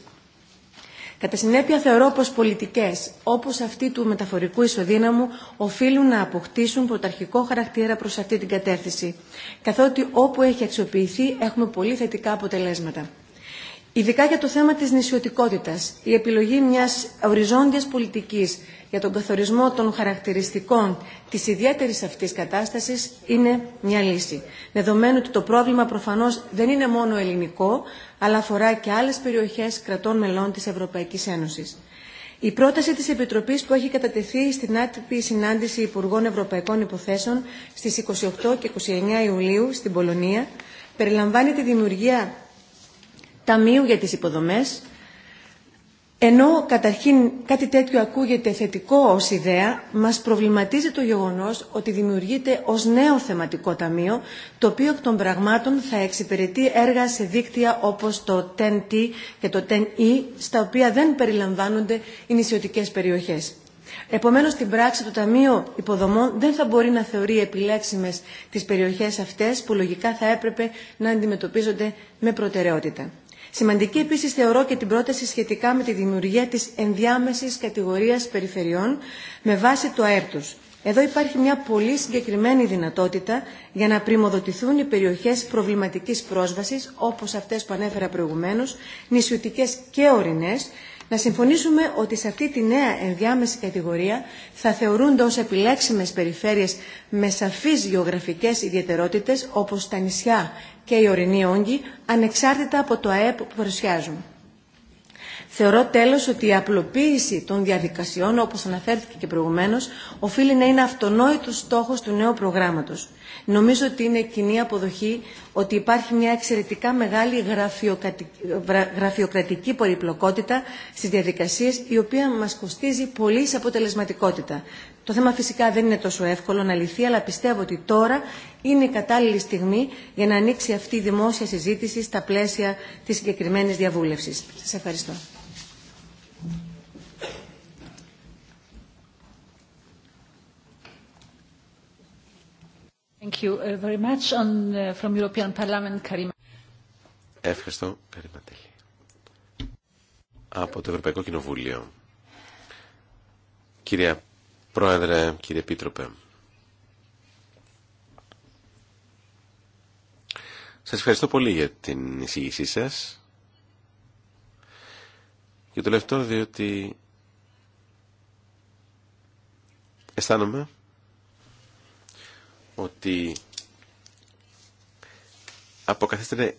Κατά συνέπεια θεωρώ πως πολιτικές όπως αυτή του μεταφορικού ισοδύναμου οφείλουν να αποκτήσουν πρωταρχικό χαρακτήρα προς αυτή την κατεύθυνση, καθότι όπου έχει αξιοποιηθεί έχουμε πολύ θετικά αποτελέσματα. Ειδικά για το θέμα της νησιωτικότητας, η επιλογή μιας οριζόντιας πολιτικής για τον καθορισμό των χαρακτηριστικών της ιδιαίτερης αυτής κατάστασης είναι μια λύση. Δεδομένου ότι το πρόβλημα προφανώς δεν είναι μόνο ελληνικό, αλλά αφορά και άλλες περιοχές κρατών μελών της Ευρωπαϊκής Ένωσης. Η πρόταση της Επιτροπής που έχει κατατεθεί στην άτυπη συνάντηση Υπουργών Ευρωπαϊκών Υποθέσεων στις 28 και 29 Ιουλίου στην Πολωνία περιλαμβάνει τη δημιουργία ταμείου για τις υποδομές, ενώ καταρχήν κάτι τέτοιο ακούγεται θετικό ως ιδέα, μας προβληματίζει το γεγονός ότι δημιουργείται ως νέο θεματικό ταμείο, το οποίο εκ των πραγμάτων θα εξυπηρετεί έργα σε δίκτυα όπως το TEN-T και το TEN-E, στα οποία δεν περιλαμβάνονται οι νησιωτικές περιοχές. Επομένως, στην πράξη το Ταμείο Υποδομών δεν θα μπορεί να θεωρεί επιλέξιμες τις περιοχές αυτές που λογικά θα έπρεπε να αντιμετωπίζονται με προτεραιότητα. Σημαντική επίση θεωρώ και την πρόταση σχετικά με τη δημιουργία της ενδιάμεσης κατηγορίας περιφερειών με βάση το ΑΕΠ Εδώ υπάρχει μια πολύ συγκεκριμένη δυνατότητα για να πρημοδοτηθούν οι περιοχές προβληματικής πρόσβασης, όπως αυτές που ανέφερα προηγουμένως, νησιωτικές και ορεινέ να συμφωνήσουμε ότι σε αυτή τη νέα ενδιάμεση κατηγορία θα θεωρούνται ως επιλέξιμες περιφέρειες με σαφείς γεωγραφικές ιδιαιτερότητες όπως τα νησιά και οι ορεινοί όγκοι, ανεξάρτητα από το ΑΕΠ που παρουσιάζουν. Θεωρώ τέλος ότι η απλοποίηση των διαδικασιών, όπως αναφέρθηκε και προηγουμένως, οφείλει να είναι αυτονόητος στόχος του νέου προγράμματος. Νομίζω ότι είναι κοινή αποδοχή ότι υπάρχει μια εξαιρετικά μεγάλη γραφειοκρατική πολυπλοκότητα στις διαδικασίες, η οποία μας κοστίζει πολύ σε αποτελεσματικότητα. Το θέμα φυσικά δεν είναι τόσο εύκολο να λυθεί, αλλά πιστεύω ότι τώρα είναι η κατάλληλη στιγμή για να ανοίξει αυτή η δημόσια συζήτηση στα πλαίσια της συγκεκριμένη διαβούλευσης. Σας ευχαριστώ. Ευχαριστώ, Καρυματέλη. Από το Ευρωπαϊκό Κοινοβούλιο. Κυρία Πρόεδρε, κύριε Επίτροπε. Σας ευχαριστώ πολύ για την εισήγησή σας. Και το λεφτό διότι αισθάνομαι ότι αποκαθίστεται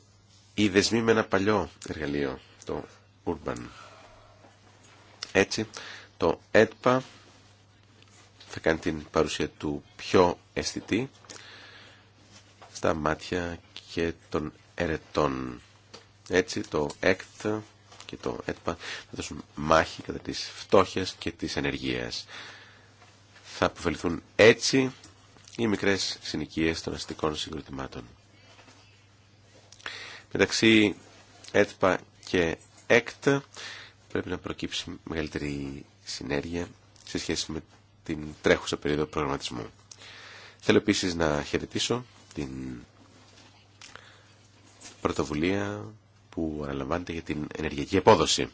η δεσμοί με ένα παλιό εργαλείο, το Urban. Έτσι, το ΕΤΠΑ θα κάνει την παρουσία του πιο αισθητή στα μάτια και των ερετών. Έτσι, το ΕΚΤ και το ΕΤΠΑ θα δώσουν μάχη κατά της φτώχειας και της ενεργείας. Θα αποφεληθούν έτσι οι μικρές συνοικίες των αστικών συγκροτημάτων. Μεταξύ ΕΤΠΑ και ΕΚΤ πρέπει να προκύψει μεγαλύτερη συνέργεια σε σχέση με την τρέχουσα περίοδο προγραμματισμού. Θέλω επίσης να χαιρετήσω την πρωτοβουλία που αναλαμβάνεται για την ενεργειακή απόδοση.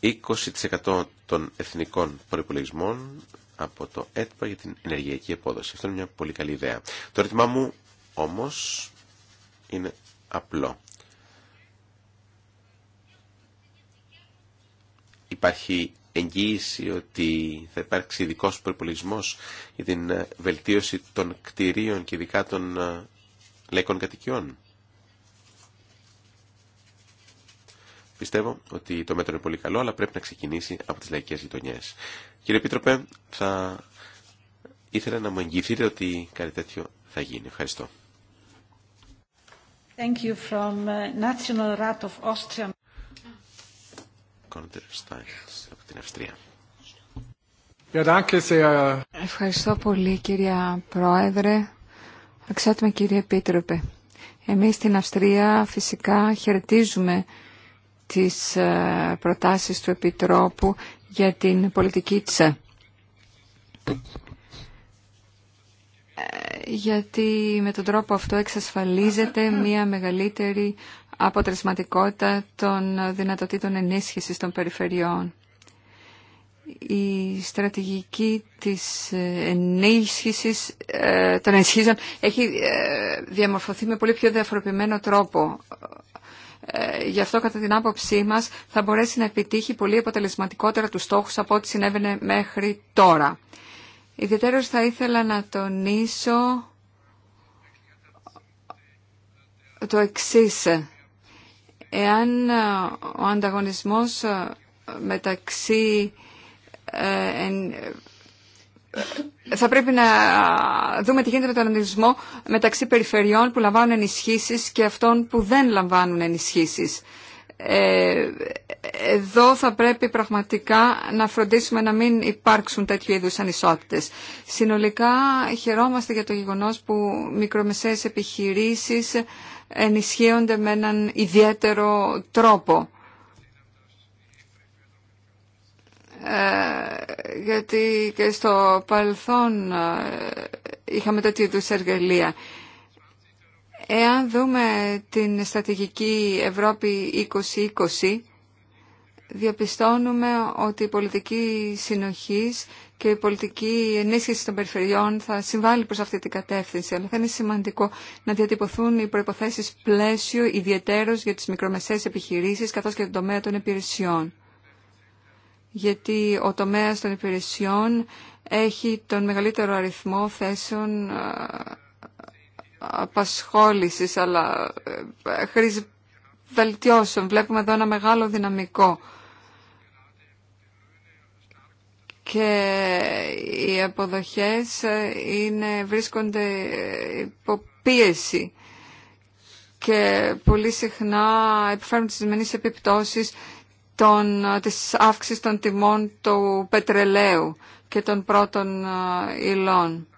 20% των εθνικών προϋπολογισμών από το ΕΤΠΑ για την ενεργειακή απόδοση. Αυτό είναι μια πολύ καλή ιδέα. Το ερώτημά μου όμως είναι απλό. Υπάρχει εγγύηση ότι θα υπάρξει ειδικό προπολογισμό για την βελτίωση των κτηρίων και ειδικά των ε, λαϊκών κατοικιών. Πιστεύω ότι το μέτρο είναι πολύ καλό, αλλά πρέπει να ξεκινήσει από τις λαϊκές γειτονιές. Κύριε Επίτροπε, θα ήθελα να μου εγγυηθείτε ότι κάτι τέτοιο θα γίνει. Ευχαριστώ. Thank you from uh, National Rat of Austria. από την Αυστρία. Ευχαριστώ πολύ κυρία Πρόεδρε. Αξιότιμα κύριε Επίτροπε. Εμείς στην Αυστρία φυσικά χαιρετίζουμε τις ε, προτάσεις του Επιτρόπου για την πολιτική της. Ε, γιατί με τον τρόπο αυτό εξασφαλίζεται μια μεγαλύτερη αποτελεσματικότητα των δυνατοτήτων ενίσχυσης των περιφερειών. Η στρατηγική της ενίσχυσης ε, των ενισχύσεων έχει ε, διαμορφωθεί με πολύ πιο διαφοροποιημένο τρόπο ε, γι' αυτό κατά την άποψή μας θα μπορέσει να επιτύχει πολύ αποτελεσματικότερα τους στόχους από ό,τι συνέβαινε μέχρι τώρα. Ιδιαίτερως θα ήθελα να τονίσω το εξής. Εάν ε, ο ανταγωνισμός ε, μεταξύ θα πρέπει να δούμε τι γίνεται με τον ανταγωνισμό μεταξύ περιφερειών που λαμβάνουν ενισχύσεις και αυτών που δεν λαμβάνουν ενισχύσεις. Ε, εδώ θα πρέπει πραγματικά να φροντίσουμε να μην υπάρξουν τέτοιου είδους ανισότητες. Συνολικά χαιρόμαστε για το γεγονός που μικρομεσαίες επιχειρήσεις ενισχύονται με έναν ιδιαίτερο τρόπο. Ε, γιατί και στο παρελθόν ε, είχαμε τέτοιου είδου εργαλεία. Εάν δούμε την στρατηγική Ευρώπη 2020, διαπιστώνουμε ότι η πολιτική συνοχής και η πολιτική ενίσχυση των περιφερειών θα συμβάλλει προς αυτή την κατεύθυνση, αλλά θα είναι σημαντικό να διατυπωθούν οι προϋποθέσεις πλαίσιο ιδιαίτερως για τις μικρομεσαίες επιχειρήσεις καθώς και τον τομέα των υπηρεσιών γιατί ο τομέας των υπηρεσιών έχει τον μεγαλύτερο αριθμό θέσεων ε, απασχόλησης, αλλά ε, χρήση βελτιώσεων. Βλέπουμε εδώ ένα μεγάλο δυναμικό. Και οι αποδοχές ε, είναι, βρίσκονται υπό πίεση και πολύ συχνά επιφέρουν τις επιπτώσεις των, ε, της αύξησης των τιμών του πετρελαίου και των πρώτων ε, υλών.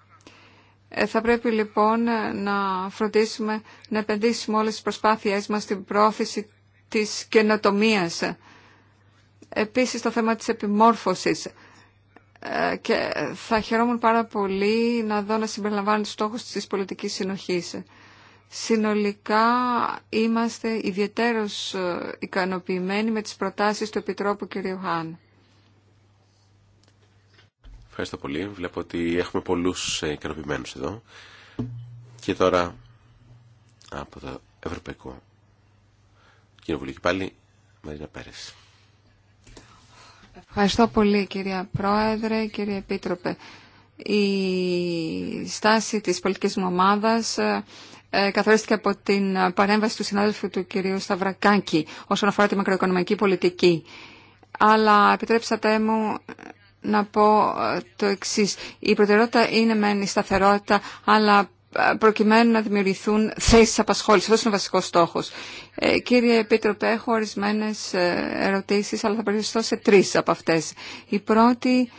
Ε, θα πρέπει λοιπόν να φροντίσουμε να επενδύσουμε όλες τις προσπάθειές μας στην πρόθεση της καινοτομίας. Επίσης το θέμα της επιμόρφωσης. Και θα χαιρόμουν πάρα πολύ να δω να συμπεριλαμβάνει τους στόχους της πολιτικής συνοχής. Συνολικά είμαστε ιδιαίτερος ε, ικανοποιημένοι με τις προτάσεις του Επιτρόπου κ. Χάν. Ευχαριστώ πολύ. Βλέπω ότι έχουμε πολλούς ε, ικανοποιημένους εδώ. Και τώρα από το Ευρωπαϊκό Κοινοβουλίο και πάλι Μαρίνα Πέρες. Ευχαριστώ πολύ κυρία Πρόεδρε, κύριε Επίτροπε. Η στάση της πολιτικής μου ομάδας ε, ε, καθορίστηκε από την παρέμβαση του συνάδελφου του κυρίου Σταυρακάκη όσον αφορά τη μακροοικονομική πολιτική. Αλλά επιτρέψατε μου να πω ε, το εξή. Η προτεραιότητα είναι μεν η σταθερότητα, αλλά ε, προκειμένου να δημιουργηθούν θέσει απασχόληση. Αυτό είναι ο βασικό στόχο. κύριε Επίτροπε, έχω ορισμένε ερωτήσει, αλλά θα περιοριστώ σε τρει από αυτέ. Η πρώτη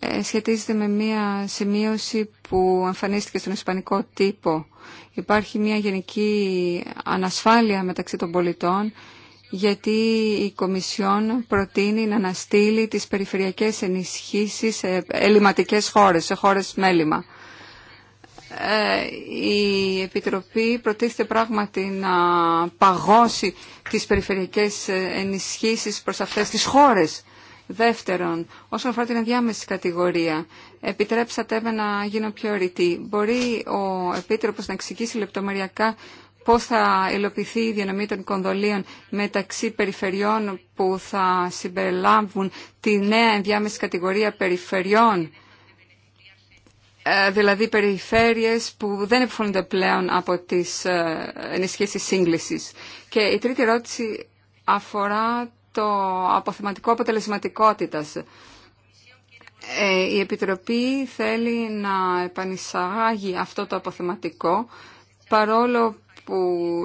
ε, σχετίζεται με μία σημείωση που εμφανίστηκε στον Ισπανικό τύπο. Υπάρχει μία γενική ανασφάλεια μεταξύ των πολιτών γιατί η Κομισιόν προτείνει να αναστείλει τις περιφερειακές ενισχύσεις σε ελληματικές χώρες, σε χώρες μέλημα. Ε, η Επιτροπή προτίθεται πράγματι να παγώσει τις περιφερειακές ενισχύσεις προς αυτές τις χώρες. Δεύτερον, όσον αφορά την ενδιάμεση κατηγορία, επιτρέψατε με να γίνω πιο ρητή. Μπορεί ο Επίτροπος να εξηγήσει λεπτομεριακά πώς θα υλοποιηθεί η διανομή των κονδολίων μεταξύ περιφερειών που θα συμπεριλάμβουν τη νέα ενδιάμεση κατηγορία περιφερειών, ε, δηλαδή περιφέρειες που δεν επιφωνούνται πλέον από τις ε, ενισχύσεις σύγκλησης. Και η τρίτη ερώτηση αφορά το αποθεματικό αποτελεσματικότητας. Ε, η Επιτροπή θέλει να επανεισάγει αυτό το αποθεματικό παρόλο που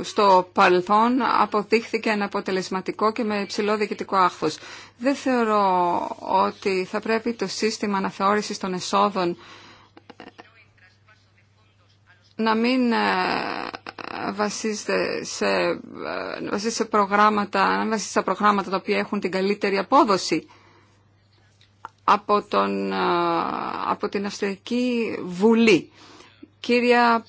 στο παρελθόν αποδείχθηκε αποτελεσματικό και με υψηλό διοικητικό άχθος. Δεν θεωρώ ότι θα πρέπει το σύστημα αναθεώρησης των εσόδων να μην ε, βασίζεται σε, ε, βασίζεται σε προγράμματα, βασίζεται σε προγράμματα τα οποία έχουν την καλύτερη απόδοση από, τον, ε, από την Αυστριακή Βουλή. Κύρια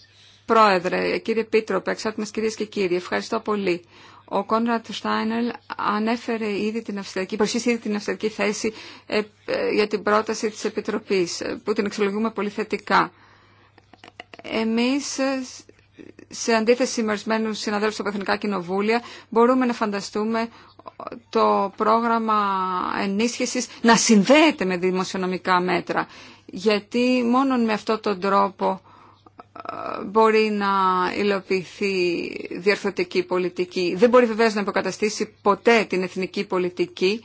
Πρόεδρε, κύριε Πίτροπε, εξάρτημες κυρίες και κύριοι, ευχαριστώ πολύ. Ο Κόνραντ Στάινελ ανέφερε ήδη την αυστηρική, ήδη την αυστηρική θέση ε, για την πρόταση της Επιτροπής, που την εξολογούμε πολύ θετικά. Εμείς σε αντίθεση με ορισμένου συναδέλφου από εθνικά κοινοβούλια, μπορούμε να φανταστούμε το πρόγραμμα ενίσχυση να συνδέεται με δημοσιονομικά μέτρα. Γιατί μόνο με αυτόν τον τρόπο ε, μπορεί να υλοποιηθεί διορθωτική πολιτική. Δεν μπορεί βεβαίω να υποκαταστήσει ποτέ την εθνική πολιτική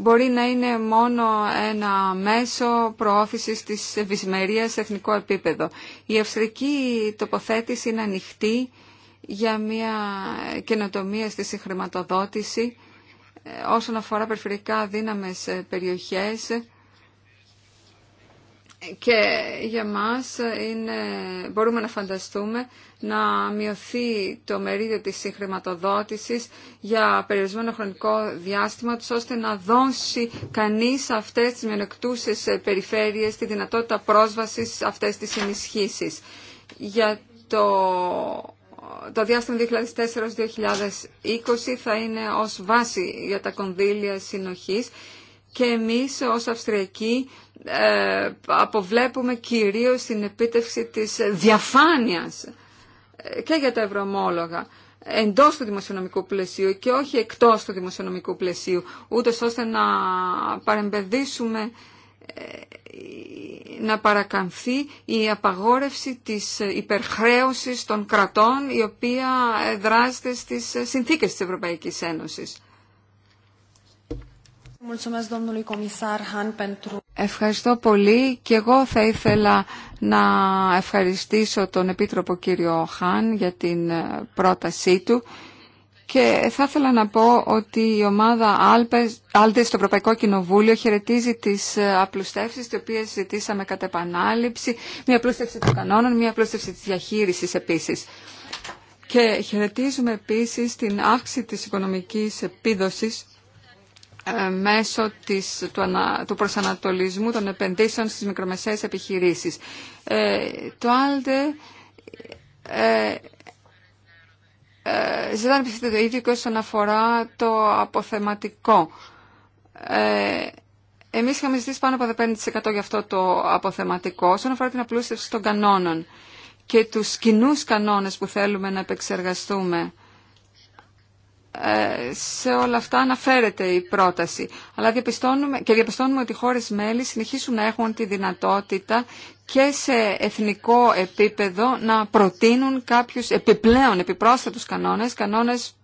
μπορεί να είναι μόνο ένα μέσο προώθησης της ευημερίας σε εθνικό επίπεδο. Η αυστρική τοποθέτηση είναι ανοιχτή για μια καινοτομία στη συγχρηματοδότηση ε, όσον αφορά περιφερικά δύναμες ε, περιοχές και για μας είναι, μπορούμε να φανταστούμε να μειωθεί το μερίδιο της συγχρηματοδότησης για περιορισμένο χρονικό διάστημα τους, ώστε να δώσει κανείς αυτές τις μειονεκτούσες περιφέρειες τη δυνατότητα πρόσβασης αυτές τις ενισχύσεις. Για το, το διάστημα 2004-2020 θα είναι ως βάση για τα κονδύλια συνοχής και εμείς ως Αυστριακοί ε, αποβλέπουμε κυρίως την επίτευξη της διαφάνειας ε, και για τα ευρωομόλογα εντός του δημοσιονομικού πλαισίου και όχι εκτός του δημοσιονομικού πλαισίου, ούτε ώστε να παρεμπεδίσουμε ε, να παρακαμφθεί η απαγόρευση της υπερχρέωσης των κρατών η οποία δράζεται στις συνθήκες της Ευρωπαϊκής Ένωσης. Ευχαριστώ πολύ και εγώ θα ήθελα να ευχαριστήσω τον Επίτροπο κύριο Χάν για την ε, πρότασή του και θα ήθελα να πω ότι η ομάδα Άλτε στο Ευρωπαϊκό Κοινοβούλιο χαιρετίζει τις ε, απλουστεύσεις τις οποίες ζητήσαμε κατά επανάληψη, μια απλούστευση των κανόνων, μια απλούστευση της διαχείρισης επίσης. Και χαιρετίζουμε επίσης την αύξηση της οικονομικής επίδοσης ε, μέσω της, του, του προσανατολισμού των επενδύσεων στις μικρομεσαίες επιχειρήσεις. Ε, το ΆΛΔΕ ε, ε, ζητάνε το ίδιο και όσον αφορά το αποθεματικό. Ε, εμείς είχαμε ζητήσει πάνω από 15% για αυτό το αποθεματικό όσον αφορά την απλούστευση των κανόνων και τους κοινού κανόνες που θέλουμε να επεξεργαστούμε ε, σε όλα αυτά αναφέρεται η πρόταση. Αλλά διαπιστώνουμε, και διαπιστώνουμε ότι οι χώρες μέλη συνεχίσουν να έχουν τη δυνατότητα και σε εθνικό επίπεδο να προτείνουν κάποιους επιπλέον επιπρόσθετους κανόνες, κανόνες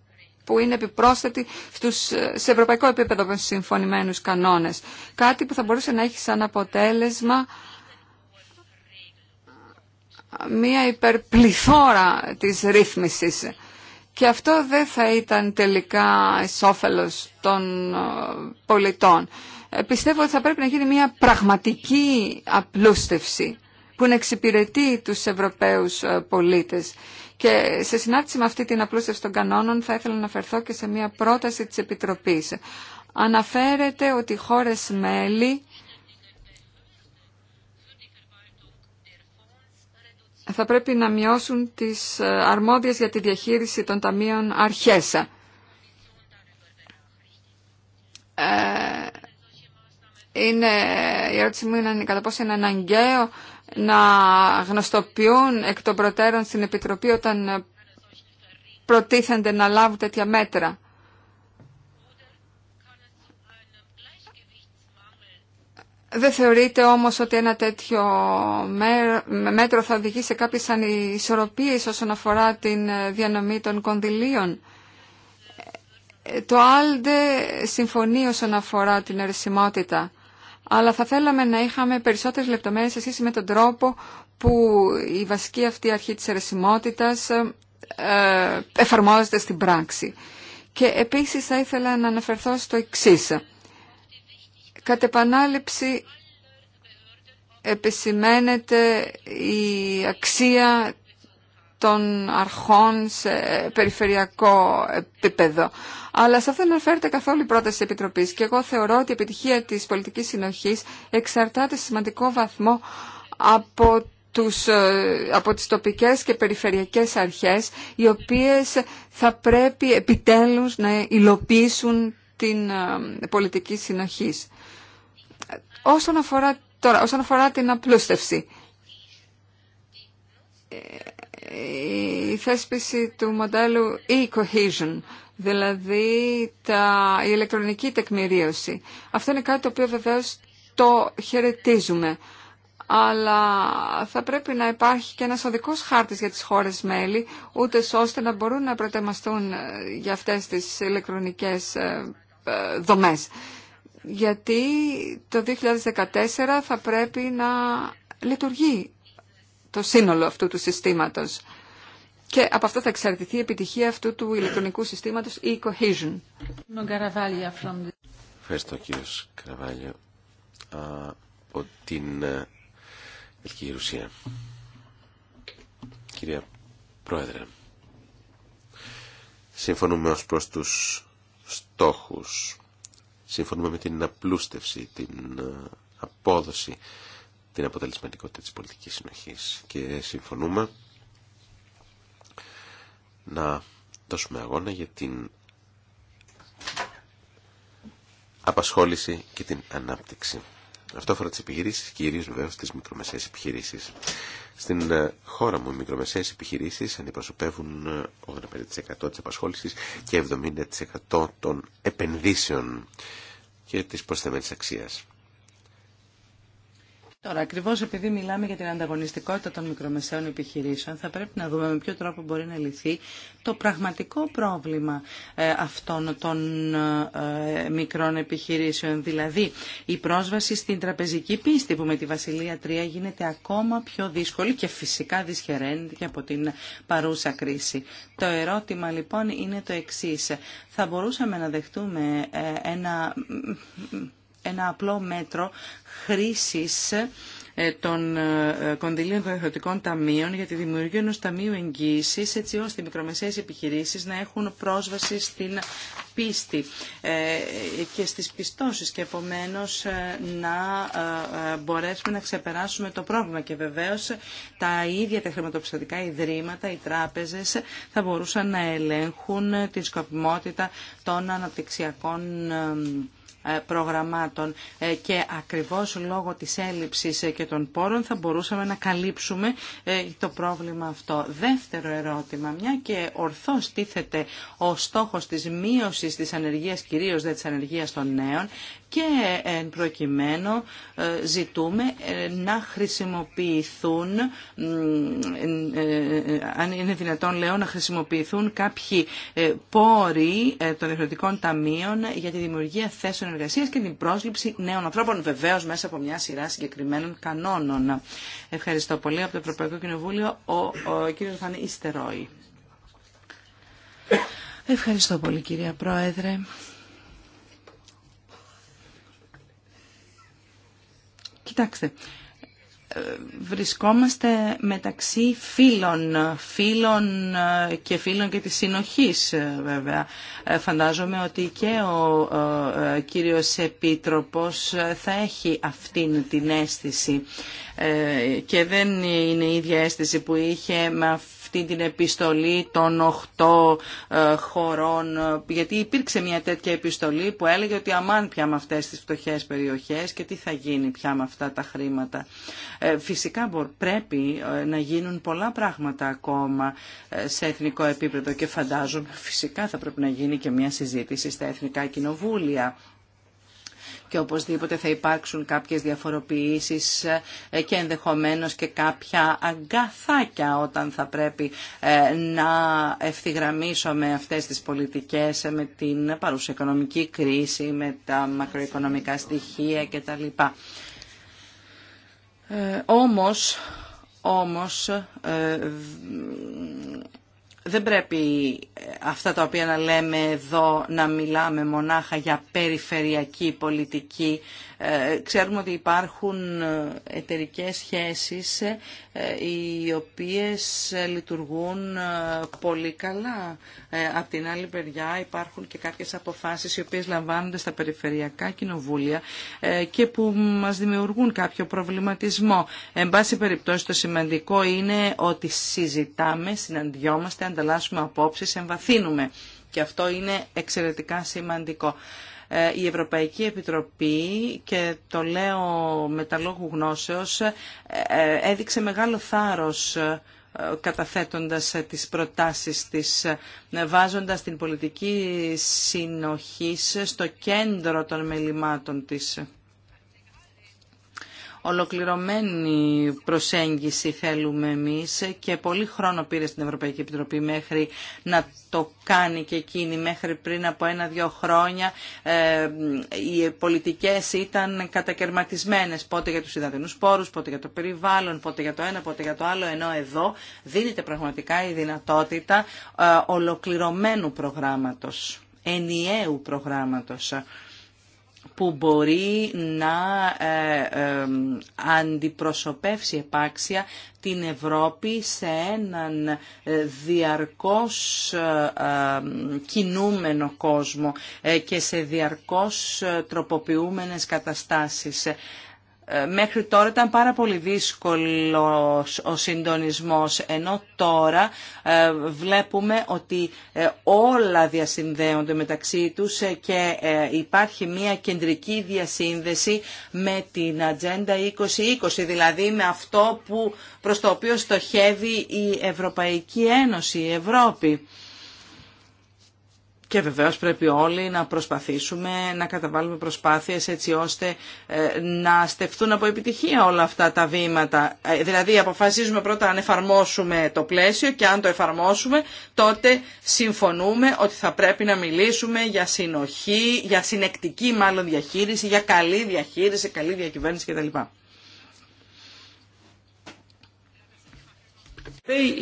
που είναι επιπρόσθετοι στους, σε ευρωπαϊκό επίπεδο με συμφωνημένους κανόνες. Κάτι που θα μπορούσε να έχει σαν αποτέλεσμα μία υπερπληθώρα της ρύθμισης και αυτό δεν θα ήταν τελικά εσόφελος των ε, πολιτών. Ε, πιστεύω ότι θα πρέπει να γίνει μια πραγματική απλούστευση που να εξυπηρετεί τους Ευρωπαίους ε, πολίτες. Και σε συνάρτηση με αυτή την απλούστευση των κανόνων θα ήθελα να φερθώ και σε μια πρόταση της Επιτροπής. Αναφέρεται ότι οι χώρες μέλη θα πρέπει να μειώσουν τις ε, αρμόδιες για τη διαχείριση των ταμείων αρχέσα. Ε, είναι, η ερώτηση μου είναι κατά πόσο είναι αναγκαίο να γνωστοποιούν εκ των προτέρων στην Επιτροπή όταν προτίθενται να λάβουν τέτοια μέτρα. Δεν θεωρείτε όμως ότι ένα τέτοιο μέτρο θα οδηγεί σε κάποιες ανισορροπίες όσον αφορά την ε, διανομή των κονδυλίων. Ε, το ΆΛΔΕ συμφωνεί όσον αφορά την ερεσιμότητα, αλλά θα θέλαμε να είχαμε περισσότερες λεπτομέρειες σε σχέση με τον τρόπο που η βασική αυτή αρχή της ερεσιμότητας ε, εφαρμόζεται στην πράξη. Και επίσης θα ήθελα να αναφερθώ στο εξής. Κατ' επανάληψη επισημαίνεται η αξία των αρχών σε περιφερειακό επίπεδο. Αλλά σε αυτό δεν αναφέρεται καθόλου η πρόταση της Επιτροπής και εγώ θεωρώ ότι η επιτυχία της πολιτικής συνοχής εξαρτάται σε σημαντικό βαθμό από τους, ε, από τις τοπικές και περιφερειακές αρχές οι οποίες θα πρέπει επιτέλους να υλοποιήσουν την ε, πολιτική συνοχής. Όσον αφορά, τώρα, όσον αφορά την απλούστευση, η θέσπιση του μοντέλου e-cohesion, δηλαδή τα, η ηλεκτρονική τεκμηρίωση. Αυτό είναι κάτι το οποίο βεβαίως το χαιρετίζουμε. Αλλά θα πρέπει να υπάρχει και ένας οδικός χάρτης για τις χώρες μέλη, ούτε ώστε να μπορούν να προτεμαστούν για αυτές τις ηλεκτρονικές ε, ε, δομές γιατί το 2014 θα πρέπει να λειτουργεί το σύνολο αυτού του συστήματος. Και από αυτό θα εξαρτηθεί η επιτυχία αυτού του ηλεκτρονικού συστήματος ή cohesion. Ευχαριστώ κύριο καραβάλια από την ε, Ελκυή Κυρία Πρόεδρε, συμφωνούμε ως προς τους στόχους Συμφωνούμε με την απλούστευση, την ε, απόδοση, την αποτελεσματικότητα της πολιτικής συνοχής και συμφωνούμε να δώσουμε αγώνα για την απασχόληση και την ανάπτυξη. Αυτό αφορά τι επιχειρήσει, κυρίω βεβαίω τι μικρομεσαίε επιχειρήσει. Στην ε, χώρα μου, οι μικρομεσαίε επιχειρήσει αντιπροσωπεύουν 85% τη απασχόληση και 70% των επενδύσεων και τη προσθεμένη αξία. Τώρα, ακριβώ επειδή μιλάμε για την ανταγωνιστικότητα των μικρομεσαίων επιχειρήσεων, θα πρέπει να δούμε με ποιο τρόπο μπορεί να λυθεί το πραγματικό πρόβλημα ε, αυτών των ε, μικρών επιχειρήσεων. Δηλαδή, η πρόσβαση στην τραπεζική πίστη, που με τη Βασιλεία 3 γίνεται ακόμα πιο δύσκολη και φυσικά δυσχεραίνεται και από την παρούσα κρίση. Το ερώτημα λοιπόν είναι το εξή. Θα μπορούσαμε να δεχτούμε ε, ένα ένα απλό μέτρο χρήσης ε, των ε, κονδυλίων των εθνωτικών ταμείων για τη δημιουργία ενός ταμείου εγγύησης έτσι ώστε οι μικρομεσαίες επιχειρήσεις να έχουν πρόσβαση στην πίστη ε, και στις πιστώσεις και επομένως να μπορέσουμε να ξεπεράσουμε το πρόβλημα και βεβαίως τα ίδια τα χρηματοπιστωτικά ιδρύματα, οι τράπεζες θα μπορούσαν να ελέγχουν την σκοπιμότητα των αναπτυξιακών ε, προγραμμάτων ε, και ακριβώς λόγω της έλλειψης ε, και των πόρων θα μπορούσαμε να καλύψουμε το πρόβλημα αυτό. Δεύτερο ερώτημα, μια και ορθώς τίθεται ο στόχος της μείωσης της ανεργίας, κυρίως δε της ανεργίας των νέων, και εν προκειμένου ε, ζητούμε ε, να χρησιμοποιηθούν, ε, αν είναι δυνατόν λέω, να χρησιμοποιηθούν κάποιοι πόροι των εκδοτικών ταμείων για τη δημιουργία θέσεων εργασίας και την πρόσληψη νέων ανθρώπων, βεβαίως μέσα από μια σειρά συγκεκριμένων κανόνων. Ευχαριστώ πολύ. Από το Ευρωπαϊκό Κοινοβούλιο ο, ο κύριος Ιστερόη. Ευχαριστώ πολύ κυρία Πρόεδρε. Κοιτάξτε, ε, βρισκόμαστε μεταξύ φίλων, φίλων ε, και φίλων και της συνοχής ε, βέβαια. Φαντάζομαι ότι και ο κύριος Επίτροπος θα έχει αυτήν την αίσθηση και δεν είναι η ίδια αίσθηση που είχε με την επιστολή των οχτώ ε, χωρών, γιατί υπήρξε μια τέτοια επιστολή που έλεγε ότι αμάν πια με αυτές τις φτωχές περιοχές και τι θα γίνει πια με αυτά τα χρήματα. Ε, φυσικά πρέπει ε, να γίνουν πολλά πράγματα ακόμα σε εθνικό επίπεδο και φαντάζομαι φυσικά θα πρέπει να γίνει και μια συζήτηση στα εθνικά κοινοβούλια και οπωσδήποτε θα υπάρξουν κάποιες διαφοροποιήσεις ε, και ενδεχομένως και κάποια αγκαθάκια όταν θα πρέπει ε, να ευθυγραμμίσουμε αυτές τις πολιτικές ε, με την παρούσα οικονομική κρίση, με τα μακροοικονομικά στοιχεία κτλ. Ε, όμως, όμως δεν πρέπει ε, αυτά τα οποία να λέμε εδώ να μιλάμε μονάχα για περιφερειακή πολιτική ε, ξέρουμε ότι υπάρχουν ε, εταιρικές σχέσεις ε, οι οποίες λειτουργούν πολύ καλά. Απ' την άλλη παιδιά υπάρχουν και κάποιες αποφάσεις οι οποίες λαμβάνονται στα περιφερειακά κοινοβούλια και που μας δημιουργούν κάποιο προβληματισμό. Εν πάση περιπτώσει το σημαντικό είναι ότι συζητάμε, συναντιόμαστε, ανταλλάσσουμε απόψεις, εμβαθύνουμε. Και αυτό είναι εξαιρετικά σημαντικό. Ε, η Ευρωπαϊκή Επιτροπή και το λέω με τα λόγου γνώσεως ε, ε, έδειξε μεγάλο θάρρος καταθέτοντας τις προτάσεις της, βάζοντας την πολιτική συνοχή στο κέντρο των μελημάτων της. Ολοκληρωμένη προσέγγιση θέλουμε εμείς και πολύ χρόνο πήρε στην Ευρωπαϊκή Επιτροπή μέχρι να το κάνει και εκείνη. Μέχρι πριν από ένα-δύο χρόνια ε, οι πολιτικές ήταν κατακαιρματισμένες πότε για τους υδατινούς πόρους, πότε για το περιβάλλον, πότε για το ένα, πότε για το άλλο, ενώ εδώ δίνεται πραγματικά η δυνατότητα ε, ολοκληρωμένου προγράμματος, ενιαίου προγράμματος που μπορεί να ε, ε, αντιπροσωπεύσει επάξια την Ευρώπη σε έναν ε, διαρκώς κινούμενο κόσμο και σε διαρκώς τροποποιούμενες καταστάσεις. Ε, μέχρι τώρα ήταν πάρα πολύ δύσκολος ο συντονισμός, ενώ τώρα ε, βλέπουμε ότι ε, όλα διασυνδέονται μεταξύ τους και υπάρχει μια κεντρική διασύνδεση με την Ατζέντα 2020, δηλαδή με αυτό που, προς το οποίο στοχεύει η Ευρωπαϊκή Ένωση, η Ευρώπη. Και βεβαίω πρέπει όλοι να προσπαθήσουμε να καταβάλουμε προσπάθειες έτσι ώστε ε, να στεφτούν από επιτυχία όλα αυτά τα βήματα. Ε, δηλαδή αποφασίζουμε πρώτα αν εφαρμόσουμε το πλαίσιο και αν το εφαρμόσουμε τότε συμφωνούμε ότι θα πρέπει να μιλήσουμε για συνοχή, για συνεκτική μάλλον διαχείριση, για καλή διαχείριση, καλή διακυβέρνηση κτλ.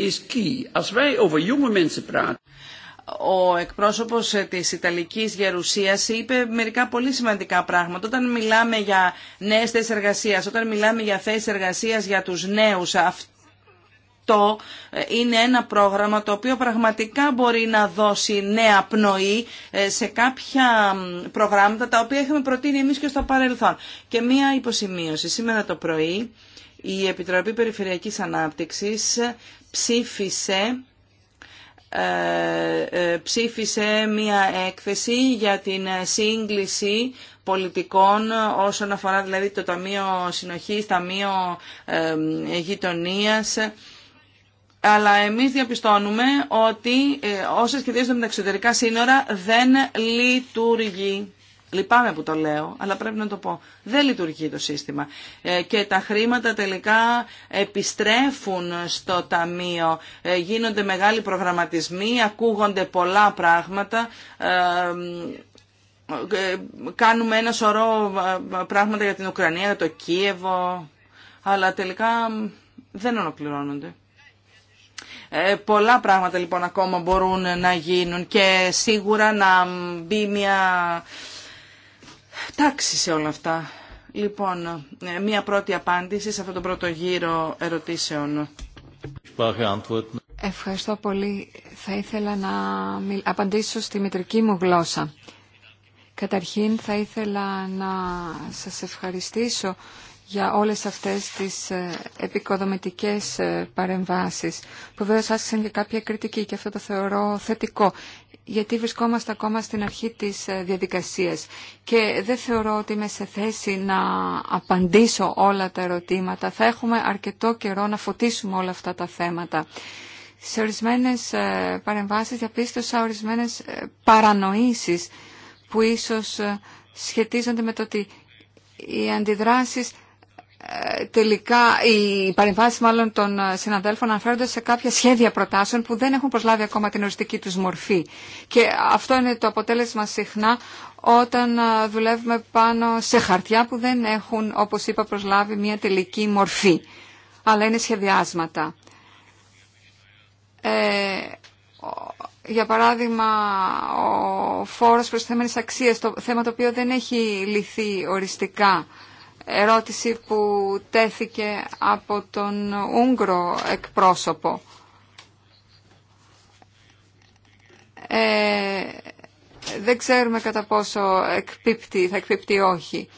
Is key. over ο εκπρόσωπος της Ιταλικής Γερουσίας είπε μερικά πολύ σημαντικά πράγματα. Όταν μιλάμε για νέες θέσεις εργασίας, όταν μιλάμε για θέσεις εργασίας για τους νέους, αυτό είναι ένα πρόγραμμα το οποίο πραγματικά μπορεί να δώσει νέα πνοή ε, σε κάποια προγράμματα τα οποία έχουμε προτείνει εμείς και στο παρελθόν. Και μία υποσημείωση. Σήμερα το πρωί η Επιτροπή Περιφερειακής Ανάπτυξης ψήφισε ε, ε, ψήφισε μία έκθεση για την σύγκληση πολιτικών όσον αφορά δηλαδή το Ταμείο Συνοχής, Ταμείο ε, Γειτονίας αλλά εμείς διαπιστώνουμε ότι όσα σχετίζονται με τα εξωτερικά σύνορα δεν λειτουργεί. Λυπάμαι που το λέω, αλλά πρέπει να το πω. Δεν λειτουργεί το σύστημα. Ε, και τα χρήματα τελικά επιστρέφουν στο ταμείο. Ε, γίνονται μεγάλοι προγραμματισμοί, ακούγονται πολλά πράγματα ε, κάνουμε ένα σωρό πράγματα για την Ουκρανία, για το Κίεβο, αλλά τελικά δεν ολοκληρώνονται. πολλά πράγματα λοιπόν ακόμα μπορούν να γίνουν και σίγουρα να μπει μια τάξη σε όλα αυτά. Λοιπόν, ε, μία πρώτη απάντηση σε αυτόν τον πρώτο γύρο ερωτήσεων. Ευχαριστώ πολύ. Θα ήθελα να απαντήσω στη μητρική μου γλώσσα. Καταρχήν θα ήθελα να σας ευχαριστήσω για όλες αυτές τις ε, επικοδομητικές ε, παρεμβάσεις που βέβαια άσκησαν και κάποια κριτική και αυτό το θεωρώ θετικό γιατί βρισκόμαστε ακόμα στην αρχή της ε, διαδικασίας και δεν θεωρώ ότι είμαι σε θέση να απαντήσω όλα τα ερωτήματα. Θα έχουμε αρκετό καιρό να φωτίσουμε όλα αυτά τα θέματα. Σε ορισμένες ε, παρεμβάσεις διαπίστωσα ορισμένες ε, παρανοήσεις που ίσως σχετίζονται με το ότι οι αντιδράσεις ε, τελικά οι παρεμβάσει μάλλον των συναδέλφων αναφέρονται σε κάποια σχέδια προτάσεων που δεν έχουν προσλάβει ακόμα την οριστική τους μορφή. Και αυτό είναι το αποτέλεσμα συχνά όταν ε, δουλεύουμε πάνω σε χαρτιά που δεν έχουν, όπως είπα, προσλάβει μια τελική μορφή. Αλλά είναι σχεδιάσματα. Ε, για παράδειγμα, ο φόρος προς θέμενες αξίας, το θέμα το οποίο δεν έχει λυθεί οριστικά ερώτηση που τέθηκε από τον Ούγγρο εκπρόσωπο. Ε, δεν ξέρουμε κατά πόσο εκπίπτει, θα εκπίπτει όχι.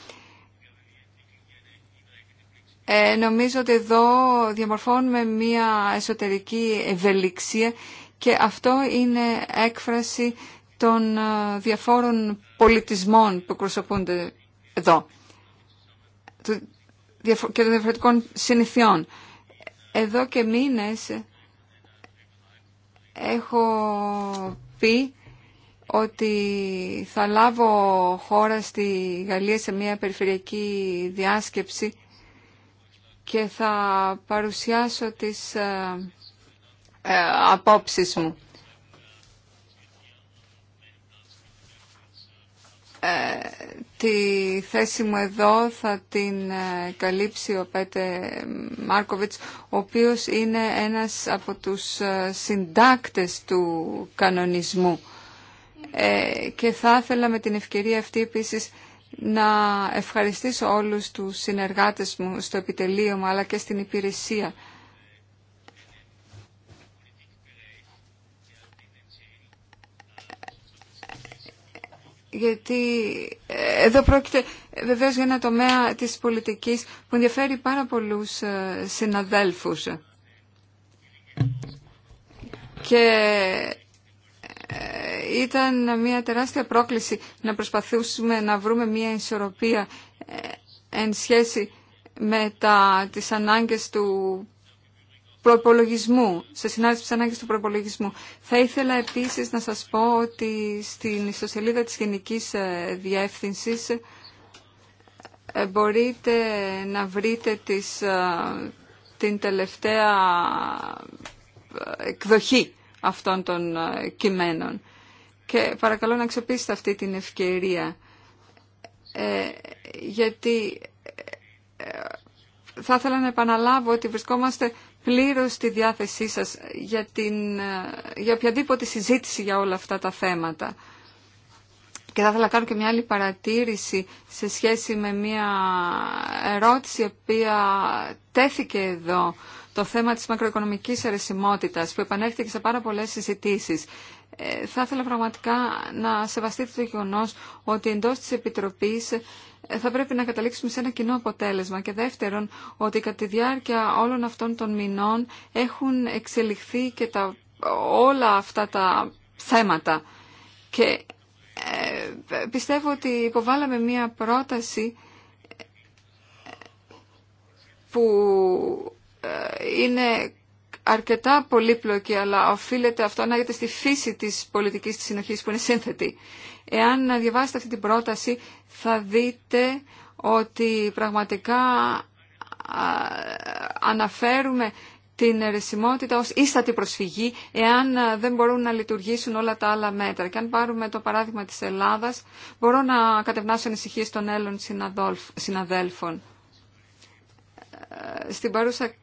Ε, νομίζω ότι εδώ διαμορφώνουμε μια εσωτερική ευελιξία και αυτό είναι έκφραση των ε, διαφόρων πολιτισμών που εκπροσωπούνται εδώ και των διαφορετικών συνηθιών. Εδώ και μήνες έχω πει ότι θα λάβω χώρα στη Γαλλία σε μια περιφερειακή διάσκεψη και θα παρουσιάσω τις ε, ε απόψεις μου. Ε, τη θέση μου εδώ θα την ε, καλύψει ο Πέτε Μάρκοβιτς, ο οποίος είναι ένας από τους ε, συντάκτες του κανονισμού. και θα ήθελα με την ευκαιρία αυτή επίσης να ευχαριστήσω όλους τους συνεργάτες μου στο επιτελείο μου αλλά και στην υπηρεσία γιατί ε, εδώ πρόκειται βεβαίω για ένα τομέα της πολιτικής που ενδιαφέρει πάρα πολλούς ε, συναδέλφους. Και ε, ήταν μια τεράστια πρόκληση να προσπαθούσουμε να βρούμε μια ισορροπία εν σχέση με τα, τις ανάγκες του προπολογισμού, σε συνάρτηση της ανάγκης του προπολογισμού. Θα ήθελα επίσης να σας πω ότι στην ιστοσελίδα της Γενικής ε, Διεύθυνσης ε, μπορείτε να βρείτε τις, ε, την τελευταία εκδοχή αυτών των κειμένων. Και παρακαλώ να αξιοποιήσετε αυτή την ευκαιρία, γιατί θα ήθελα να επαναλάβω ότι βρισκόμαστε πλήρως στη διάθεσή σας για, την, για οποιαδήποτε συζήτηση για όλα αυτά τα θέματα. Και θα ήθελα να κάνω και μια άλλη παρατήρηση σε σχέση με μια ερώτηση η οποία τέθηκε εδώ το θέμα της μακροοικονομικής αρεσιμότητας που επανέρχεται σε πάρα πολλές συζητήσεις. Ε, θα ήθελα πραγματικά να σεβαστείτε το γεγονό ότι εντός της Επιτροπής ε, θα πρέπει να καταλήξουμε σε ένα κοινό αποτέλεσμα και δεύτερον ότι κατά τη διάρκεια όλων αυτών των μηνών έχουν εξελιχθεί και τα, όλα αυτά τα θέματα και ε, πιστεύω ότι υποβάλαμε μία πρόταση ε, που είναι αρκετά πολύπλοκη, αλλά οφείλεται αυτό να γίνεται στη φύση της πολιτικής της συνοχής που είναι σύνθετη. Εάν διαβάσετε αυτή την πρόταση θα δείτε ότι πραγματικά αναφέρουμε την αιρεσιμότητα ως ίστατη προσφυγή εάν δεν μπορούν να λειτουργήσουν όλα τα άλλα μέτρα. Και αν πάρουμε το παράδειγμα της Ελλάδας, μπορώ να κατευνάσω ανησυχίες των Έλλων συναδέλφων. Ε, στην παρούσα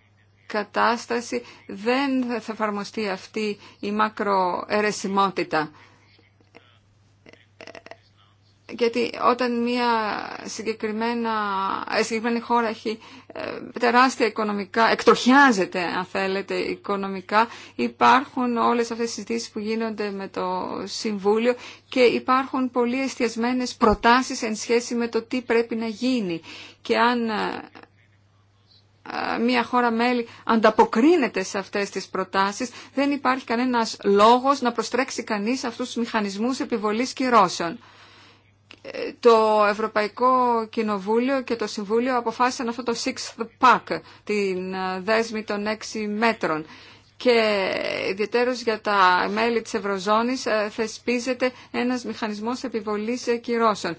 κατάσταση δεν θα εφαρμοστεί αυτή η μακροαιρεσιμότητα. Γιατί όταν μια συγκεκριμένα, ε, συγκεκριμένη χώρα έχει ε, τεράστια οικονομικά, εκτοχιάζεται, αν θέλετε οικονομικά, υπάρχουν όλες αυτές οι συζητήσεις που γίνονται με το Συμβούλιο και υπάρχουν πολύ εστιασμένες προτάσεις εν σχέση με το τι πρέπει να γίνει. Και αν ε, μια χώρα μέλη ανταποκρίνεται σε αυτές τις προτάσεις, δεν υπάρχει κανένας λόγος να προστρέξει κανείς αυτούς τους μηχανισμούς επιβολής κυρώσεων. Το Ευρωπαϊκό Κοινοβούλιο και το Συμβούλιο αποφάσισαν αυτό το Sixth Pack, την ε, δέσμη των έξι μέτρων και ιδιαίτερως για τα μέλη της Ευρωζώνης ε, θεσπίζεται ένας μηχανισμός επιβολής ε, κυρώσεων.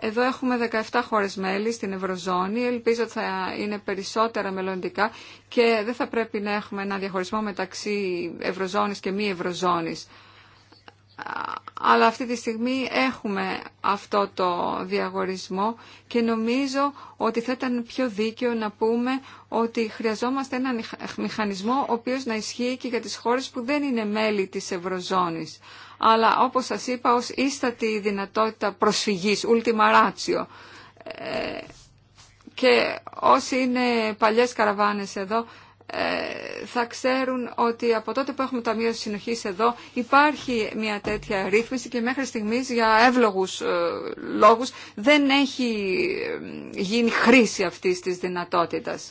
Εδώ έχουμε 17 χώρες μέλη στην Ευρωζώνη. Ελπίζω ότι θα είναι περισσότερα μελλοντικά και δεν θα πρέπει να έχουμε ένα διαχωρισμό μεταξύ Ευρωζώνης και μη Ευρωζώνης. Αλλά αυτή τη στιγμή έχουμε αυτό το διαχωρισμό και νομίζω ότι θα ήταν πιο δίκαιο να πούμε ότι χρειαζόμαστε έναν μηχανισμό ο οποίος να ισχύει και για τις χώρες που δεν είναι μέλη της Ευρωζώνης αλλά όπως σας είπα ως ίστατη δυνατότητα προσφυγής, ultima ratio. Ε, και όσοι είναι παλιές καραβάνες εδώ ε, θα ξέρουν ότι από τότε που έχουμε ταμείο συνοχής εδώ υπάρχει μια τέτοια ρύθμιση και μέχρι στιγμής για εύλογους ε, λόγους δεν έχει γίνει χρήση αυτής της δυνατότητας.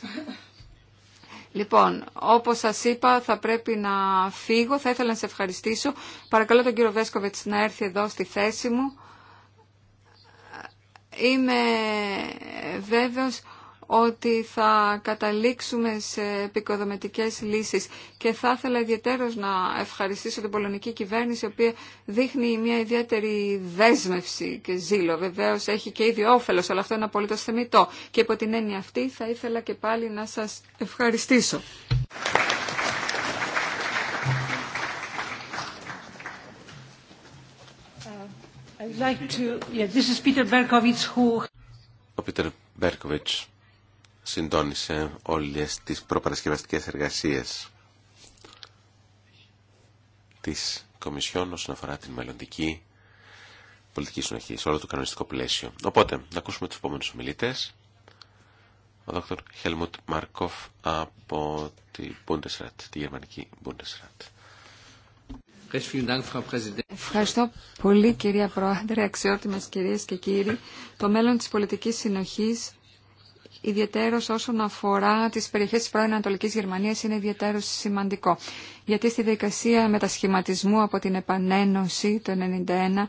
Λοιπόν, όπως σας είπα θα πρέπει να φύγω, θα ήθελα να σε ευχαριστήσω. Παρακαλώ τον κύριο Βέσκοβετς να έρθει εδώ στη θέση μου. Είμαι βέβαιος ότι θα καταλήξουμε σε επικοδομητικές λύσεις. Και θα ήθελα ιδιαίτερως να ευχαριστήσω την πολωνική κυβέρνηση, η οποία δείχνει μια ιδιαίτερη δέσμευση και ζήλο. Βεβαίως έχει και ήδη όφελος, αλλά αυτό είναι απολύτως θεμητό. Και υπό την έννοια αυτή θα ήθελα και πάλι να σας ευχαριστήσω. Ο Πίτερ Μπέρκοβιτς συντόνισε όλες τις προπαρασκευαστικές εργασίες της Κομισιόν όσον αφορά την μελλοντική πολιτική συνοχή, σε όλο το κανονιστικό πλαίσιο. Οπότε, να ακούσουμε τους επόμενους ομιλητές. Ο Δόκτωρ Χέλμουτ Μαρκόφ από τη Bundesrat, τη γερμανική Bundesrat. Ευχαριστώ πολύ κυρία Πρόεδρε, αξιότιμες κυρίες και κύριοι. Το μέλλον της πολιτικής συνοχής ιδιαίτερος όσον αφορά τις περιοχές τη πρώην Ανατολική Γερμανίας είναι ιδιαίτερο σημαντικό. Γιατί στη διαδικασία μετασχηματισμού από την επανένωση το 1991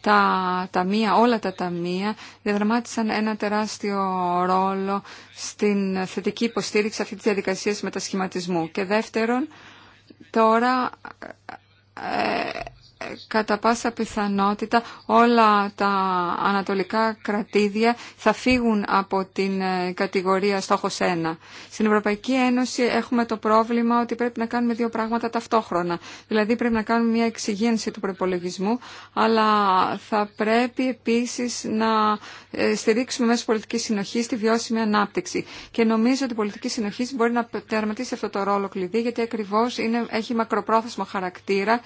τα ταμεία, όλα τα ταμεία διαδραμάτισαν ένα τεράστιο ρόλο στην θετική υποστήριξη αυτής της διαδικασίας μετασχηματισμού. Και δεύτερον, τώρα ε, κατά πάσα πιθανότητα όλα τα ανατολικά κρατήδια θα φύγουν από την ε, κατηγορία στόχος 1. Στην Ευρωπαϊκή Ένωση έχουμε το πρόβλημα ότι πρέπει να κάνουμε δύο πράγματα ταυτόχρονα. Δηλαδή πρέπει να κάνουμε μια εξυγένση του προπολογισμού, αλλά θα πρέπει επίσης να ε, στηρίξουμε μέσω πολιτικής συνοχής τη βιώσιμη ανάπτυξη. Και νομίζω ότι η πολιτική συνοχή μπορεί να τερματίσει αυτό το ρόλο κλειδί, γιατί ακριβώς είναι, έχει μακροπρόθεσμο χαρακτήρα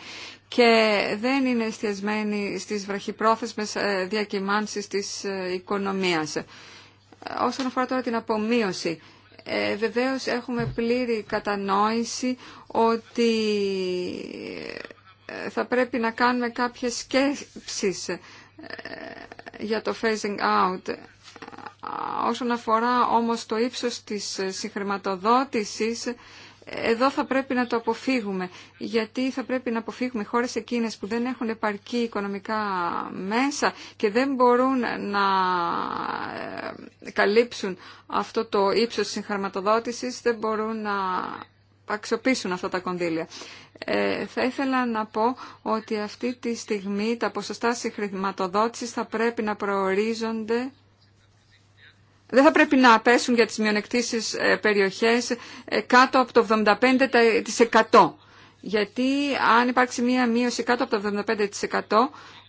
και δεν είναι εστιασμένη στις βραχυπρόθεσμες ε, διακυμάνσεις της ε, οικονομίας. Ε, όσον αφορά τώρα την απομείωση, βεβαίως έχουμε πλήρη κατανόηση ότι θα πρέπει να κάνουμε κάποιες σκέψεις για το phasing out. Όσον αφορά όμως το ύψος της συγχρηματοδότησης, εδώ θα πρέπει να το αποφύγουμε, γιατί θα πρέπει να αποφύγουμε χώρες εκείνες που δεν έχουν επαρκή οικονομικά μέσα και δεν μπορούν να ε, καλύψουν αυτό το ύψος της δεν μπορούν να αξιοποιήσουν αυτά τα κονδύλια. Ε, θα ήθελα να πω ότι αυτή τη στιγμή τα ποσοστά συγχρηματοδότησης θα πρέπει να προορίζονται δεν θα πρέπει να πέσουν για τις μειονεκτήσεις ε, περιοχές ε, κάτω από το 75%. Γιατί αν υπάρξει μία μείωση κάτω από το 75%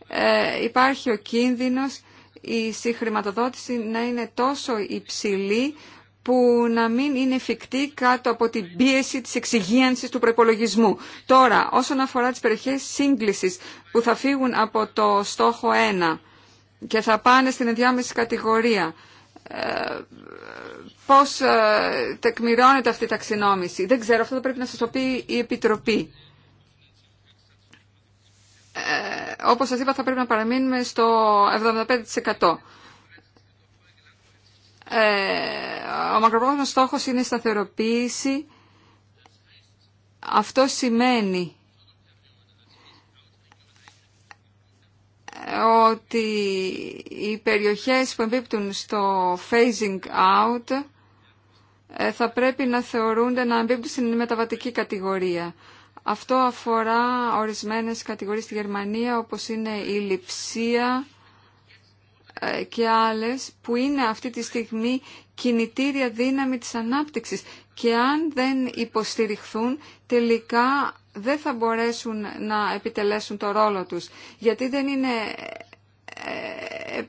ε, υπάρχει ο κίνδυνος η συγχρηματοδότηση να είναι τόσο υψηλή που να μην είναι εφικτή κάτω από την πίεση της εξυγίανσης του προπολογισμού. Τώρα, όσον αφορά τις περιοχές σύγκλησης που θα φύγουν από το στόχο 1 και θα πάνε στην ενδιάμεση κατηγορία, πώς ε, τεκμηρώνεται αυτή η ταξινόμηση. Δεν ξέρω, αυτό πρέπει να σας το πει η Επιτροπή. Ε, όπως σας είπα θα πρέπει να παραμείνουμε στο 75%. Ε, ο μακροπρόθεσμος στόχος είναι η σταθεροποίηση. Αυτό σημαίνει ότι οι περιοχές που εμπίπτουν στο phasing out ε, θα πρέπει να θεωρούνται να εμπίπτουν στην μεταβατική κατηγορία. Αυτό αφορά ορισμένες κατηγορίες στη Γερμανία όπως είναι η λειψία ε, και άλλες που είναι αυτή τη στιγμή κινητήρια δύναμη της ανάπτυξης και αν δεν υποστηριχθούν τελικά δεν θα μπορέσουν να επιτελέσουν το ρόλο τους γιατί δεν είναι ε, ε,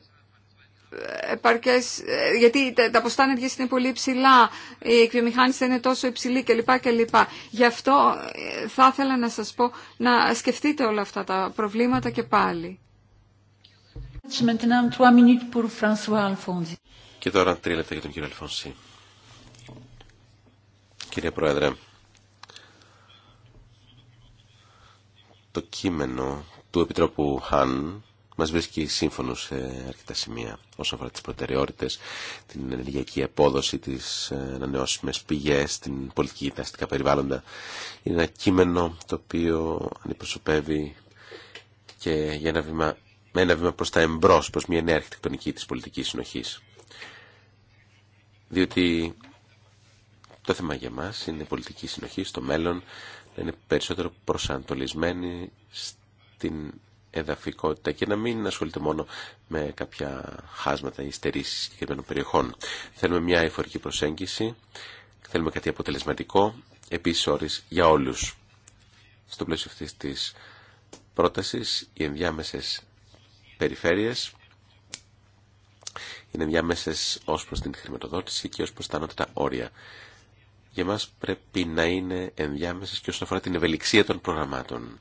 επαρκές, ε, γιατί τα ποστά ενεργής είναι πολύ υψηλά, οι εκβιομηχάνες δεν είναι τόσο υψηλή κλπ. κλπ. Γι' αυτό θα ήθελα να σας πω να σκεφτείτε όλα αυτά τα προβλήματα και πάλι. Και τώρα τρία λεπτά για τον κύριο Αλφόνση κύριε Πρόεδρε. Το κείμενο του Επιτρόπου Χαν μας βρίσκει σύμφωνο σε αρκετά σημεία όσον αφορά τις προτεραιότητες, την ενεργειακή απόδοση, τις ανανεώσιμες πηγές, την πολιτική τα περιβάλλοντα. Είναι ένα κείμενο το οποίο αντιπροσωπεύει και για ένα βήμα, με ένα βήμα προς τα εμπρός, προς μια νέα αρχιτεκτονική της πολιτικής συνοχής. Διότι το θέμα για μας είναι η πολιτική συνοχή στο μέλλον να είναι περισσότερο προσανατολισμένη στην εδαφικότητα και να μην ασχολείται μόνο με κάποια χάσματα ή στερήσεις συγκεκριμένων περιοχών. Θέλουμε μια εφορική προσέγγιση, θέλουμε κάτι αποτελεσματικό, επίσης όρις για όλους. Στο πλαίσιο αυτή τη πρόταση, οι ενδιάμεσε περιφέρειες είναι ενδιάμεσε ω προ την χρηματοδότηση και ω προς τα όρια για μας πρέπει να είναι ενδιάμεσες και όσον αφορά την ευελιξία των προγραμμάτων.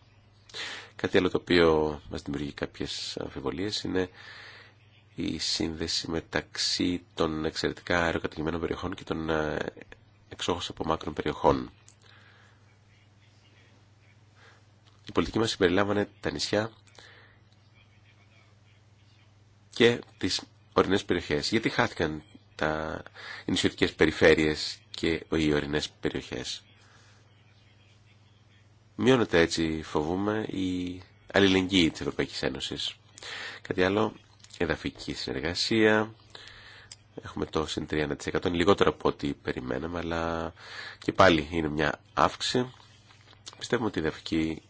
Κάτι άλλο το οποίο μας δημιουργεί κάποιες αμφιβολίες είναι η σύνδεση μεταξύ των εξαιρετικά αεροκατοικημένων περιοχών και των ε, εξόχως απομάκρων περιοχών. Η πολιτική μας συμπεριλάμβανε τα νησιά και τις ορεινές περιοχές. Γιατί χάθηκαν τα νησιωτικές περιφέρειες και οι ορεινές περιοχές. Μειώνεται έτσι, φοβούμε, η αλληλεγγύη της Ευρωπαϊκής Ένωσης. Κάτι άλλο, εδαφική συνεργασία, έχουμε το συν 30%, λιγότερο από ό,τι περιμέναμε, αλλά και πάλι είναι μια αύξηση. Πιστεύουμε ότι η εδαφική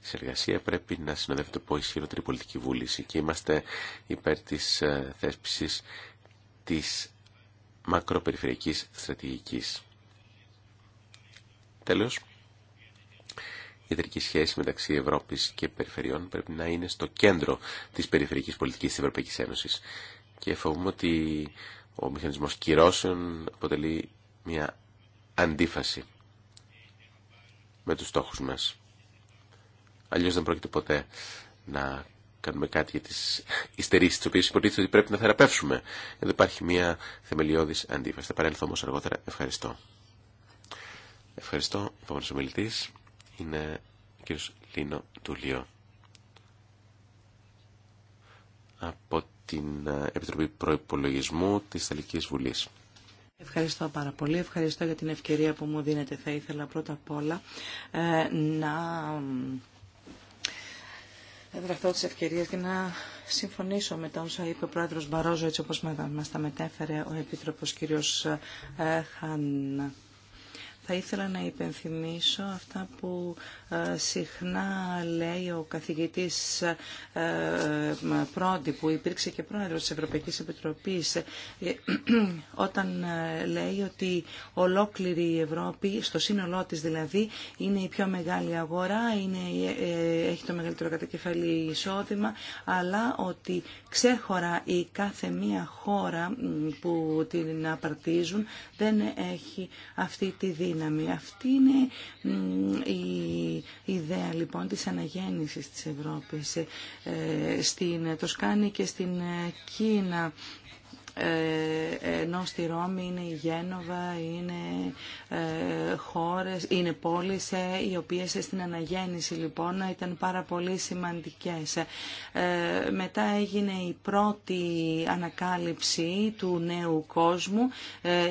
συνεργασία πρέπει να συνοδεύεται από ισχυρότερη πολιτική βούληση και είμαστε υπέρ της ε, θέσπισης της μακροπεριφερειακής στρατηγικής. Τέλος, η εταιρική σχέση μεταξύ Ευρώπης και περιφερειών πρέπει να είναι στο κέντρο της περιφερειακής πολιτικής της Ευρωπαϊκής Ένωσης. Και φοβούμαι ότι ο μηχανισμός κυρώσεων αποτελεί μια αντίφαση με τους στόχους μας. Αλλιώς δεν πρόκειται ποτέ να κάνουμε κάτι για τι ιστερίσεις τι οποίε υποτίθεται ότι πρέπει να θεραπεύσουμε. Εδώ υπάρχει μια θεμελιώδης αντίφαση. Θα παρέλθω όμω αργότερα. Ευχαριστώ. Ευχαριστώ. επόμενο ομιλητή είναι ο κ. Λίνο Τουλίο από την ε, Επιτροπή προπολογισμού της Θελικής Βουλής. Ευχαριστώ πάρα πολύ. Ευχαριστώ για την ευκαιρία που μου δίνετε. Θα ήθελα πρώτα απ' όλα ε, να δραχθώ τη ευκαιρία και να συμφωνήσω με τα όσα είπε ο πρόεδρος Μπαρόζο έτσι όπως μας τα μετέφερε ο Επίτροπος κ. Ε, Χάν. Θα ήθελα να υπενθυμίσω αυτά που ε, συχνά λέει ο καθηγητής ε, ε, Πρόντι που υπήρξε και πρόεδρος της Ευρωπαϊκής Επιτροπής όταν λέει ότι ολόκληρη η Ευρώπη, στο σύνολό της δηλαδή, είναι η πιο μεγάλη αγορά, είναι, έχει το μεγαλύτερο κατακεφαλή εισόδημα, αλλά ότι ξέχωρα η κάθε μία χώρα που την απαρτίζουν δεν έχει αυτή τη δύναμη δύναμη. Αυτή είναι η ιδέα λοιπόν της αναγέννησης της Ευρώπης ε, στην Τοσκάνη και στην ε, Κίνα ε, ενώ στη Ρώμη είναι η Γένοβα, είναι ε, χώρες, είναι πόλεις ε, οι οποίες στην αναγέννηση λοιπόν ήταν πάρα πολύ σημαντικές. Μετά έγινε η πρώτη ανακάλυψη του νέου κόσμου,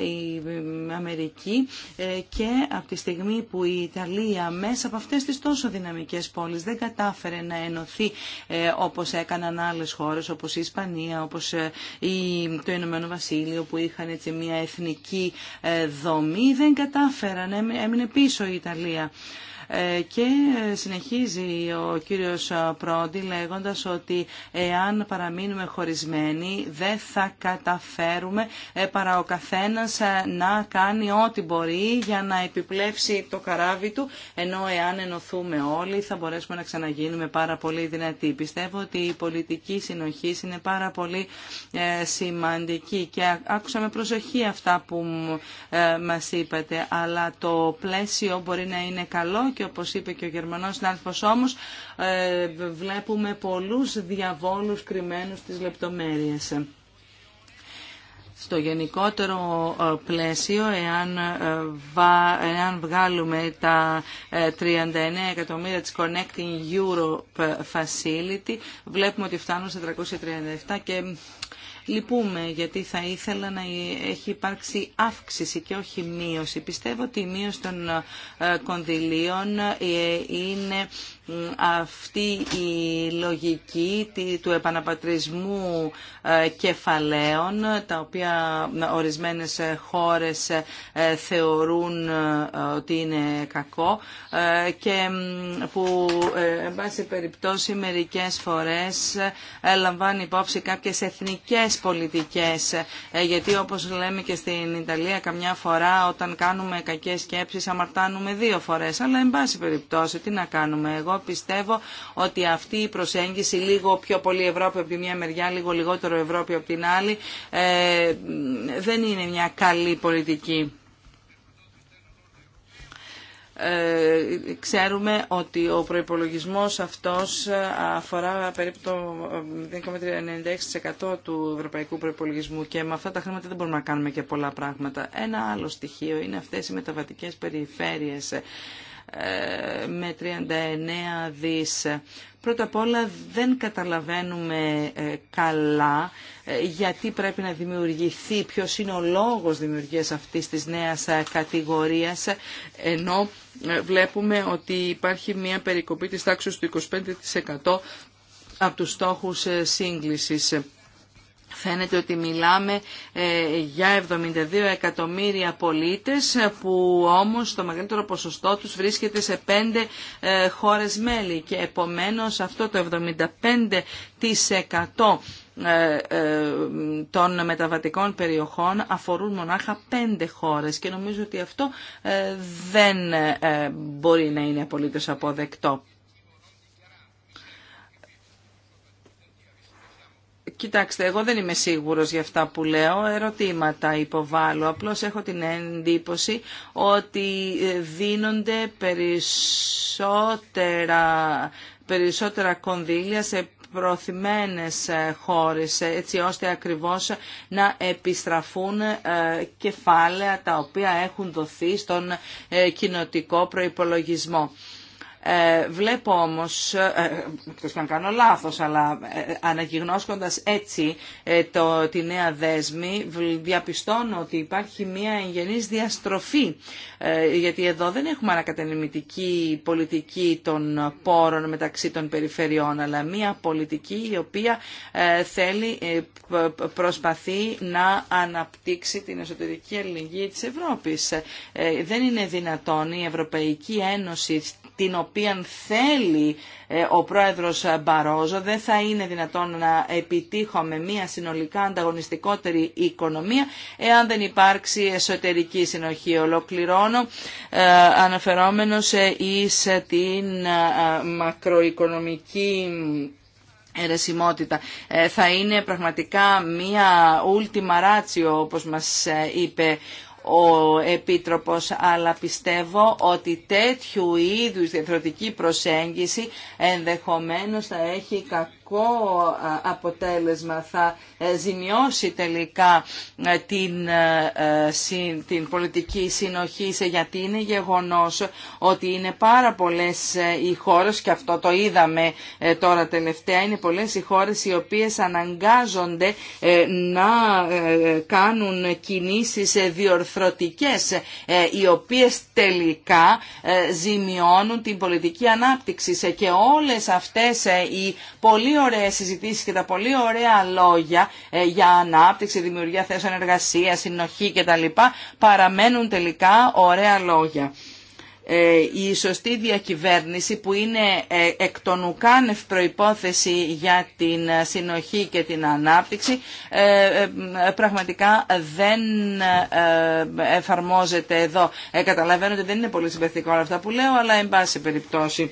η Αμερική και από τη στιγμή που η Ιταλία μέσα από αυτές τις τόσο δυναμικές πόλεις δεν κατάφερε να ενωθεί όπως έκαναν άλλες χώρες όπως η Ισπανία, όπως η το Ηνωμένο Βασίλειο που είχαν έτσι μια εθνική ε, δομή δεν κατάφεραν, έμεινε πίσω η Ιταλία. Ε, και συνεχίζει ο κύριος Πρόντι λέγοντας ότι εάν παραμείνουμε χωρισμένοι δεν θα καταφέρουμε ε, παρά ο καθένας ε, να κάνει ό,τι μπορεί για να επιπλέψει το καράβι του ενώ εάν ενωθούμε όλοι θα μπορέσουμε να ξαναγίνουμε πάρα πολύ δυνατοί. Πιστεύω ότι η πολιτική συνοχή είναι πάρα πολύ σημαντική και άκουσα με προσοχή αυτά που μας είπατε αλλά το πλαίσιο μπορεί να είναι καλό και όπως είπε και ο Γερμανός όμω, όμως ε, βλέπουμε πολλούς διαβόλου κρυμμένου στις λεπτομέρειες. Στο γενικότερο ε, πλαίσιο, εάν, ε, εάν βγάλουμε τα 39 εκατομμύρια της Connecting Europe Facility, βλέπουμε ότι φτάνουν σε 337 και Λυπούμε γιατί θα ήθελα να έχει υπάρξει αύξηση και όχι μείωση. Πιστεύω ότι η μείωση των ε, κονδυλίων ε, είναι αυτή η λογική του επαναπατρισμού ε, κεφαλαίων, τα οποία ορισμένες χώρες ε, θεωρούν ε, ότι είναι κακό και που, εν πάση περιπτώσει, μερικές φορές λαμβάνει υπόψη κάποιες εθνικές πολιτικές. Γιατί, όπως λέμε και στην Ιταλία, καμιά φορά όταν κάνουμε κακές σκέψεις αμαρτάνουμε δύο φορές. Αλλά, εν πάση περιπτώσει, τι να κάνουμε εγώ πιστεύω ότι αυτή η προσέγγιση λίγο πιο πολύ Ευρώπη από τη μια μεριά, λίγο λιγότερο Ευρώπη από την άλλη ε, δεν είναι μια καλή πολιτική. Ε, ξέρουμε ότι ο προϋπολογισμός αυτός αφορά περίπου το 0,96% ε, του ευρωπαϊκού προϋπολογισμού και με αυτά τα χρήματα δεν μπορούμε να κάνουμε και πολλά πράγματα. Ένα άλλο στοιχείο είναι αυτές οι μεταβατικές περιφέρειες ε, με 39 δις. Πρώτα απ' όλα δεν καταλαβαίνουμε ε, καλά ε, γιατί πρέπει να δημιουργηθεί, ποιος είναι ο λόγος δημιουργίας αυτής της νέας κατηγορίας, ενώ βλέπουμε ότι υπάρχει μια περικοπή της τάξης του 25% από τους στόχους σύγκλησης. Φαίνεται ότι μιλάμε ε, για 72 εκατομμύρια πολίτες ε, που όμως το μεγαλύτερο ποσοστό τους βρίσκεται σε 5 ε, χώρες μέλη και επομένως αυτό το 75% των μεταβατικών περιοχών αφορούν μονάχα πέντε χώρες και νομίζω ότι αυτό δεν μπορεί να είναι απολύτως αποδεκτό. Κοιτάξτε, εγώ δεν είμαι σίγουρος για αυτά που λέω, ερωτήματα υποβάλλω, απλώς έχω την εντύπωση ότι ε, δίνονται περισσότερα, περισσότερα κονδύλια σε προθυμένες ε, χώρες ε, έτσι ώστε ακριβώς να επιστραφούν κεφάλαια τα οποία έχουν δοθεί στον κοινοτικό προϋπολογισμό. Ε, βλέπω όμως, ε, ε, εκτός και αν κάνω λάθος, αλλά αναγυγνώσκοντας έτσι το, τη νέα δέσμη, διαπιστώνω ότι υπάρχει μια εγγενής διαστροφή, γιατί εδώ δεν έχουμε ανακατενημητική πολιτική των πόρων μεταξύ των περιφερειών, αλλά μια πολιτική η οποία θέλει, προσπαθεί να αναπτύξει την εσωτερική αλληλεγγύη της Ευρώπης. Δεν είναι δυνατόν η Ευρωπαϊκή Ένωση την οποία θέλει ε, ο πρόεδρος Μπαρόζο δεν θα είναι δυνατόν να επιτύχουμε μια συνολικά ανταγωνιστικότερη οικονομία εάν δεν υπάρξει εσωτερική συνοχή. Ολοκληρώνω ε, αναφερόμενος ε, εις την μακροοικονομική ερεσιμότητα. θα είναι πραγματικά μία ultima ratio, όπως μας είπε ο Επίτροπος, αλλά πιστεύω ότι τέτοιου είδους διαφορετική προσέγγιση ενδεχομένως θα έχει κακό ε, αποτέλεσμα, θα ε, ζημιώσει τελικά ε, την, την πολιτική συνοχή γιατί είναι γεγονός ότι είναι πάρα πολλές οι χώρες και αυτό το είδαμε τώρα τελευταία, είναι πολλές οι χώρες οι οποίες αναγκάζονται να κάνουν κινήσεις διορθωτικές οι οποίες τελικά ζημιώνουν την πολιτική ανάπτυξη και όλες αυτές οι πολύ ωραίες συζητήσεις και τα πολύ ωραία λόγια ε, για ανάπτυξη, δημιουργία θέσεων εργασίας, συνοχή κτλ. παραμένουν τελικά ωραία λόγια. Ε, η σωστή διακυβέρνηση που είναι ε, εκ των ουκάνευ προϋπόθεση για την συνοχή και την ανάπτυξη πραγματικά δεν εφαρμόζεται εδώ. Καταλαβαίνω ότι δεν είναι πολύ συμπαθητικό όλα αυτά που λέω αλλά εν πάση περιπτώσει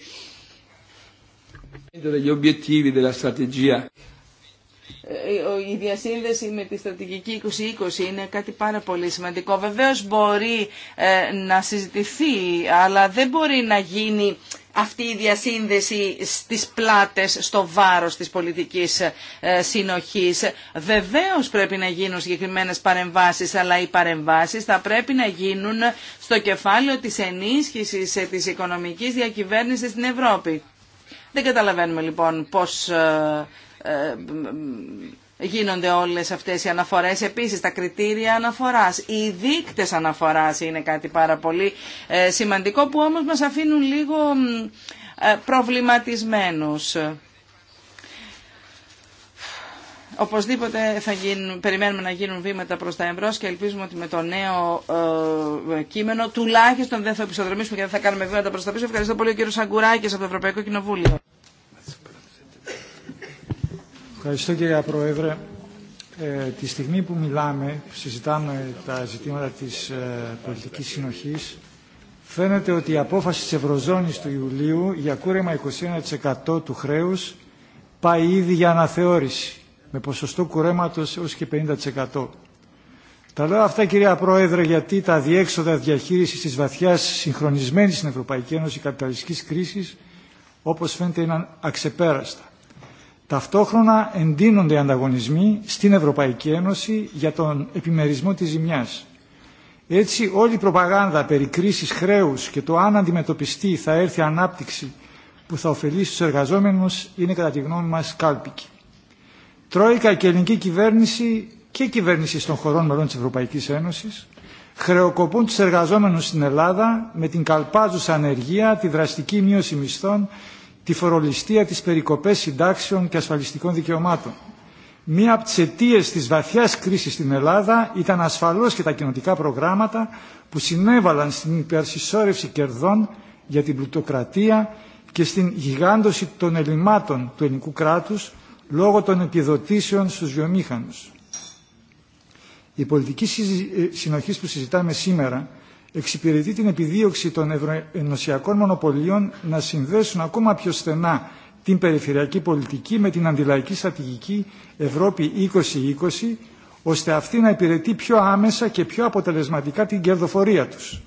ε, η διασύνδεση με τη στρατηγική 2020 είναι κάτι πάρα πολύ σημαντικό. Βεβαίως μπορεί ε, να συζητηθεί, αλλά δεν μπορεί να γίνει αυτή η διασύνδεση στις πλάτες, στο βάρος της πολιτικής ε, συνοχής. Βεβαίως πρέπει να γίνουν συγκεκριμένες παρεμβάσεις, αλλά οι παρεμβάσεις θα πρέπει να γίνουν στο κεφάλαιο της ενίσχυσης της οικονομικής διακυβέρνησης στην Ευρώπη. Δεν καταλαβαίνουμε λοιπόν πώς ε, ε, γίνονται όλες αυτές οι αναφορές. Επίσης τα κριτήρια αναφοράς, οι δείκτες αναφοράς είναι κάτι πάρα πολύ ε, σημαντικό που όμως μας αφήνουν λίγο προβληματισμένους. Οπωσδήποτε θα γίνουν, περιμένουμε να γίνουν βήματα προς τα εμπρός και ελπίζουμε ότι με το νέο ε, κείμενο τουλάχιστον δεν θα επισοδρομήσουμε και δεν θα κάνουμε βήματα προς τα πίσω. Ευχαριστώ πολύ ο κύριο Σαγκουράκης από το Ευρωπαϊκό Κοινοβούλιο. Ευχαριστώ κύριε Πρόεδρε. Ε, τη στιγμή που μιλάμε, που συζητάμε τα ζητήματα της ε, πολιτικής συνοχής, φαίνεται ότι η απόφαση της Ευρωζώνης του Ιουλίου για κούρεμα 21% του χρέους πάει ήδη για αναθεώρηση με ποσοστό κουρέματος έως και 50%. Τα λέω αυτά κυρία Πρόεδρε γιατί τα διέξοδα διαχείρισης της βαθιάς συγχρονισμένης στην Ευρωπαϊκή Ένωση καπιταλιστικής κρίσης όπως φαίνεται είναι αξεπέραστα. Ταυτόχρονα εντείνονται οι ανταγωνισμοί στην Ευρωπαϊκή Ένωση για τον επιμερισμό της ζημιάς. Έτσι όλη η προπαγάνδα περί κρίσης χρέους και το αν αντιμετωπιστεί θα έρθει ανάπτυξη που θα ωφελήσει τους εργαζόμενους είναι κατά τη γνώμη μας κάλπικη. Τρόικα και ελληνική κυβέρνηση και κυβέρνηση των χωρών μελών της Ευρωπαϊκής Ένωσης χρεοκοπούν τους εργαζόμενους στην Ελλάδα με την καλπάζουσα ανεργία, τη δραστική μείωση μισθών, τη φορολιστία, τις περικοπές συντάξεων και ασφαλιστικών δικαιωμάτων. Μία από τι αιτίε τη βαθιά κρίση στην Ελλάδα ήταν ασφαλώ και τα κοινοτικά προγράμματα που συνέβαλαν στην υπερσυσσόρευση κερδών για την πλουτοκρατία και στην γιγάντωση των ελλημάτων του ελληνικού κράτους λόγω των επιδοτήσεων στους βιομήχανους. Η πολιτική ε, συνοχή που συζητάμε σήμερα εξυπηρετεί την επιδίωξη των ευρωενωσιακών μονοπωλίων να συνδέσουν ακόμα πιο στενά την περιφερειακή πολιτική με την αντιλαϊκή στρατηγική Ευρώπη 2020, ώστε αυτή να υπηρετεί πιο άμεσα και πιο αποτελεσματικά την κερδοφορία τους.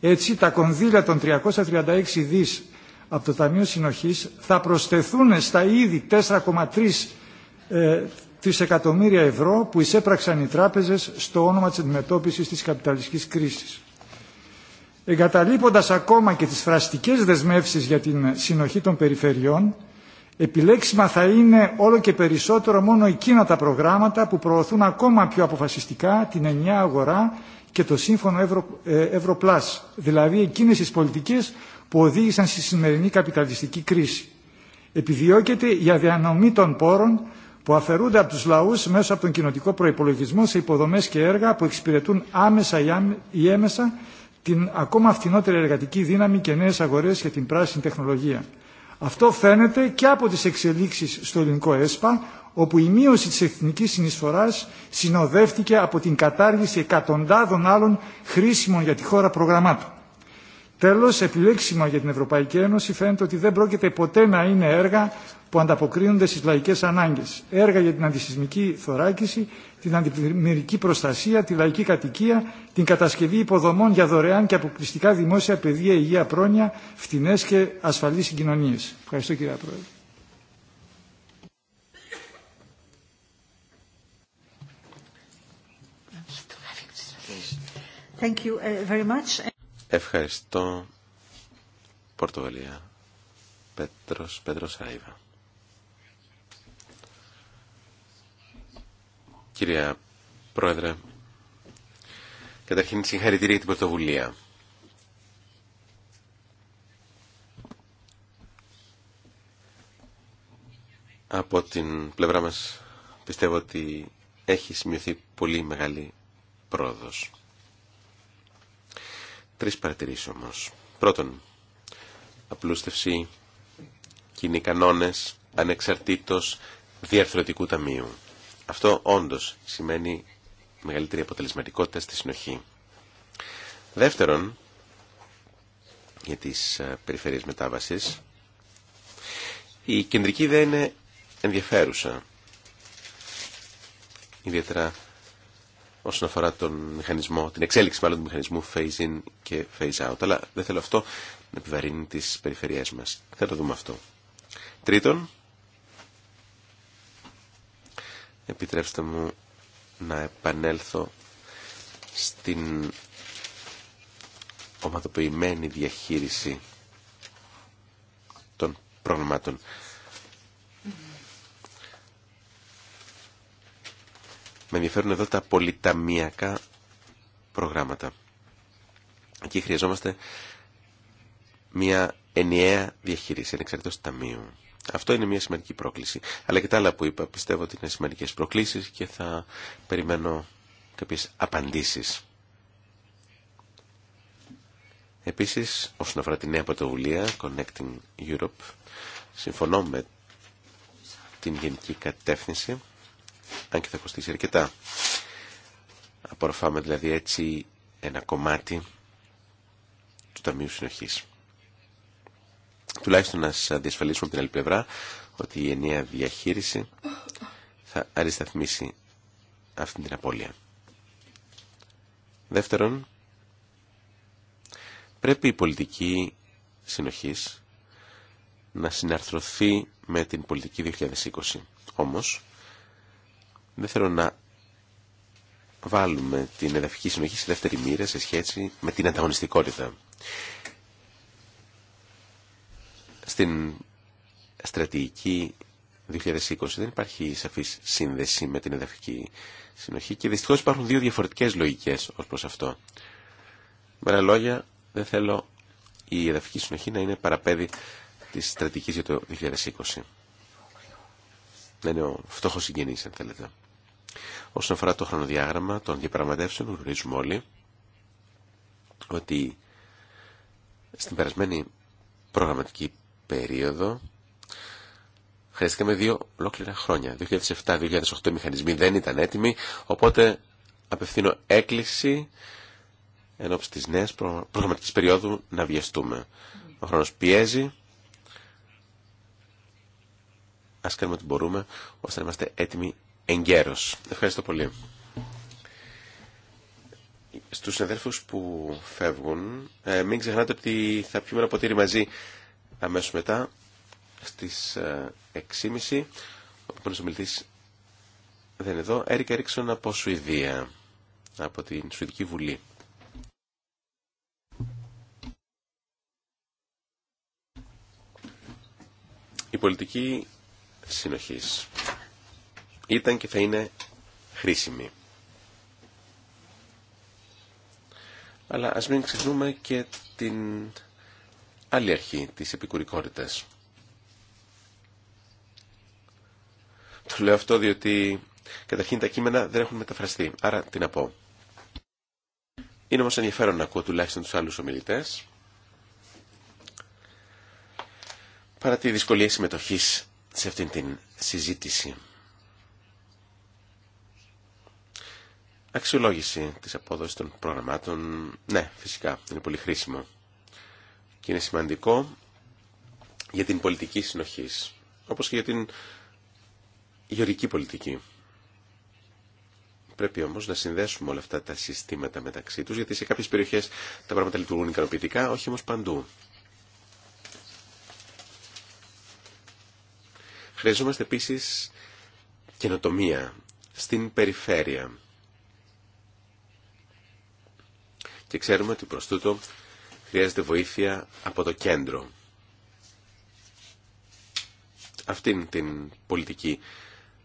Έτσι, τα κονδύλια των 336 δις από το Ταμείο Συνοχής θα προσθεθούν στα ήδη 4,3 ε, δισεκατομμύρια ευρώ που εισέπραξαν οι τράπεζες στο όνομα της αντιμετώπισης της καπιταλιστικής κρίσης. Εγκαταλείποντας ακόμα και τις φραστικές δεσμεύσεις για την συνοχή των περιφερειών, επιλέξιμα θα είναι όλο και περισσότερο μόνο εκείνα τα προγράμματα που προωθούν ακόμα πιο αποφασιστικά την ενιαία αγορά και το σύμφωνο ε, Ευρωπλάς, δηλαδή εκείνες τις πολιτικές που οδήγησαν στη σημερινή καπιταλιστική κρίση. Επιδιώκεται η αδιανομή των πόρων που αφαιρούνται από τους λαούς μέσω από τον κοινοτικό προϋπολογισμό σε υποδομές και έργα που εξυπηρετούν άμεσα ή έμεσα την ακόμα φθηνότερη εργατική δύναμη και νέες αγορές για την πράσινη τεχνολογία. Αυτό φαίνεται και από τις εξελίξεις στο ελληνικό ΕΣΠΑ, όπου η μείωση της εθνικής συνεισφοράς συνοδεύτηκε από την κατάργηση εκατοντάδων άλλων χρήσιμων για τη χώρα προγραμμάτων. Τέλος, επιλέξιμα για την Ευρωπαϊκή Ένωση φαίνεται ότι δεν πρόκειται ποτέ να είναι έργα που ανταποκρίνονται στις λαϊκές ανάγκες. Έργα για την αντισυσμική θωράκιση, την αντιπλημμυρική προστασία, τη λαϊκή κατοικία, την κατασκευή υποδομών για δωρεάν και αποκλειστικά δημόσια παιδεία, υγεία, πρόνοια, φτηνές και ασφαλείς συγκοινωνίες. Ευχαριστώ κύριε Πρόεδρε. Thank you uh, very much. Ευχαριστώ. Πορτογαλία. Πέτρος, Πέτρος Άιβα. Κυρία Πρόεδρε, καταρχήν συγχαρητήρια για την πρωτοβουλία. Από την πλευρά μας πιστεύω ότι έχει σημειωθεί πολύ μεγάλη πρόοδος. Τρεις παρατηρήσεις όμως. Πρώτον, απλούστευση, κοινοί κανόνες, ανεξαρτήτως διαρθρωτικού ταμείου. Αυτό όντως σημαίνει μεγαλύτερη αποτελεσματικότητα στη συνοχή. Δεύτερον, για τις ε, περιφερειές μετάβασης, η κεντρική ιδέα είναι ενδιαφέρουσα. Ιδιαίτερα όσον αφορά τον μηχανισμό, την εξέλιξη μάλλον του μηχανισμού phase in και phase out. Αλλά δεν θέλω αυτό να επιβαρύνει τις περιφερειές μας. Θα το δούμε αυτό. Τρίτον, επιτρέψτε μου να επανέλθω στην ομαδοποιημένη διαχείριση των προγραμμάτων. Με ενδιαφέρουν εδώ τα πολυταμιακά προγράμματα. Εκεί χρειαζόμαστε μια ενιαία διαχείριση, ανεξαρτήτως ταμείου. Αυτό είναι μια σημαντική πρόκληση. Αλλά και τα άλλα που είπα πιστεύω ότι είναι σημαντικές προκλήσεις και θα περιμένω κάποιες απαντήσεις. Επίσης, όσον αφορά τη νέα πρωτοβουλία Connecting Europe, συμφωνώ με την γενική κατεύθυνση αν και θα κοστίσει αρκετά. Απορροφάμε δηλαδή έτσι ένα κομμάτι του Ταμείου Συνοχής. Τουλάχιστον να σας διασφαλίσουμε την άλλη πλευρά ότι η ενιαία διαχείριση θα αρισταθμίσει αυτή την απώλεια. Δεύτερον, πρέπει η πολιτική συνοχής να συναρθρωθεί με την πολιτική 2020. Όμως, δεν θέλω να βάλουμε την εδαφική συνοχή σε δεύτερη μοίρα σε σχέση με την ανταγωνιστικότητα. Στην στρατηγική 2020 δεν υπάρχει σαφής σύνδεση με την εδαφική συνοχή και δυστυχώς υπάρχουν δύο διαφορετικές λογικές ως προς αυτό. Με άλλα λόγια, δεν θέλω η εδαφική συνοχή να είναι παραπέδι της στρατηγικής για το 2020. Να είναι ο φτώχος συγγενής, αν θέλετε. Όσον αφορά το χρονοδιάγραμμα των διαπραγματεύσεων, γνωρίζουμε όλοι ότι στην περασμένη προγραμματική περίοδο χρειαστήκαμε δύο ολόκληρα χρόνια. 2007-2008 οι μηχανισμοί δεν ήταν έτοιμοι, οπότε απευθύνω έκκληση εν ώψη της νέας προγραμματικής περίοδου να βιαστούμε. Ο χρόνος πιέζει. Ας κάνουμε ό,τι μπορούμε ώστε να είμαστε έτοιμοι εγκαίρως. Ευχαριστώ πολύ. Στους συναδέλφους που φεύγουν, ε, μην ξεχνάτε ότι θα πιούμε ένα ποτήρι μαζί αμέσως μετά, στις 6.30. Ε, Ο πρώτος ομιλητής δεν είναι εδώ. Έρικα Ρίξον από Σουηδία, από την Σουηδική Βουλή. Η πολιτική συνοχής ήταν και θα είναι χρήσιμη. Αλλά ας μην ξεχνούμε και την άλλη αρχή της επικουρικότητας. Το λέω αυτό διότι καταρχήν τα κείμενα δεν έχουν μεταφραστεί, άρα τι να πω. Είναι όμως ενδιαφέρον να ακούω τουλάχιστον τους άλλους ομιλητές. Παρά τη δυσκολία συμμετοχής σε αυτήν την συζήτηση. Αξιολόγηση της απόδοσης των προγραμμάτων, ναι, φυσικά, είναι πολύ χρήσιμο. Και είναι σημαντικό για την πολιτική συνοχής, όπως και για την γεωρική πολιτική. Πρέπει όμως να συνδέσουμε όλα αυτά τα συστήματα μεταξύ τους, γιατί σε κάποιες περιοχές τα πράγματα λειτουργούν ικανοποιητικά, όχι όμως παντού. Χρειαζόμαστε επίσης καινοτομία στην περιφέρεια. και ξέρουμε ότι προς τούτο χρειάζεται βοήθεια από το κέντρο. Αυτήν την πολιτική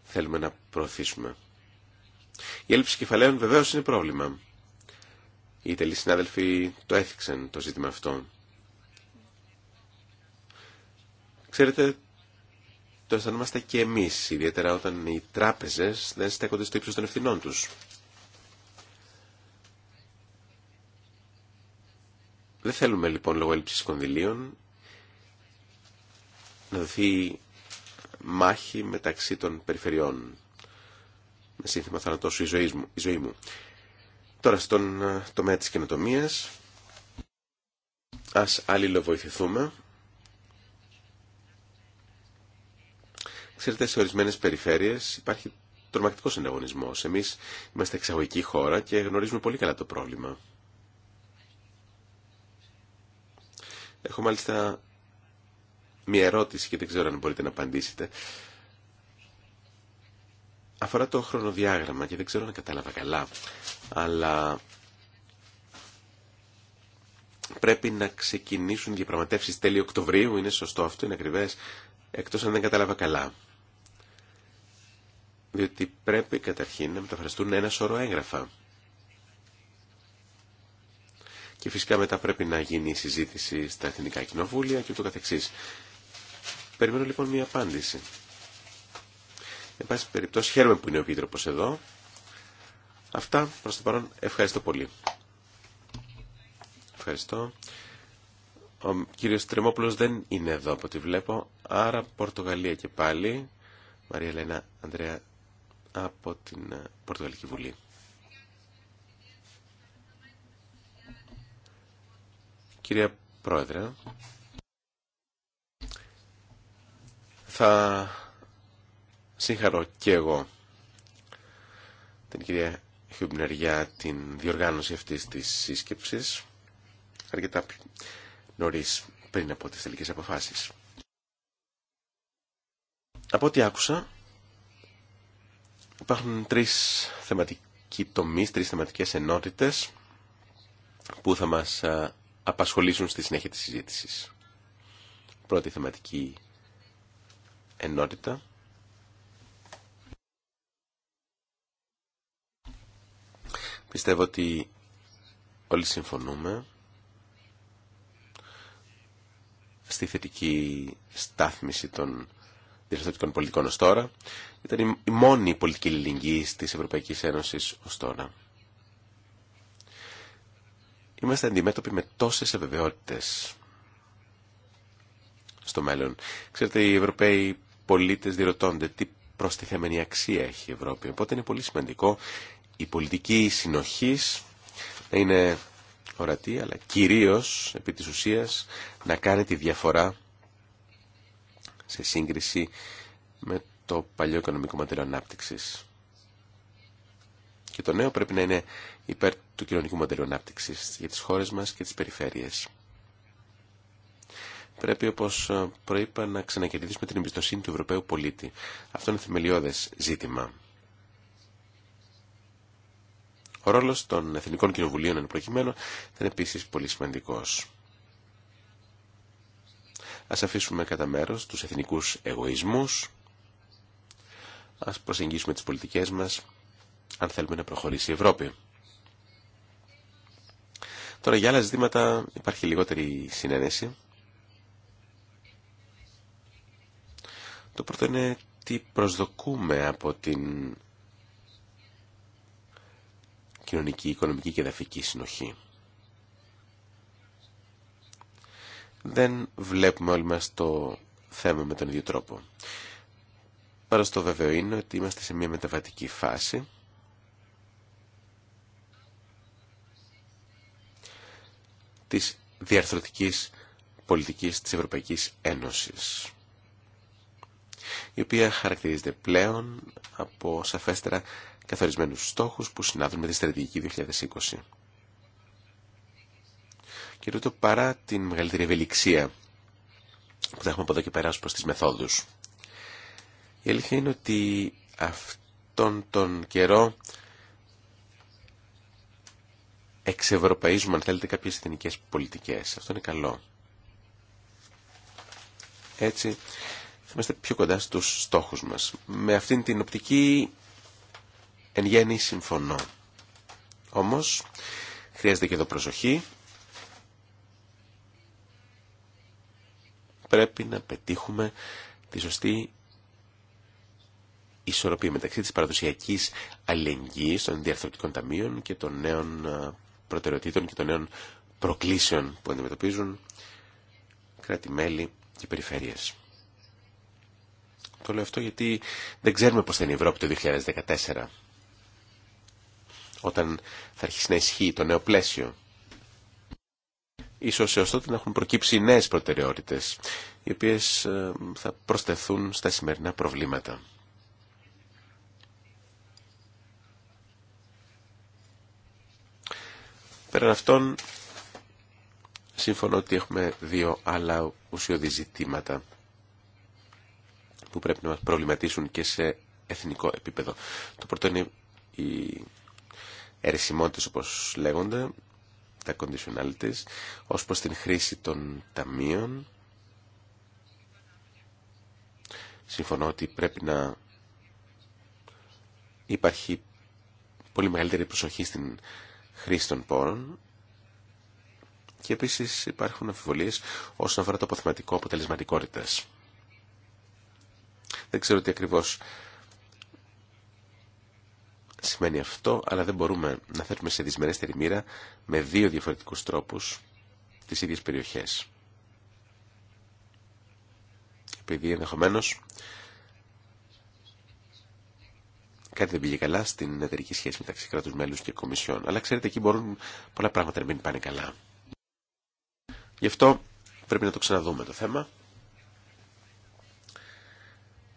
θέλουμε να προωθήσουμε. Η έλλειψη κεφαλαίων βεβαίως είναι πρόβλημα. Οι τελείς συνάδελφοι το έθιξαν το ζήτημα αυτό. Ξέρετε, το αισθανόμαστε και εμείς, ιδιαίτερα όταν οι τράπεζες δεν στέκονται στο ύψος των ευθυνών τους. Δεν θέλουμε λοιπόν λόγω έλλειψης κονδυλίων να δοθεί μάχη μεταξύ των περιφερειών με σύνθημα θανατώσου η Η ζωή μου. Τώρα στον ε, τομέα της καινοτομίας ας αλληλοβοηθηθούμε. Ξέρετε, σε ορισμένες περιφέρειες υπάρχει τρομακτικός ανταγωνισμός. Εμείς είμαστε εξαγωγική χώρα και γνωρίζουμε πολύ καλά το πρόβλημα. Έχω μάλιστα μία ερώτηση και δεν ξέρω αν μπορείτε να απαντήσετε. Αφορά το χρονοδιάγραμμα και δεν ξέρω αν κατάλαβα καλά, αλλά πρέπει να ξεκινήσουν διαπραγματεύσεις τέλη Οκτωβρίου, είναι σωστό αυτό, είναι ακριβές, εκτός αν δεν κατάλαβα καλά. Διότι πρέπει καταρχήν να μεταφραστούν ένα σώρο έγγραφα και φυσικά μετά πρέπει να γίνει η συζήτηση στα εθνικά κοινοβούλια και ούτω καθεξής. Περιμένω λοιπόν μια απάντηση. Εν πάση περιπτώσει χαίρομαι που είναι ο Επίτροπος εδώ. Αυτά προς το παρόν ευχαριστώ πολύ. Ευχαριστώ. Ο κύριος Τρεμόπουλος δεν είναι εδώ από ό,τι βλέπω, άρα Πορτογαλία και πάλι. Μαρία Ελένα Ανδρέα από την Πορτογαλική Βουλή. Κυρία Πρόεδρε, θα συγχαρώ και εγώ την κυρία Χιούμπνερ για την διοργάνωση αυτής της σύσκεψης αρκετά νωρίς πριν από τις τελικές αποφάσεις. Από ό,τι άκουσα, υπάρχουν τρεις θεματικοί τομείς, τρεις θεματικές ενότητες που θα μας απασχολήσουν στη συνέχεια της συζήτησης. Πρώτη θεματική ενότητα. Πιστεύω ότι όλοι συμφωνούμε στη θετική στάθμιση των διευθυντικών πολιτικών ως τώρα. Ήταν η μόνη πολιτική της Ευρωπαϊκής Ένωσης ως τώρα είμαστε αντιμέτωποι με τόσες αβεβαιότητες στο μέλλον. Ξέρετε, οι Ευρωπαίοι πολίτες διερωτώνται τι προστιθέμενη αξία έχει η Ευρώπη. Οπότε είναι πολύ σημαντικό η πολιτική συνοχή να είναι ορατή, αλλά κυρίως, επί της ουσίας, να κάνει τη διαφορά σε σύγκριση με το παλιό οικονομικό μοντέλο ανάπτυξης. Και το νέο πρέπει να είναι υπέρ του κοινωνικού μοντέλου ανάπτυξη για τι χώρε μα και τι περιφέρειε. Πρέπει, όπω ε, προείπα, να ξανακερδίσουμε την εμπιστοσύνη του Ευρωπαίου πολίτη. Αυτό είναι θεμελιώδε ζήτημα. Ο ρόλο των Εθνικών Κοινοβουλίων, εν προκειμένου, θα είναι επίση πολύ σημαντικό. Α αφήσουμε κατά μέρο του εθνικού εγωισμού, α προσεγγίσουμε τι πολιτικέ μα αν θέλουμε να προχωρήσει η Ευρώπη. Τώρα για άλλα ζητήματα υπάρχει λιγότερη συνένεση. Το πρώτο είναι τι προσδοκούμε από την κοινωνική, οικονομική και δαφική συνοχή. Δεν βλέπουμε όλοι μας το θέμα με τον ίδιο τρόπο. Παρά στο βέβαιο είναι ότι είμαστε σε μια μεταβατική φάση της διαρθρωτικής πολιτικής της Ευρωπαϊκής Ένωσης η οποία χαρακτηρίζεται πλέον από σαφέστερα καθορισμένους στόχους που συνάδουν με τη στρατηγική 2020. Και τούτο παρά την μεγαλύτερη ευελιξία που θα έχουμε από εδώ και πέρα προς τις μεθόδους. Η αλήθεια είναι ότι αυτόν τον καιρό εξευρωπαίζουμε, αν θέλετε, κάποιες εθνικές πολιτικές. Αυτό είναι καλό. Έτσι θα είμαστε πιο κοντά στους στόχους μας. Με αυτήν την οπτική εν γέννη συμφωνώ. Όμως χρειάζεται και εδώ προσοχή. Πρέπει να πετύχουμε τη σωστή ισορροπία μεταξύ της παραδοσιακής αλληλεγγύης των διαρθρωτικών ταμείων και των νέων προτεραιοτήτων και των νέων προκλήσεων που αντιμετωπίζουν κράτη-μέλη και περιφέρειες. Το λέω αυτό γιατί δεν ξέρουμε πώς θα είναι η Ευρώπη το 2014 όταν θα αρχίσει να ισχύει το νέο πλαίσιο. Ίσως έως τότε να έχουν προκύψει νέες προτεραιότητες οι οποίες ε, θα προσθεθούν στα σημερινά προβλήματα. Πέραν αυτών, συμφωνώ ότι έχουμε δύο άλλα ουσιώδη ζητήματα που πρέπει να μας προβληματίσουν και σε εθνικό επίπεδο. Το πρώτο είναι οι ερεσιμότητες όπως λέγονται, τα conditionalities, ως προς την χρήση των ταμείων. Συμφωνώ ότι πρέπει να υπάρχει πολύ μεγαλύτερη προσοχή στην χρήση των πόρων και επίσης υπάρχουν αμφιβολίες όσον αφορά το αποθεματικό αποτελεσματικότητας. Δεν ξέρω τι ακριβώς σημαίνει αυτό, αλλά δεν μπορούμε να θέτουμε σε δυσμενέστερη μοίρα με δύο διαφορετικούς τρόπους τις ίδιες περιοχές. Επειδή ενδεχομένω κάτι δεν πήγε καλά στην εταιρική σχέση μεταξύ κράτου μέλους και κομισιών. Αλλά ξέρετε, εκεί μπορούν πολλά πράγματα να μην πάνε καλά. Γι' αυτό πρέπει να το ξαναδούμε το θέμα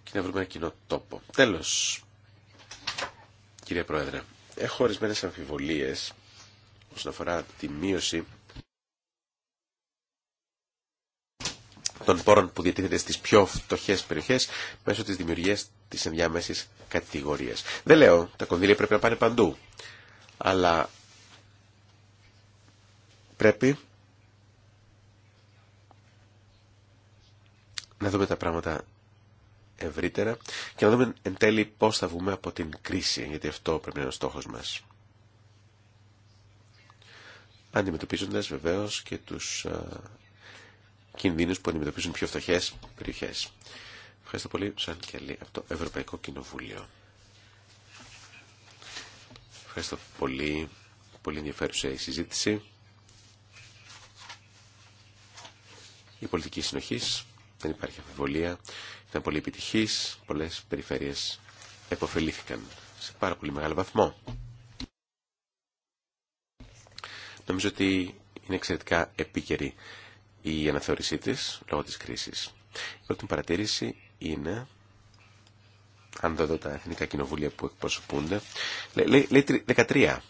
και να βρούμε ένα κοινό τόπο. Τέλος, κύριε Πρόεδρε, έχω ορισμένε αμφιβολίες όσον αφορά τη μείωση των πόρων που διατίθεται στις πιο φτωχές περιοχές μέσω της δημιουργίας της ενδιάμεσης κατηγορίας. Δεν λέω, τα κονδύλια πρέπει να πάνε παντού, αλλά πρέπει να δούμε τα πράγματα ευρύτερα και να δούμε εν τέλει πώς θα βγούμε από την κρίση, γιατί αυτό πρέπει να είναι ο στόχος μας. Αντιμετωπίζοντας βεβαίως και τους ε, κινδύνους που αντιμετωπίζουν πιο φτωχές περιοχές. Ευχαριστώ πολύ, Σαν Κελή, από το Ευρωπαϊκό Κοινοβούλιο. Ευχαριστώ πολύ. Πολύ ενδιαφέρουσα η συζήτηση. Η πολιτική συνοχή, δεν υπάρχει αμφιβολία, ήταν πολύ επιτυχή. Πολλέ περιφέρειε επωφελήθηκαν σε πάρα πολύ μεγάλο βαθμό. Νομίζω ότι είναι εξαιρετικά επίκαιρη η αναθεωρησή της λόγω της κρίσης. Η πρώτη παρατήρηση είναι, αν δω τα εθνικά κοινοβούλια που εκπροσωπούνται, λέει, 13.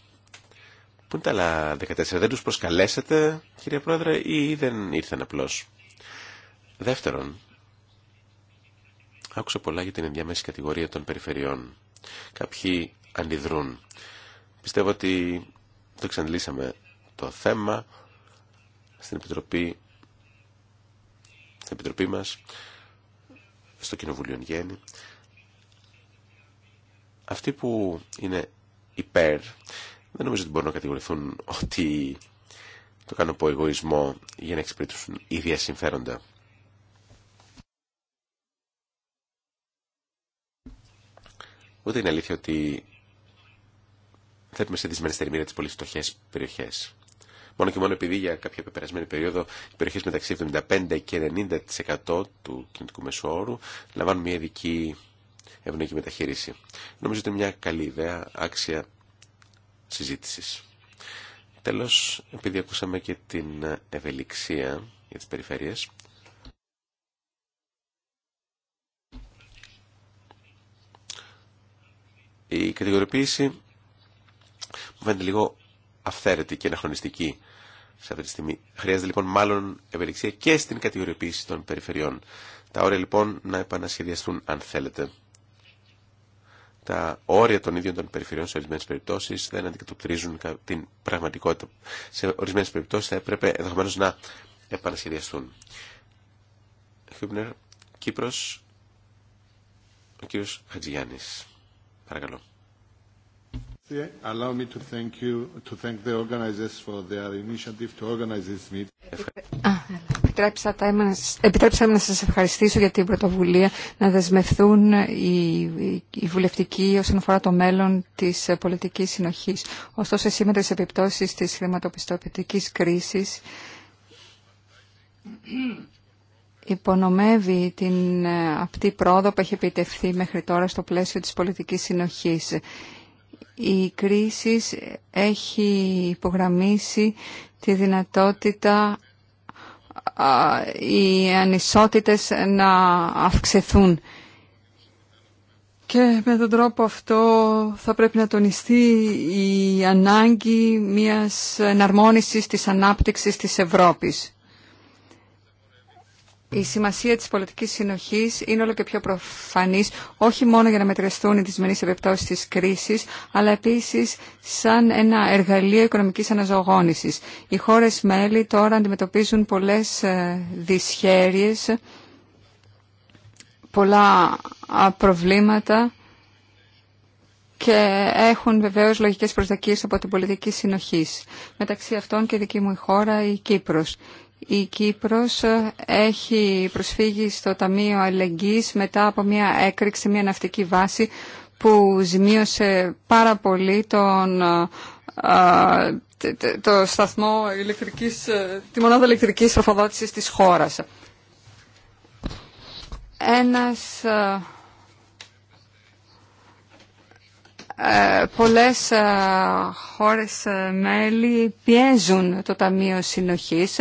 Πού είναι τα άλλα 14, δεν τους προσκαλέσατε κυρία Πρόεδρε ή δεν ήρθαν απλώς. Δεύτερον, άκουσα πολλά για την ενδιάμεση κατηγορία των περιφερειών. Κάποιοι αντιδρούν. Πιστεύω ότι το εξαντλήσαμε το θέμα στην Επιτροπή Επιτροπή μας, στο Κοινοβουλίο γέννη. Αυτοί που είναι υπέρ, δεν νομίζω ότι μπορούν να κατηγορηθούν ότι το κάνω από εγωισμό για να εξυπηρετήσουν ίδια συμφέροντα. Ούτε είναι αλήθεια ότι θέτουμε σε δυσμένες θερμίδια τις πολύ φτωχές περιοχές μόνο και μόνο επειδή για κάποια πεπερασμένη περίοδο οι περιοχές μεταξύ 75% και 90% του κινητικού μεσοόρου λαμβάνουν μια ειδική ευνοϊκή μεταχείριση. Νομίζω ότι είναι μια καλή ιδέα, άξια συζήτησης. Τέλος, επειδή ακούσαμε και την ευελιξία για τις περιφέρειες, η κατηγοριοποίηση μου φαίνεται λίγο αυθαίρετη και αναχρονιστική σε αυτή τη στιγμή. Χρειάζεται λοιπόν μάλλον ευελιξία και στην κατηγοριοποίηση των περιφερειών. Τα όρια λοιπόν να επανασχεδιαστούν αν θέλετε. Τα όρια των ίδιων των περιφερειών σε ορισμένε περιπτώσει δεν αντικατοπτρίζουν την πραγματικότητα. Σε ορισμένε περιπτώσει θα έπρεπε ενδεχομένω να επανασχεδιαστούν. Χιούμπνερ, Κύπρος, ο κύριο Χατζηγιάννης. Παρακαλώ. Επιτρέψατε να σας ευχαριστήσω για την πρωτοβουλία να δεσμευθούν οι, βουλευτικοί όσον αφορά το μέλλον της πολιτικής συνοχής. Ωστόσο, σήμερα τις επιπτώσεις της χρηματοπιστωτικής κρίσης υπονομεύει την ε, απτή πρόοδο που έχει επιτευχθεί μέχρι τώρα στο πλαίσιο της πολιτικής συνοχής η κρίση έχει υπογραμμίσει τη δυνατότητα οι ανισότητες να αυξηθούν. Και με τον τρόπο αυτό θα πρέπει να τονιστεί η ανάγκη μιας εναρμόνισης της ανάπτυξης της Ευρώπης η σημασία της πολιτικής συνοχής είναι όλο και πιο προφανής, όχι μόνο για να μετρεστούν οι δυσμενείς επιπτώσεις της κρίσης, αλλά επίσης σαν ένα εργαλείο οικονομικής αναζωογόνησης. Οι χώρες μέλη τώρα αντιμετωπίζουν πολλές ε, δυσχέρειες, πολλά προβλήματα και έχουν βεβαίως λογικές προσδοκίες από την πολιτική συνοχής. Μεταξύ αυτών και δική μου η χώρα, η Κύπρος η Κύπρος έχει προσφύγει στο Ταμείο Αλληλεγγύης μετά από μια έκρηξη, μια ναυτική βάση που ζημίωσε πάρα πολύ τον, το σταθμό ηλεκτρικής, ε, τη μονάδα ηλεκτρικής τροφοδότησης της χώρας. Ένας ε, ε, πολλές χώρες μέλη πιέζουν το Ταμείο Συνοχής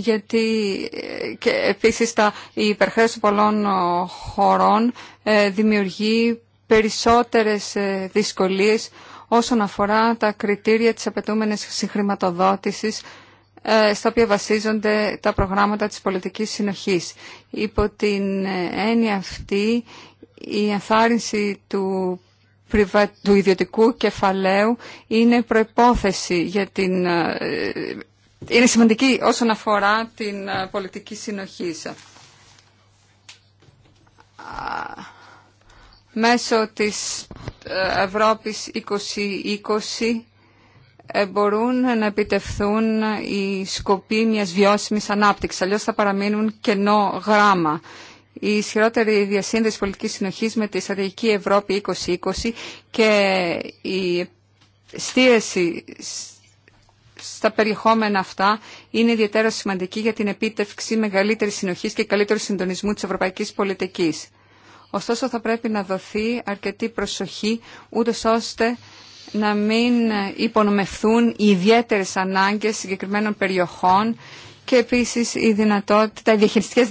γιατί ε, και επίσης τα, η υπερχρέωση πολλών ε, χωρών ε, δημιουργεί περισσότερες δυσκολίες όσον αφορά τα κριτήρια της απαιτούμενης συγχρηματοδότησης στα οποία βασίζονται τα προγράμματα της πολιτικής συνοχής. Υπό την έννοια αυτή, η ενθάρρυνση του του ιδιωτικού κεφαλαίου είναι προϋπόθεση για την είναι σημαντική όσον αφορά την ε, πολιτική συνοχή. Μέσω της ε, Ευρώπης 2020 ε, μπορούν να επιτευθούν οι σκοποί μιας βιώσιμης ανάπτυξης, αλλιώς θα παραμείνουν κενό γράμμα. Η ισχυρότερη διασύνδεση πολιτικής συνοχής με τη στρατηγική Ευρώπη 2020 και η στίεση στα περιεχόμενα αυτά είναι ιδιαίτερα σημαντική για την επίτευξη μεγαλύτερης συνοχής και καλύτερου συντονισμού της ευρωπαϊκής πολιτικής. Ωστόσο θα πρέπει να δοθεί αρκετή προσοχή ούτω ώστε να μην υπονομευθούν οι ιδιαίτερες ανάγκες συγκεκριμένων περιοχών και επίσης οι, οι διαχειριστικές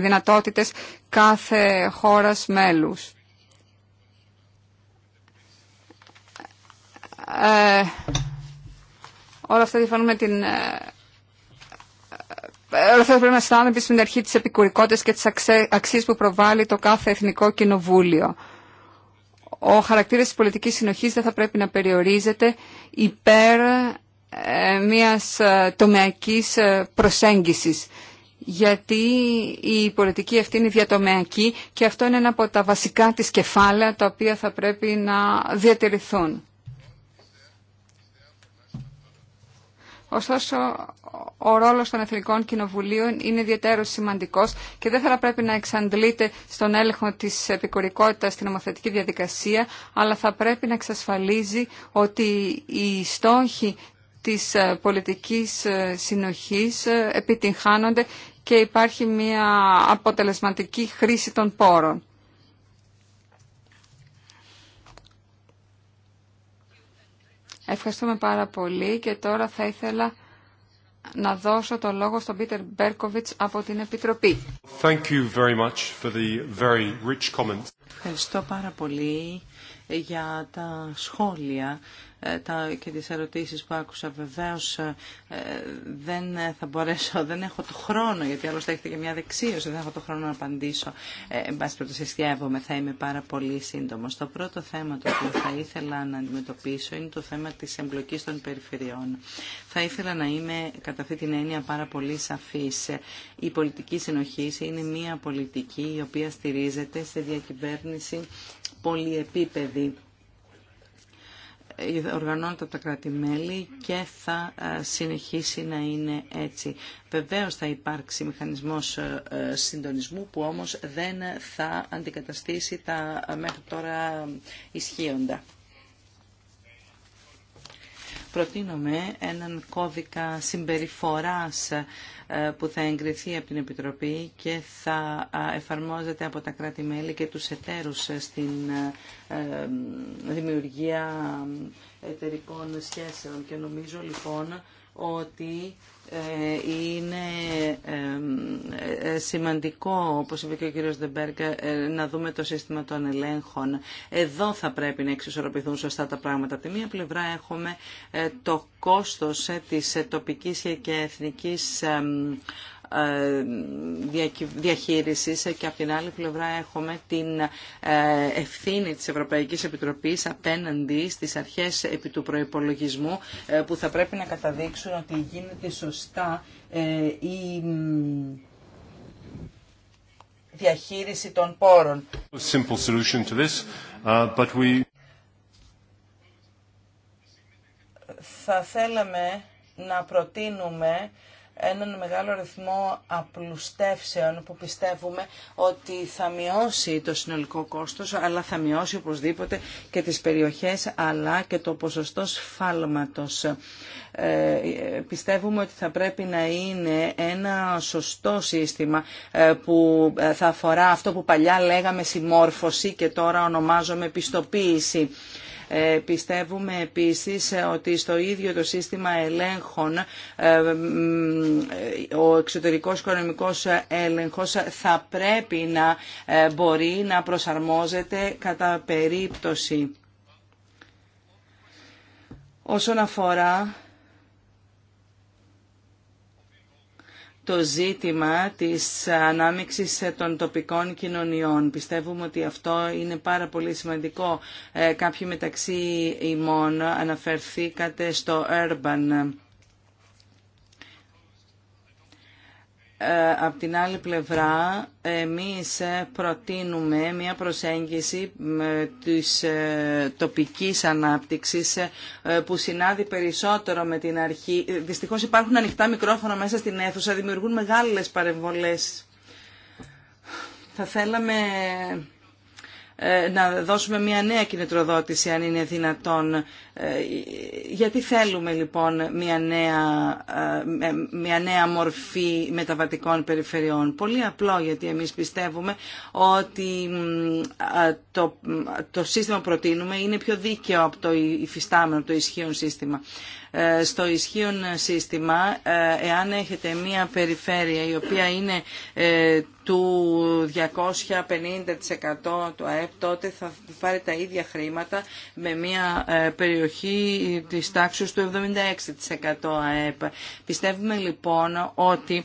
δυνατότητες κάθε χώρας μέλους. Ε, όλα αυτά διαφωνούν την... Ε, ε, ε, όλα αυτά πρέπει να επίσης με την αρχή της επικουρικότητας και της αξίας που προβάλλει το κάθε εθνικό κοινοβούλιο. Ο χαρακτήρας της πολιτικής συνοχής δεν θα πρέπει να περιορίζεται υπέρ μιας τομεακής προσέγγισης γιατί η πολιτική αυτή είναι διατομεακή και αυτό είναι ένα από τα βασικά της κεφάλαια τα οποία θα πρέπει να διατηρηθούν. Ωστόσο, ο ρόλος των Εθνικών Κοινοβουλίων είναι ιδιαίτερο σημαντικός και δεν θα πρέπει να εξαντλείται στον έλεγχο της επικουρικότητας στην νομοθετική διαδικασία, αλλά θα πρέπει να εξασφαλίζει ότι οι στόχοι της ε, πολιτικής ε, συνοχής ε, επιτυγχάνονται και υπάρχει μια αποτελεσματική χρήση των πόρων. Ευχαριστούμε πάρα πολύ και τώρα θα ήθελα να δώσω το λόγο στον Πίτερ Μπέρκοβιτς από την Επιτροπή. Thank you very much Ευχαριστώ πάρα πολύ για τα σχόλια ε, τα, και τις ερωτήσεις που άκουσα. Βεβαίως ε, δεν θα μπορέσω, δεν έχω το χρόνο, γιατί άλλωστε έχετε και μια δεξίωση, δεν έχω το χρόνο να απαντήσω. Ε, εν πάση περιπτώσει, θα είμαι πάρα πολύ σύντομο. Το πρώτο θέμα το οποίο θα ήθελα να αντιμετωπίσω είναι το θέμα της εμπλοκής των περιφερειών. Θα ήθελα να είμαι κατά αυτή την έννοια πάρα πολύ σαφής. Η πολιτική συνοχή είναι μια πολιτική η οποία στηρίζεται σε διακυβέρνηση πολυεπίπεδη οργανώνεται από τα κράτη-μέλη και θα ε, συνεχίσει να είναι έτσι. Βεβαίως θα υπάρξει μηχανισμός ε, συντονισμού που όμως δεν θα αντικαταστήσει τα μέχρι τώρα ισχύοντα προτείνουμε έναν κώδικα συμπεριφοράς ε, που θα εγκριθεί από την Επιτροπή και θα ε, εφαρμόζεται από τα κράτη-μέλη και τους εταίρους ε, στην δημιουργία εταιρικών σχέσεων. Και νομίζω λοιπόν ότι ε, είναι ε, ε, σημαντικό, όπως είπε και ο κύριος Δεμπέργκ, να δούμε το σύστημα των ελέγχων. Εδώ θα πρέπει να εξισορροπηθούν σωστά τα πράγματα. Από τη μία πλευρά έχουμε το κόστος της τοπικής και εθνικής διαχείρισης και από την άλλη πλευρά έχουμε την ε, ευθύνη της Ευρωπαϊκής Επιτροπής απέναντι στις αρχές επί του προϋπολογισμού ε, που θα πρέπει να καταδείξουν ότι γίνεται σωστά ε, η διαχείριση των πόρων. Uh, θα θέλαμε να προτείνουμε έναν μεγάλο ρυθμό απλουστεύσεων που πιστεύουμε ότι θα μειώσει το συνολικό κόστος, αλλά θα μειώσει οπωσδήποτε και τις περιοχές, αλλά και το ποσοστό σφάλματος. Ε, πιστεύουμε ότι θα πρέπει να είναι ένα σωστό σύστημα ε, που ε, θα αφορά αυτό που παλιά λέγαμε συμμόρφωση και τώρα ονομάζομαι πιστοποίηση. Ε, πιστεύουμε επίσης ότι στο ίδιο το σύστημα ελέγχων ε, ο εξωτερικός οικονομικός έλεγχος θα πρέπει να ε, μπορεί να προσαρμόζεται κατά περίπτωση. Όσον αφορά το ζήτημα της ανάμειξης των τοπικών κοινωνιών. Πιστεύουμε ότι αυτό είναι πάρα πολύ σημαντικό. Ε, κάποιοι μεταξύ ημών αναφερθήκατε στο urban Ε, από την άλλη πλευρά εμείς ε, προτείνουμε μια προσέγγιση της ε, τοπικής ανάπτυξης που συνάδει περισσότερο με την αρχή. Δυστυχώς υπάρχουν ανοιχτά μικρόφωνα μέσα στην αίθουσα, δημιουργούν μεγάλες παρεμβολές. Θα θέλαμε ε, να δώσουμε μια νέα κινητροδότηση αν είναι δυνατόν. Ε, γιατί θέλουμε λοιπόν μια νέα, ε, μια νέα μορφή μεταβατικών περιφερειών. Πολύ απλό γιατί εμείς πιστεύουμε ότι το, το σύστημα που προτείνουμε είναι πιο δίκαιο από το υφιστάμενο, το ισχύον σύστημα. Ε, στο ισχύον σύστημα, ε, εάν έχετε μία περιφέρεια η οποία είναι ε, του 250% του ΑΕΠ, τότε θα πάρει τα ίδια χρήματα με μια περιοχή της τάξης του 76% ΑΕΠ. Πιστεύουμε λοιπόν ότι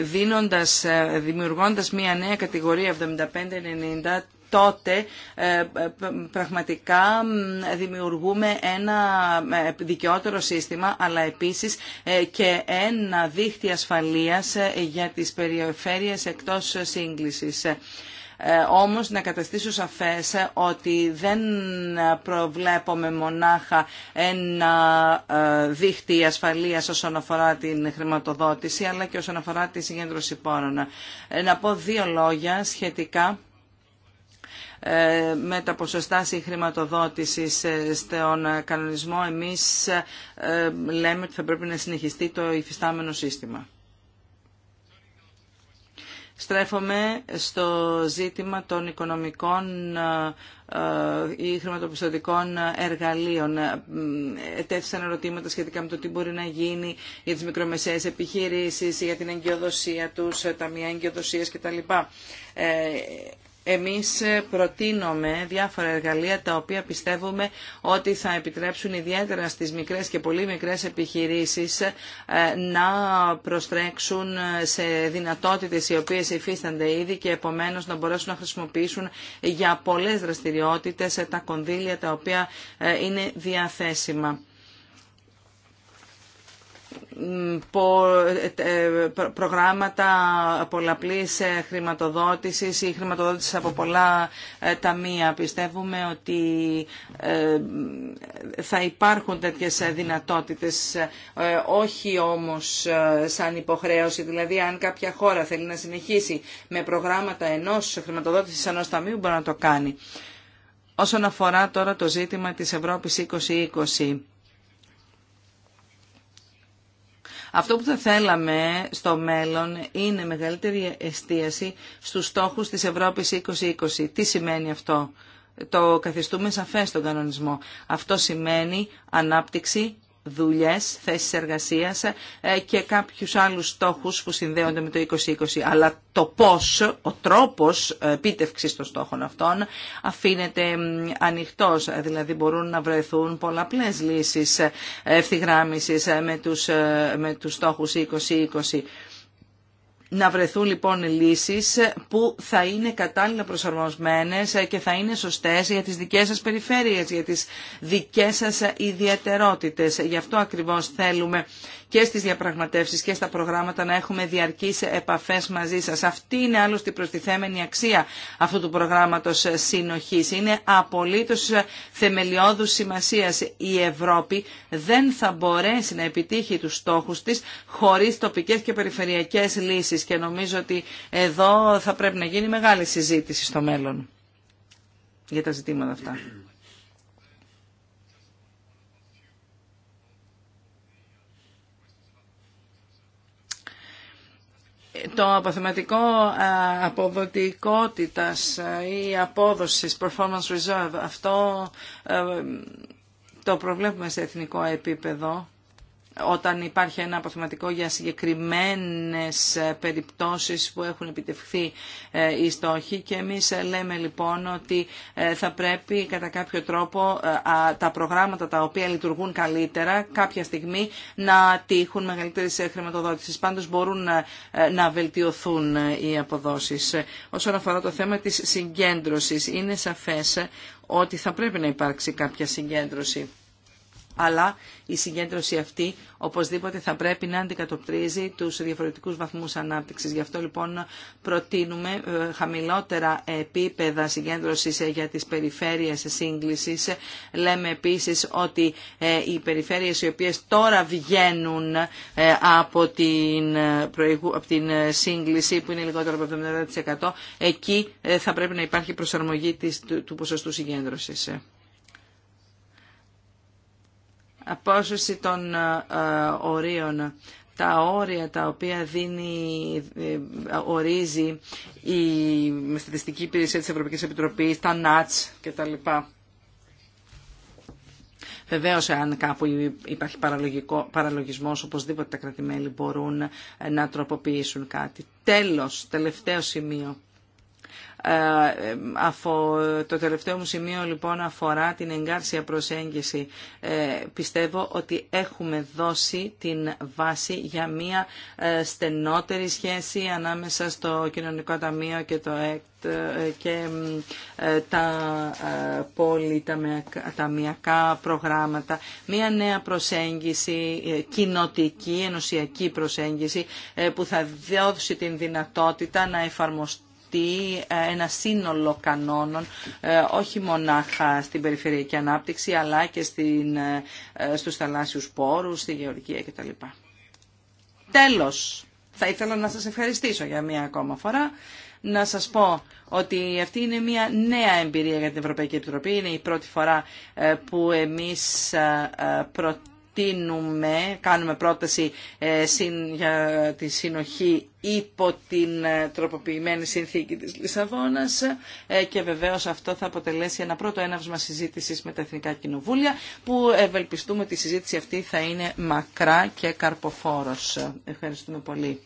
δίνοντας, δημιουργώντας μια νέα κατηγορία 75-90, τότε ε, πραγματικά δημιουργούμε ένα ε, δικαιότερο σύστημα αλλά επίσης ε, και ένα δίχτυ ασφαλείας για τις περιφέρειες εκτός σύγκλησης. Όμως να καταστήσω σαφές ότι δεν προβλέπουμε μονάχα ένα δίχτυ ασφαλείας όσον αφορά την χρηματοδότηση αλλά και όσον αφορά τη συγκέντρωση πόρων. Να πω δύο λόγια σχετικά ε, με τα ποσοστά συγχρηματοδότησης ε, στον κανονισμό, εμείς ε, λέμε ότι θα πρέπει να συνεχιστεί το υφιστάμενο σύστημα. Στρέφομαι στο ζήτημα των οικονομικών ή χρηματοπιστωτικών εργαλείων. Ετέθησαν ερωτήματα σχετικά με το τι μπορεί να γίνει για τις μικρομεσαίες επιχειρήσεις, για την εγκυοδοσία τους, τα μία κτλ εμείς ε, προτείνουμε διάφορα εργαλεία τα οποία πιστεύουμε ότι θα επιτρέψουν ιδιαίτερα στις μικρές και πολύ μικρές επιχειρήσεις ε, να προστρέξουν ε, σε δυνατότητες οι οποίες υφίστανται ήδη και επομένως να μπορέσουν να χρησιμοποιήσουν για πολλές δραστηριότητες τα κονδύλια τα οποία είναι διαθέσιμα. Ε, προγράμματα πολλαπλής ε, χρηματοδότησης ή χρηματοδότηση από πολλά ε, ταμεία. Πιστεύουμε ότι θα υπάρχουν τέτοιες δυνατότητες, όχι όμως σαν υποχρέωση. Δηλαδή, αν κάποια χώρα θέλει να συνεχίσει με προγράμματα ενός χρηματοδότησης ενός ταμείου, μπορεί να το κάνει. Όσον αφορά τώρα το ζήτημα της Ευρώπης 2020, Αυτό που θα θέλαμε στο μέλλον είναι μεγαλύτερη εστίαση στους στόχους της Ευρώπης 2020. Τι σημαίνει αυτό. Το καθιστούμε σαφές στον κανονισμό. Αυτό σημαίνει ανάπτυξη δουλειές, θέσεις εργασίας ε, και κάποιους άλλους στόχους που συνδέονται με το 2020. Αλλά το πώς, ο τρόπος επίτευξης των στόχων αυτών αφήνεται ανοιχτός. Δηλαδή μπορούν να βρεθούν πολλαπλές λύσεις ευθυγράμμισης με τους, ε, με τους στόχους 2020 να βρεθούν λοιπόν λύσεις που θα είναι κατάλληλα προσαρμοσμένες και θα είναι σωστές για τις δικές σας περιφέρειες, για τις δικές σας ιδιαιτερότητες. Γι' αυτό ακριβώς θέλουμε και στις διαπραγματεύσεις και στα προγράμματα να έχουμε διαρκείς επαφές μαζί σας. Αυτή είναι άλλωστε η προστιθέμενη αξία αυτού του προγράμματος συνοχής. Είναι απολύτως θεμελιώδους σημασίας. Η Ευρώπη δεν θα μπορέσει να επιτύχει τους στόχους της χωρίς τοπικές και περιφερειακές λύσεις και νομίζω ότι εδώ θα πρέπει να γίνει μεγάλη συζήτηση στο μέλλον για τα ζητήματα αυτά. το αποθεματικό αποδοτικότητας ή απόδοσης performance reserve αυτό ε, το προβλέπουμε σε εθνικό επίπεδο όταν υπάρχει ένα αποθεματικό για συγκεκριμένες ε, περιπτώσεις που έχουν επιτευχθεί ε, οι στόχοι και εμείς ε, λέμε λοιπόν ότι θα πρέπει κατά κάποιο τρόπο τα προγράμματα τα οποία λειτουργούν καλύτερα κάποια στιγμή να τύχουν μεγαλύτερη χρηματοδότηση Πάντως μπορούν να βελτιωθούν οι αποδόσεις. Όσον αφορά το θέμα της συγκέντρωσης, είναι σαφές ότι θα πρέπει να υπάρξει κάποια συγκέντρωση αλλά η συγκέντρωση αυτή οπωσδήποτε θα πρέπει να αντικατοπτρίζει τους διαφορετικούς βαθμούς ανάπτυξης. Γι' αυτό λοιπόν προτείνουμε ε, χαμηλότερα επίπεδα συγκέντρωσης ε, για τις περιφέρειες σύγκλησης. Λέμε επίσης ότι ε, οι περιφέρειες οι οποίες τώρα βγαίνουν από την, από την σύγκληση που είναι λιγότερο από 70% εκεί θα πρέπει να υπάρχει προσαρμογή του ποσοστού συγκέντρωσης απόσυρση των ε, ε, ορίων τα όρια τα οποία δίνει, ε, ορίζει η Στατιστική Υπηρεσία της Ευρωπαϊκής Επιτροπής, τα ΝΑΤΣ κτλ. Βεβαίω, αν κάπου υπάρχει παραλογισμός, οπωσδήποτε τα κρατημέλη μπορούν να τροποποιήσουν κάτι. Τέλος, τελευταίο σημείο. Ε, το τελευταίο μου σημείο λοιπόν αφορά την εγκάρσια προσέγγιση. Ε, πιστεύω ότι έχουμε δώσει την βάση για μια ε, στενότερη σχέση ανάμεσα στο Κοινωνικό Ταμείο και το ΕΚΤ και τα τα πολυταμιακά προγράμματα. Μία νέα προσέγγιση, κοινοτική, ενωσιακή προσέγγιση που θα δώσει την δυνατότητα να εφαρμοστεί ε, ένα σύνολο κανόνων, ε, όχι μονάχα στην περιφερειακή ανάπτυξη, αλλά και στην, ε, στους θαλάσσιους πόρους, στη γεωργία κτλ. Τέλος, θα ήθελα να σας ευχαριστήσω για μία ακόμα φορά. Να σας πω ότι αυτή είναι μια νέα εμπειρία για την Ευρωπαϊκή Επιτροπή. Είναι η πρώτη φορά που εμείς προτείνουμε προτείνουμε, κάνουμε πρόταση ε, για τη συνοχή υπό την ε, τροποποιημένη συνθήκη της Λισαβόνας ε, και βεβαίως αυτό θα αποτελέσει ένα πρώτο έναυσμα συζήτησης με τα Εθνικά Κοινοβούλια που ευελπιστούμε ότι η συζήτηση αυτή θα είναι μακρά και καρποφόρος. Ευχαριστούμε πολύ.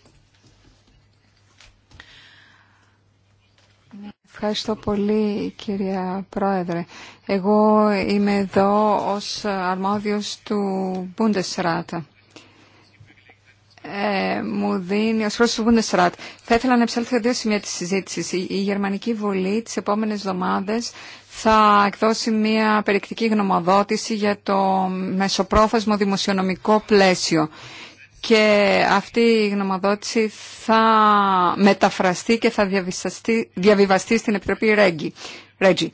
Ευχαριστώ πολύ κυρία Πρόεδρε. Εγώ είμαι εδώ ως αρμόδιος του Bundesrat. Ε, μου δίνει ως του Bundesrat. Θα ήθελα να επισέλθω δύο σημεία της συζήτησης. Η, Γερμανική Βουλή τις επόμενες εβδομάδες θα εκδώσει μια περιεκτική γνωμοδότηση για το μεσοπρόθεσμο δημοσιονομικό πλαίσιο και αυτή η γνωμοδότηση θα μεταφραστεί και θα διαβιβαστεί στην Επιτροπή Ρέγγι.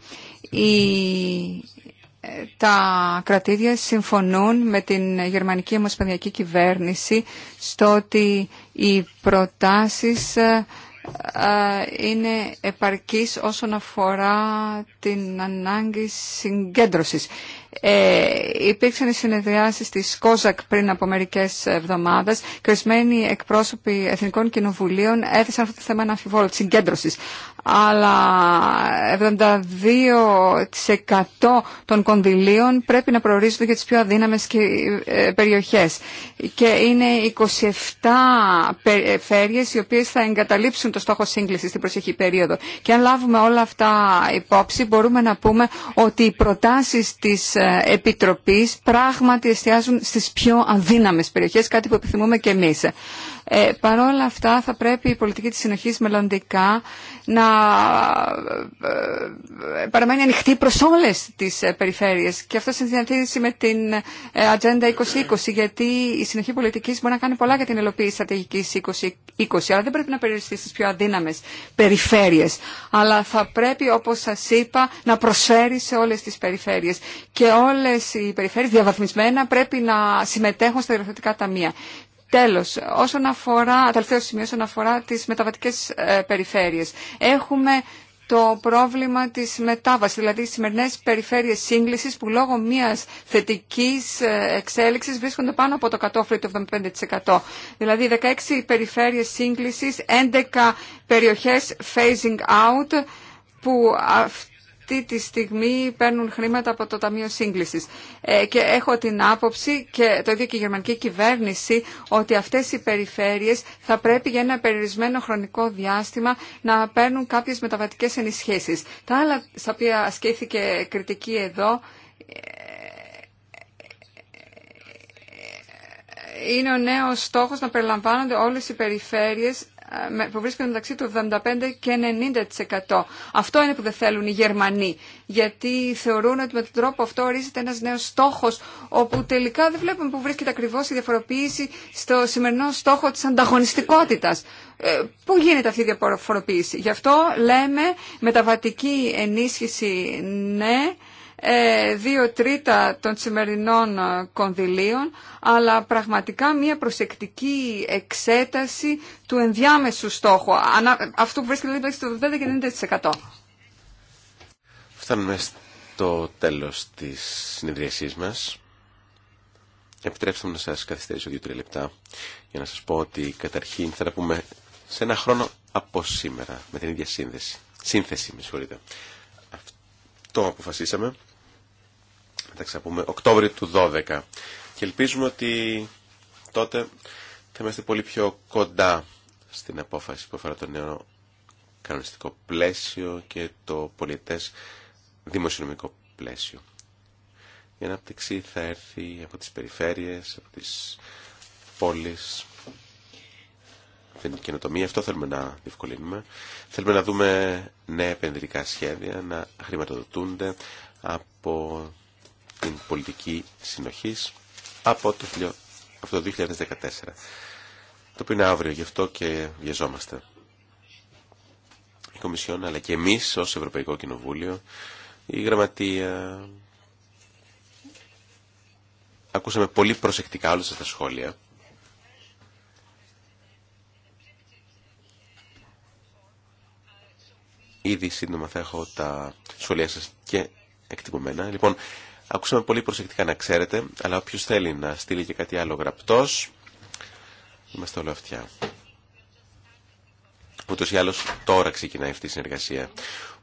Ε, τα κρατήδια συμφωνούν με την γερμανική ομοσπονδιακή κυβέρνηση στο ότι οι προτάσεις ε, ε, είναι επαρκής όσον αφορά την ανάγκη συγκέντρωσης. Ε, υπήρξαν οι συνεδριάσεις της ΚΟΖΑΚ πριν από μερικές εβδομάδες και ορισμένοι εκπρόσωποι εθνικών κοινοβουλίων έθεσαν αυτό το θέμα να της συγκέντρωσης. Αλλά 72% των κονδυλίων πρέπει να προορίζονται για τις πιο αδύναμες ε, περιοχές. Και είναι 27 περιφέρειες ε, οι οποίες θα εγκαταλείψουν το στόχο σύγκλησης στην προσεχή περίοδο. Και αν λάβουμε όλα αυτά υπόψη μπορούμε να πούμε ότι οι προτάσεις της ε, ε, επιτροπής πράγματι εστιάζουν στις πιο αδύναμες περιοχές, κάτι που επιθυμούμε και εμείς. Ε, Παρ' όλα αυτά θα πρέπει η πολιτική της συνοχής μελλοντικά να ε, ε, παραμένει ανοιχτή προς όλες τις ε, περιφέρειες και αυτό συνδυαθήνει με την Ατζέντα 2020 γιατί η συνοχή πολιτικής μπορεί να κάνει πολλά για την ελοπίση στρατηγική 2020 αλλά δεν πρέπει να περιοριστεί στις πιο αδύναμες περιφέρειες αλλά θα πρέπει όπως σας είπα να προσφέρει σε όλες τις περιφέρειες και όλες οι περιφέρειες διαβαθμισμένα πρέπει να συμμετέχουν στα διευθυντικά ταμεία. Τέλος, όσον αφορά, τελευταίο σημείο όσον αφορά τις μεταβατικές ε, περιφέρειες. Έχουμε το πρόβλημα της μετάβασης, δηλαδή οι σημερινές περιφέρειες σύγκλησης που λόγω μιας θετικής ε, εξέλιξης βρίσκονται πάνω από το κατόφλι του 75%. Δηλαδή 16 περιφέρειες σύγκλησης, 11 περιοχές phasing out που αυτή τη στιγμή παίρνουν χρήματα από το Ταμείο Ε, και έχω την άποψη και το ίδιο και η γερμανική κυβέρνηση ότι αυτές οι περιφέρειες θα πρέπει για ένα περιορισμένο χρονικό διάστημα να παίρνουν κάποιες μεταβατικές ενισχύσει. Τα άλλα στα οποία ασκήθηκε κριτική εδώ είναι ο νέος στόχος να περιλαμβάνονται όλες οι περιφέρειες ε, που βρίσκονται μεταξύ του 75% και 90%. Αυτό είναι που δεν θέλουν οι Γερμανοί, γιατί θεωρούν ότι με τον τρόπο αυτό ορίζεται ένας νέος στόχος, όπου τελικά δεν βλέπουμε που βρίσκεται ακριβώς η διαφοροποίηση στο σημερινό στόχο της ανταγωνιστικότητας. Ε, πού γίνεται αυτή η διαφοροποίηση. Γι' αυτό λέμε μεταβατική ενίσχυση ναι, ε, δύο τρίτα των σημερινών ε, κονδυλίων, αλλά πραγματικά μια προσεκτική εξέταση του ενδιάμεσου στόχου, αυτού που βρίσκεται δηλαδή στο στο 75 και 90%. Φτάνουμε στο τέλος της συνεδριασής μας. Επιτρέψτε μου να σας καθυστερήσω δύο-τρία λεπτά για να σας πω ότι καταρχήν θα τα πούμε σε ένα χρόνο από σήμερα με την ίδια σύνδεση. Σύνθεση, με συγχωρείτε. Αυτό αποφασίσαμε θα ξαπούμε, Οκτώβριο του 12. Και ελπίζουμε ότι τότε θα είμαστε πολύ πιο κοντά στην απόφαση που αφορά το νέο κανονιστικό πλαίσιο και το πολιτές δημοσιονομικό πλαίσιο. Η ανάπτυξη θα έρθει από τις περιφέρειες, από τις πόλεις, την καινοτομία. Αυτό θέλουμε να διευκολύνουμε. Θέλουμε να δούμε νέα επενδυτικά σχέδια να χρηματοδοτούνται από την πολιτική συνοχής από το, 2014. Το οποίο είναι αύριο, γι' αυτό και βιαζόμαστε. Η Κομισιόν, αλλά και εμείς ως Ευρωπαϊκό Κοινοβούλιο, η Γραμματεία... Ακούσαμε πολύ προσεκτικά όλα αυτά τα σχόλια. Ήδη σύντομα θα έχω τα σχόλια σας και εκτυπωμένα. Λοιπόν, Ακούσαμε πολύ προσεκτικά να ξέρετε, αλλά όποιος θέλει να στείλει και κάτι άλλο γραπτός, είμαστε όλα αυτιά. Ούτως ή άλλως τώρα ξεκινάει αυτή η συνεργασία.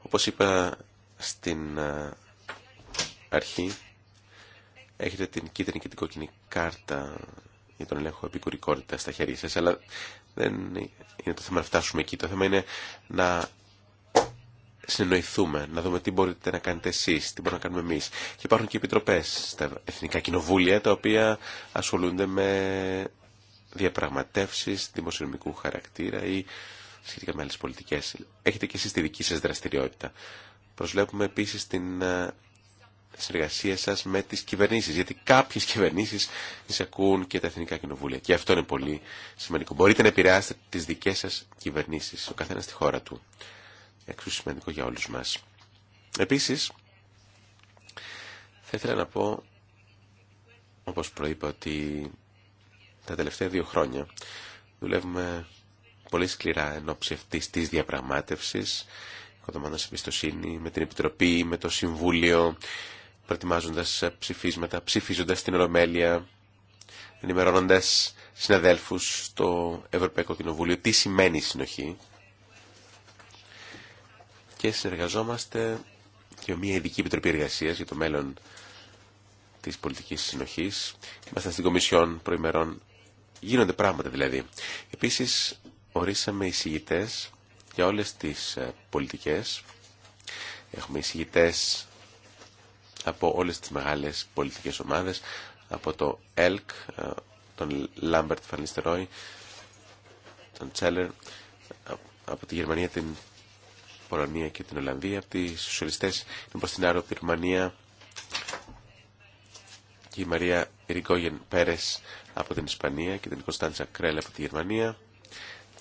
Όπως είπα στην αρχή, έχετε την κίτρινη και την κόκκινη κάρτα για τον ελέγχο επικουρικότητα στα χέρια σας, αλλά δεν είναι το θέμα να φτάσουμε εκεί. Το θέμα είναι να συνεννοηθούμε, να δούμε τι μπορείτε να κάνετε εσεί, τι μπορούμε να κάνουμε εμεί. Και υπάρχουν και επιτροπέ στα εθνικά κοινοβούλια, τα οποία ασχολούνται με διαπραγματεύσει, δημοσιονομικού χαρακτήρα ή σχετικά με άλλε πολιτικέ. Έχετε και εσεί τη δική σα δραστηριότητα. Προσβλέπουμε επίση την ε, συνεργασία σα με τι κυβερνήσει, γιατί κάποιε κυβερνήσει εισακούν και τα εθνικά κοινοβούλια. Και αυτό είναι πολύ σημαντικό. Μπορείτε να επηρεάσετε τι δικέ σα κυβερνήσει ο καθένα στη χώρα του εξού σημαντικό για όλους μας. Επίσης, θα ήθελα να πω, όπως προείπα, ότι τα τελευταία δύο χρόνια δουλεύουμε πολύ σκληρά εν ώψη αυτής της διαπραγμάτευσης, εμπιστοσύνη με την Επιτροπή, με το Συμβούλιο, προτιμάζοντας ψηφίσματα, ψηφίζοντας την Ολομέλεια, ενημερώνοντας συναδέλφους στο Ευρωπαϊκό Κοινοβούλιο τι σημαίνει η συνοχή και συνεργαζόμαστε και μια ειδική επιτροπή εργασία για το μέλλον της πολιτικής συνοχής. Είμαστε στην Κομισιόν προημερών. Γίνονται πράγματα δηλαδή. Επίσης, ορίσαμε εισηγητέ για όλες τις ε, πολιτικές. Έχουμε εισηγητέ από όλες τις μεγάλες πολιτικές ομάδες, από το ΕΛΚ, ε, τον Λάμπερτ Φανιστερόι, τον Τσέλερ, ε, από τη Γερμανία την Πολωνία και την Ολλανδία, από τις σοσιαλιστές είναι λοιπόν, Μποστινάρο από τη Ρουμανία και η Μαρία Ριγκόγεν Πέρες από την Ισπανία και την Κωνσταντζα Κρέλ από τη Γερμανία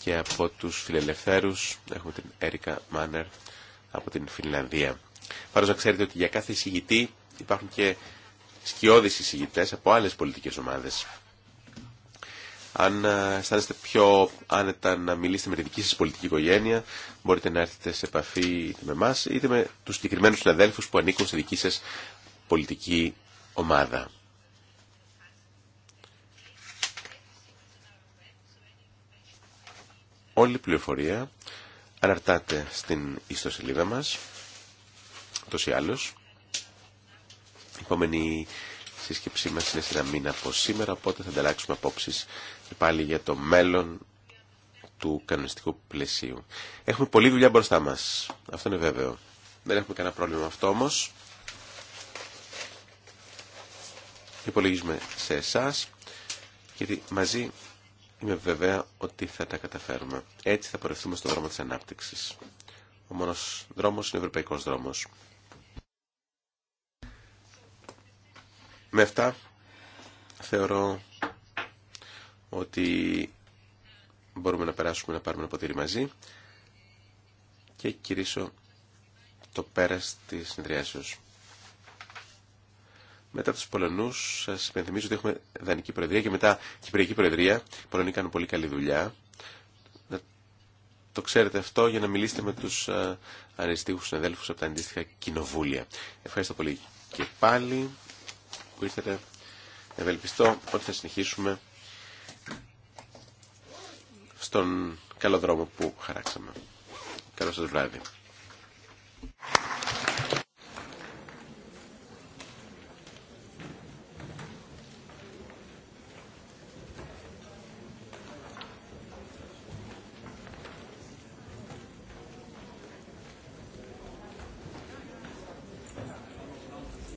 και από τους φιλελευθέρους έχουμε την Έρικα Μάνερ από την Φινλανδία. Πάντως να ξέρετε ότι για κάθε εισηγητή υπάρχουν και σκιώδεις εισηγητές από άλλες πολιτικές ομάδες. Αν ε, αισθάνεστε πιο άνετα να μιλήσετε με τη δική σας πολιτική οικογένεια, μπορείτε να έρθετε σε επαφή είτε με εμά είτε με τους συγκεκριμένους συναδέλφους που ανήκουν στη δική σας πολιτική ομάδα. Όλη η πληροφορία αναρτάται στην ιστοσελίδα μας, τόσο ή άλλως. Η η σύσκεψή μας είναι σε ένα μήνα από σήμερα, οπότε θα ανταλλάξουμε απόψεις και πάλι για το μέλλον του κανονιστικού πλαισίου. Έχουμε πολλή δουλειά μπροστά μας. Αυτό είναι βέβαιο. Δεν έχουμε κανένα πρόβλημα με αυτό όμως. Υπολογίζουμε σε εσάς γιατί μαζί είμαι βεβαία ότι θα τα καταφέρουμε. Έτσι θα πορευτούμε στον δρόμο της ανάπτυξης. Ο μόνος δρόμος είναι ο ευρωπαϊκός δρόμος. Με αυτά θεωρώ ότι μπορούμε να περάσουμε να πάρουμε ένα ποτήρι μαζί και κηρύσω το πέρας της συνδριάσεως. Μετά τους Πολωνούς σας υπενθυμίζω ότι έχουμε Δανική Προεδρία και μετά Κυπριακή Προεδρία. Οι Πολωνοί κάνουν πολύ καλή δουλειά. το ξέρετε αυτό για να μιλήσετε με τους ε, αριστείχους συναδέλφους από τα αντίστοιχα κοινοβούλια. Ευχαριστώ πολύ και πάλι που ήρθατε. Ευελπιστώ ότι θα συνεχίσουμε στον καλό δρόμο που χαράξαμε. Καλό σας βράδυ.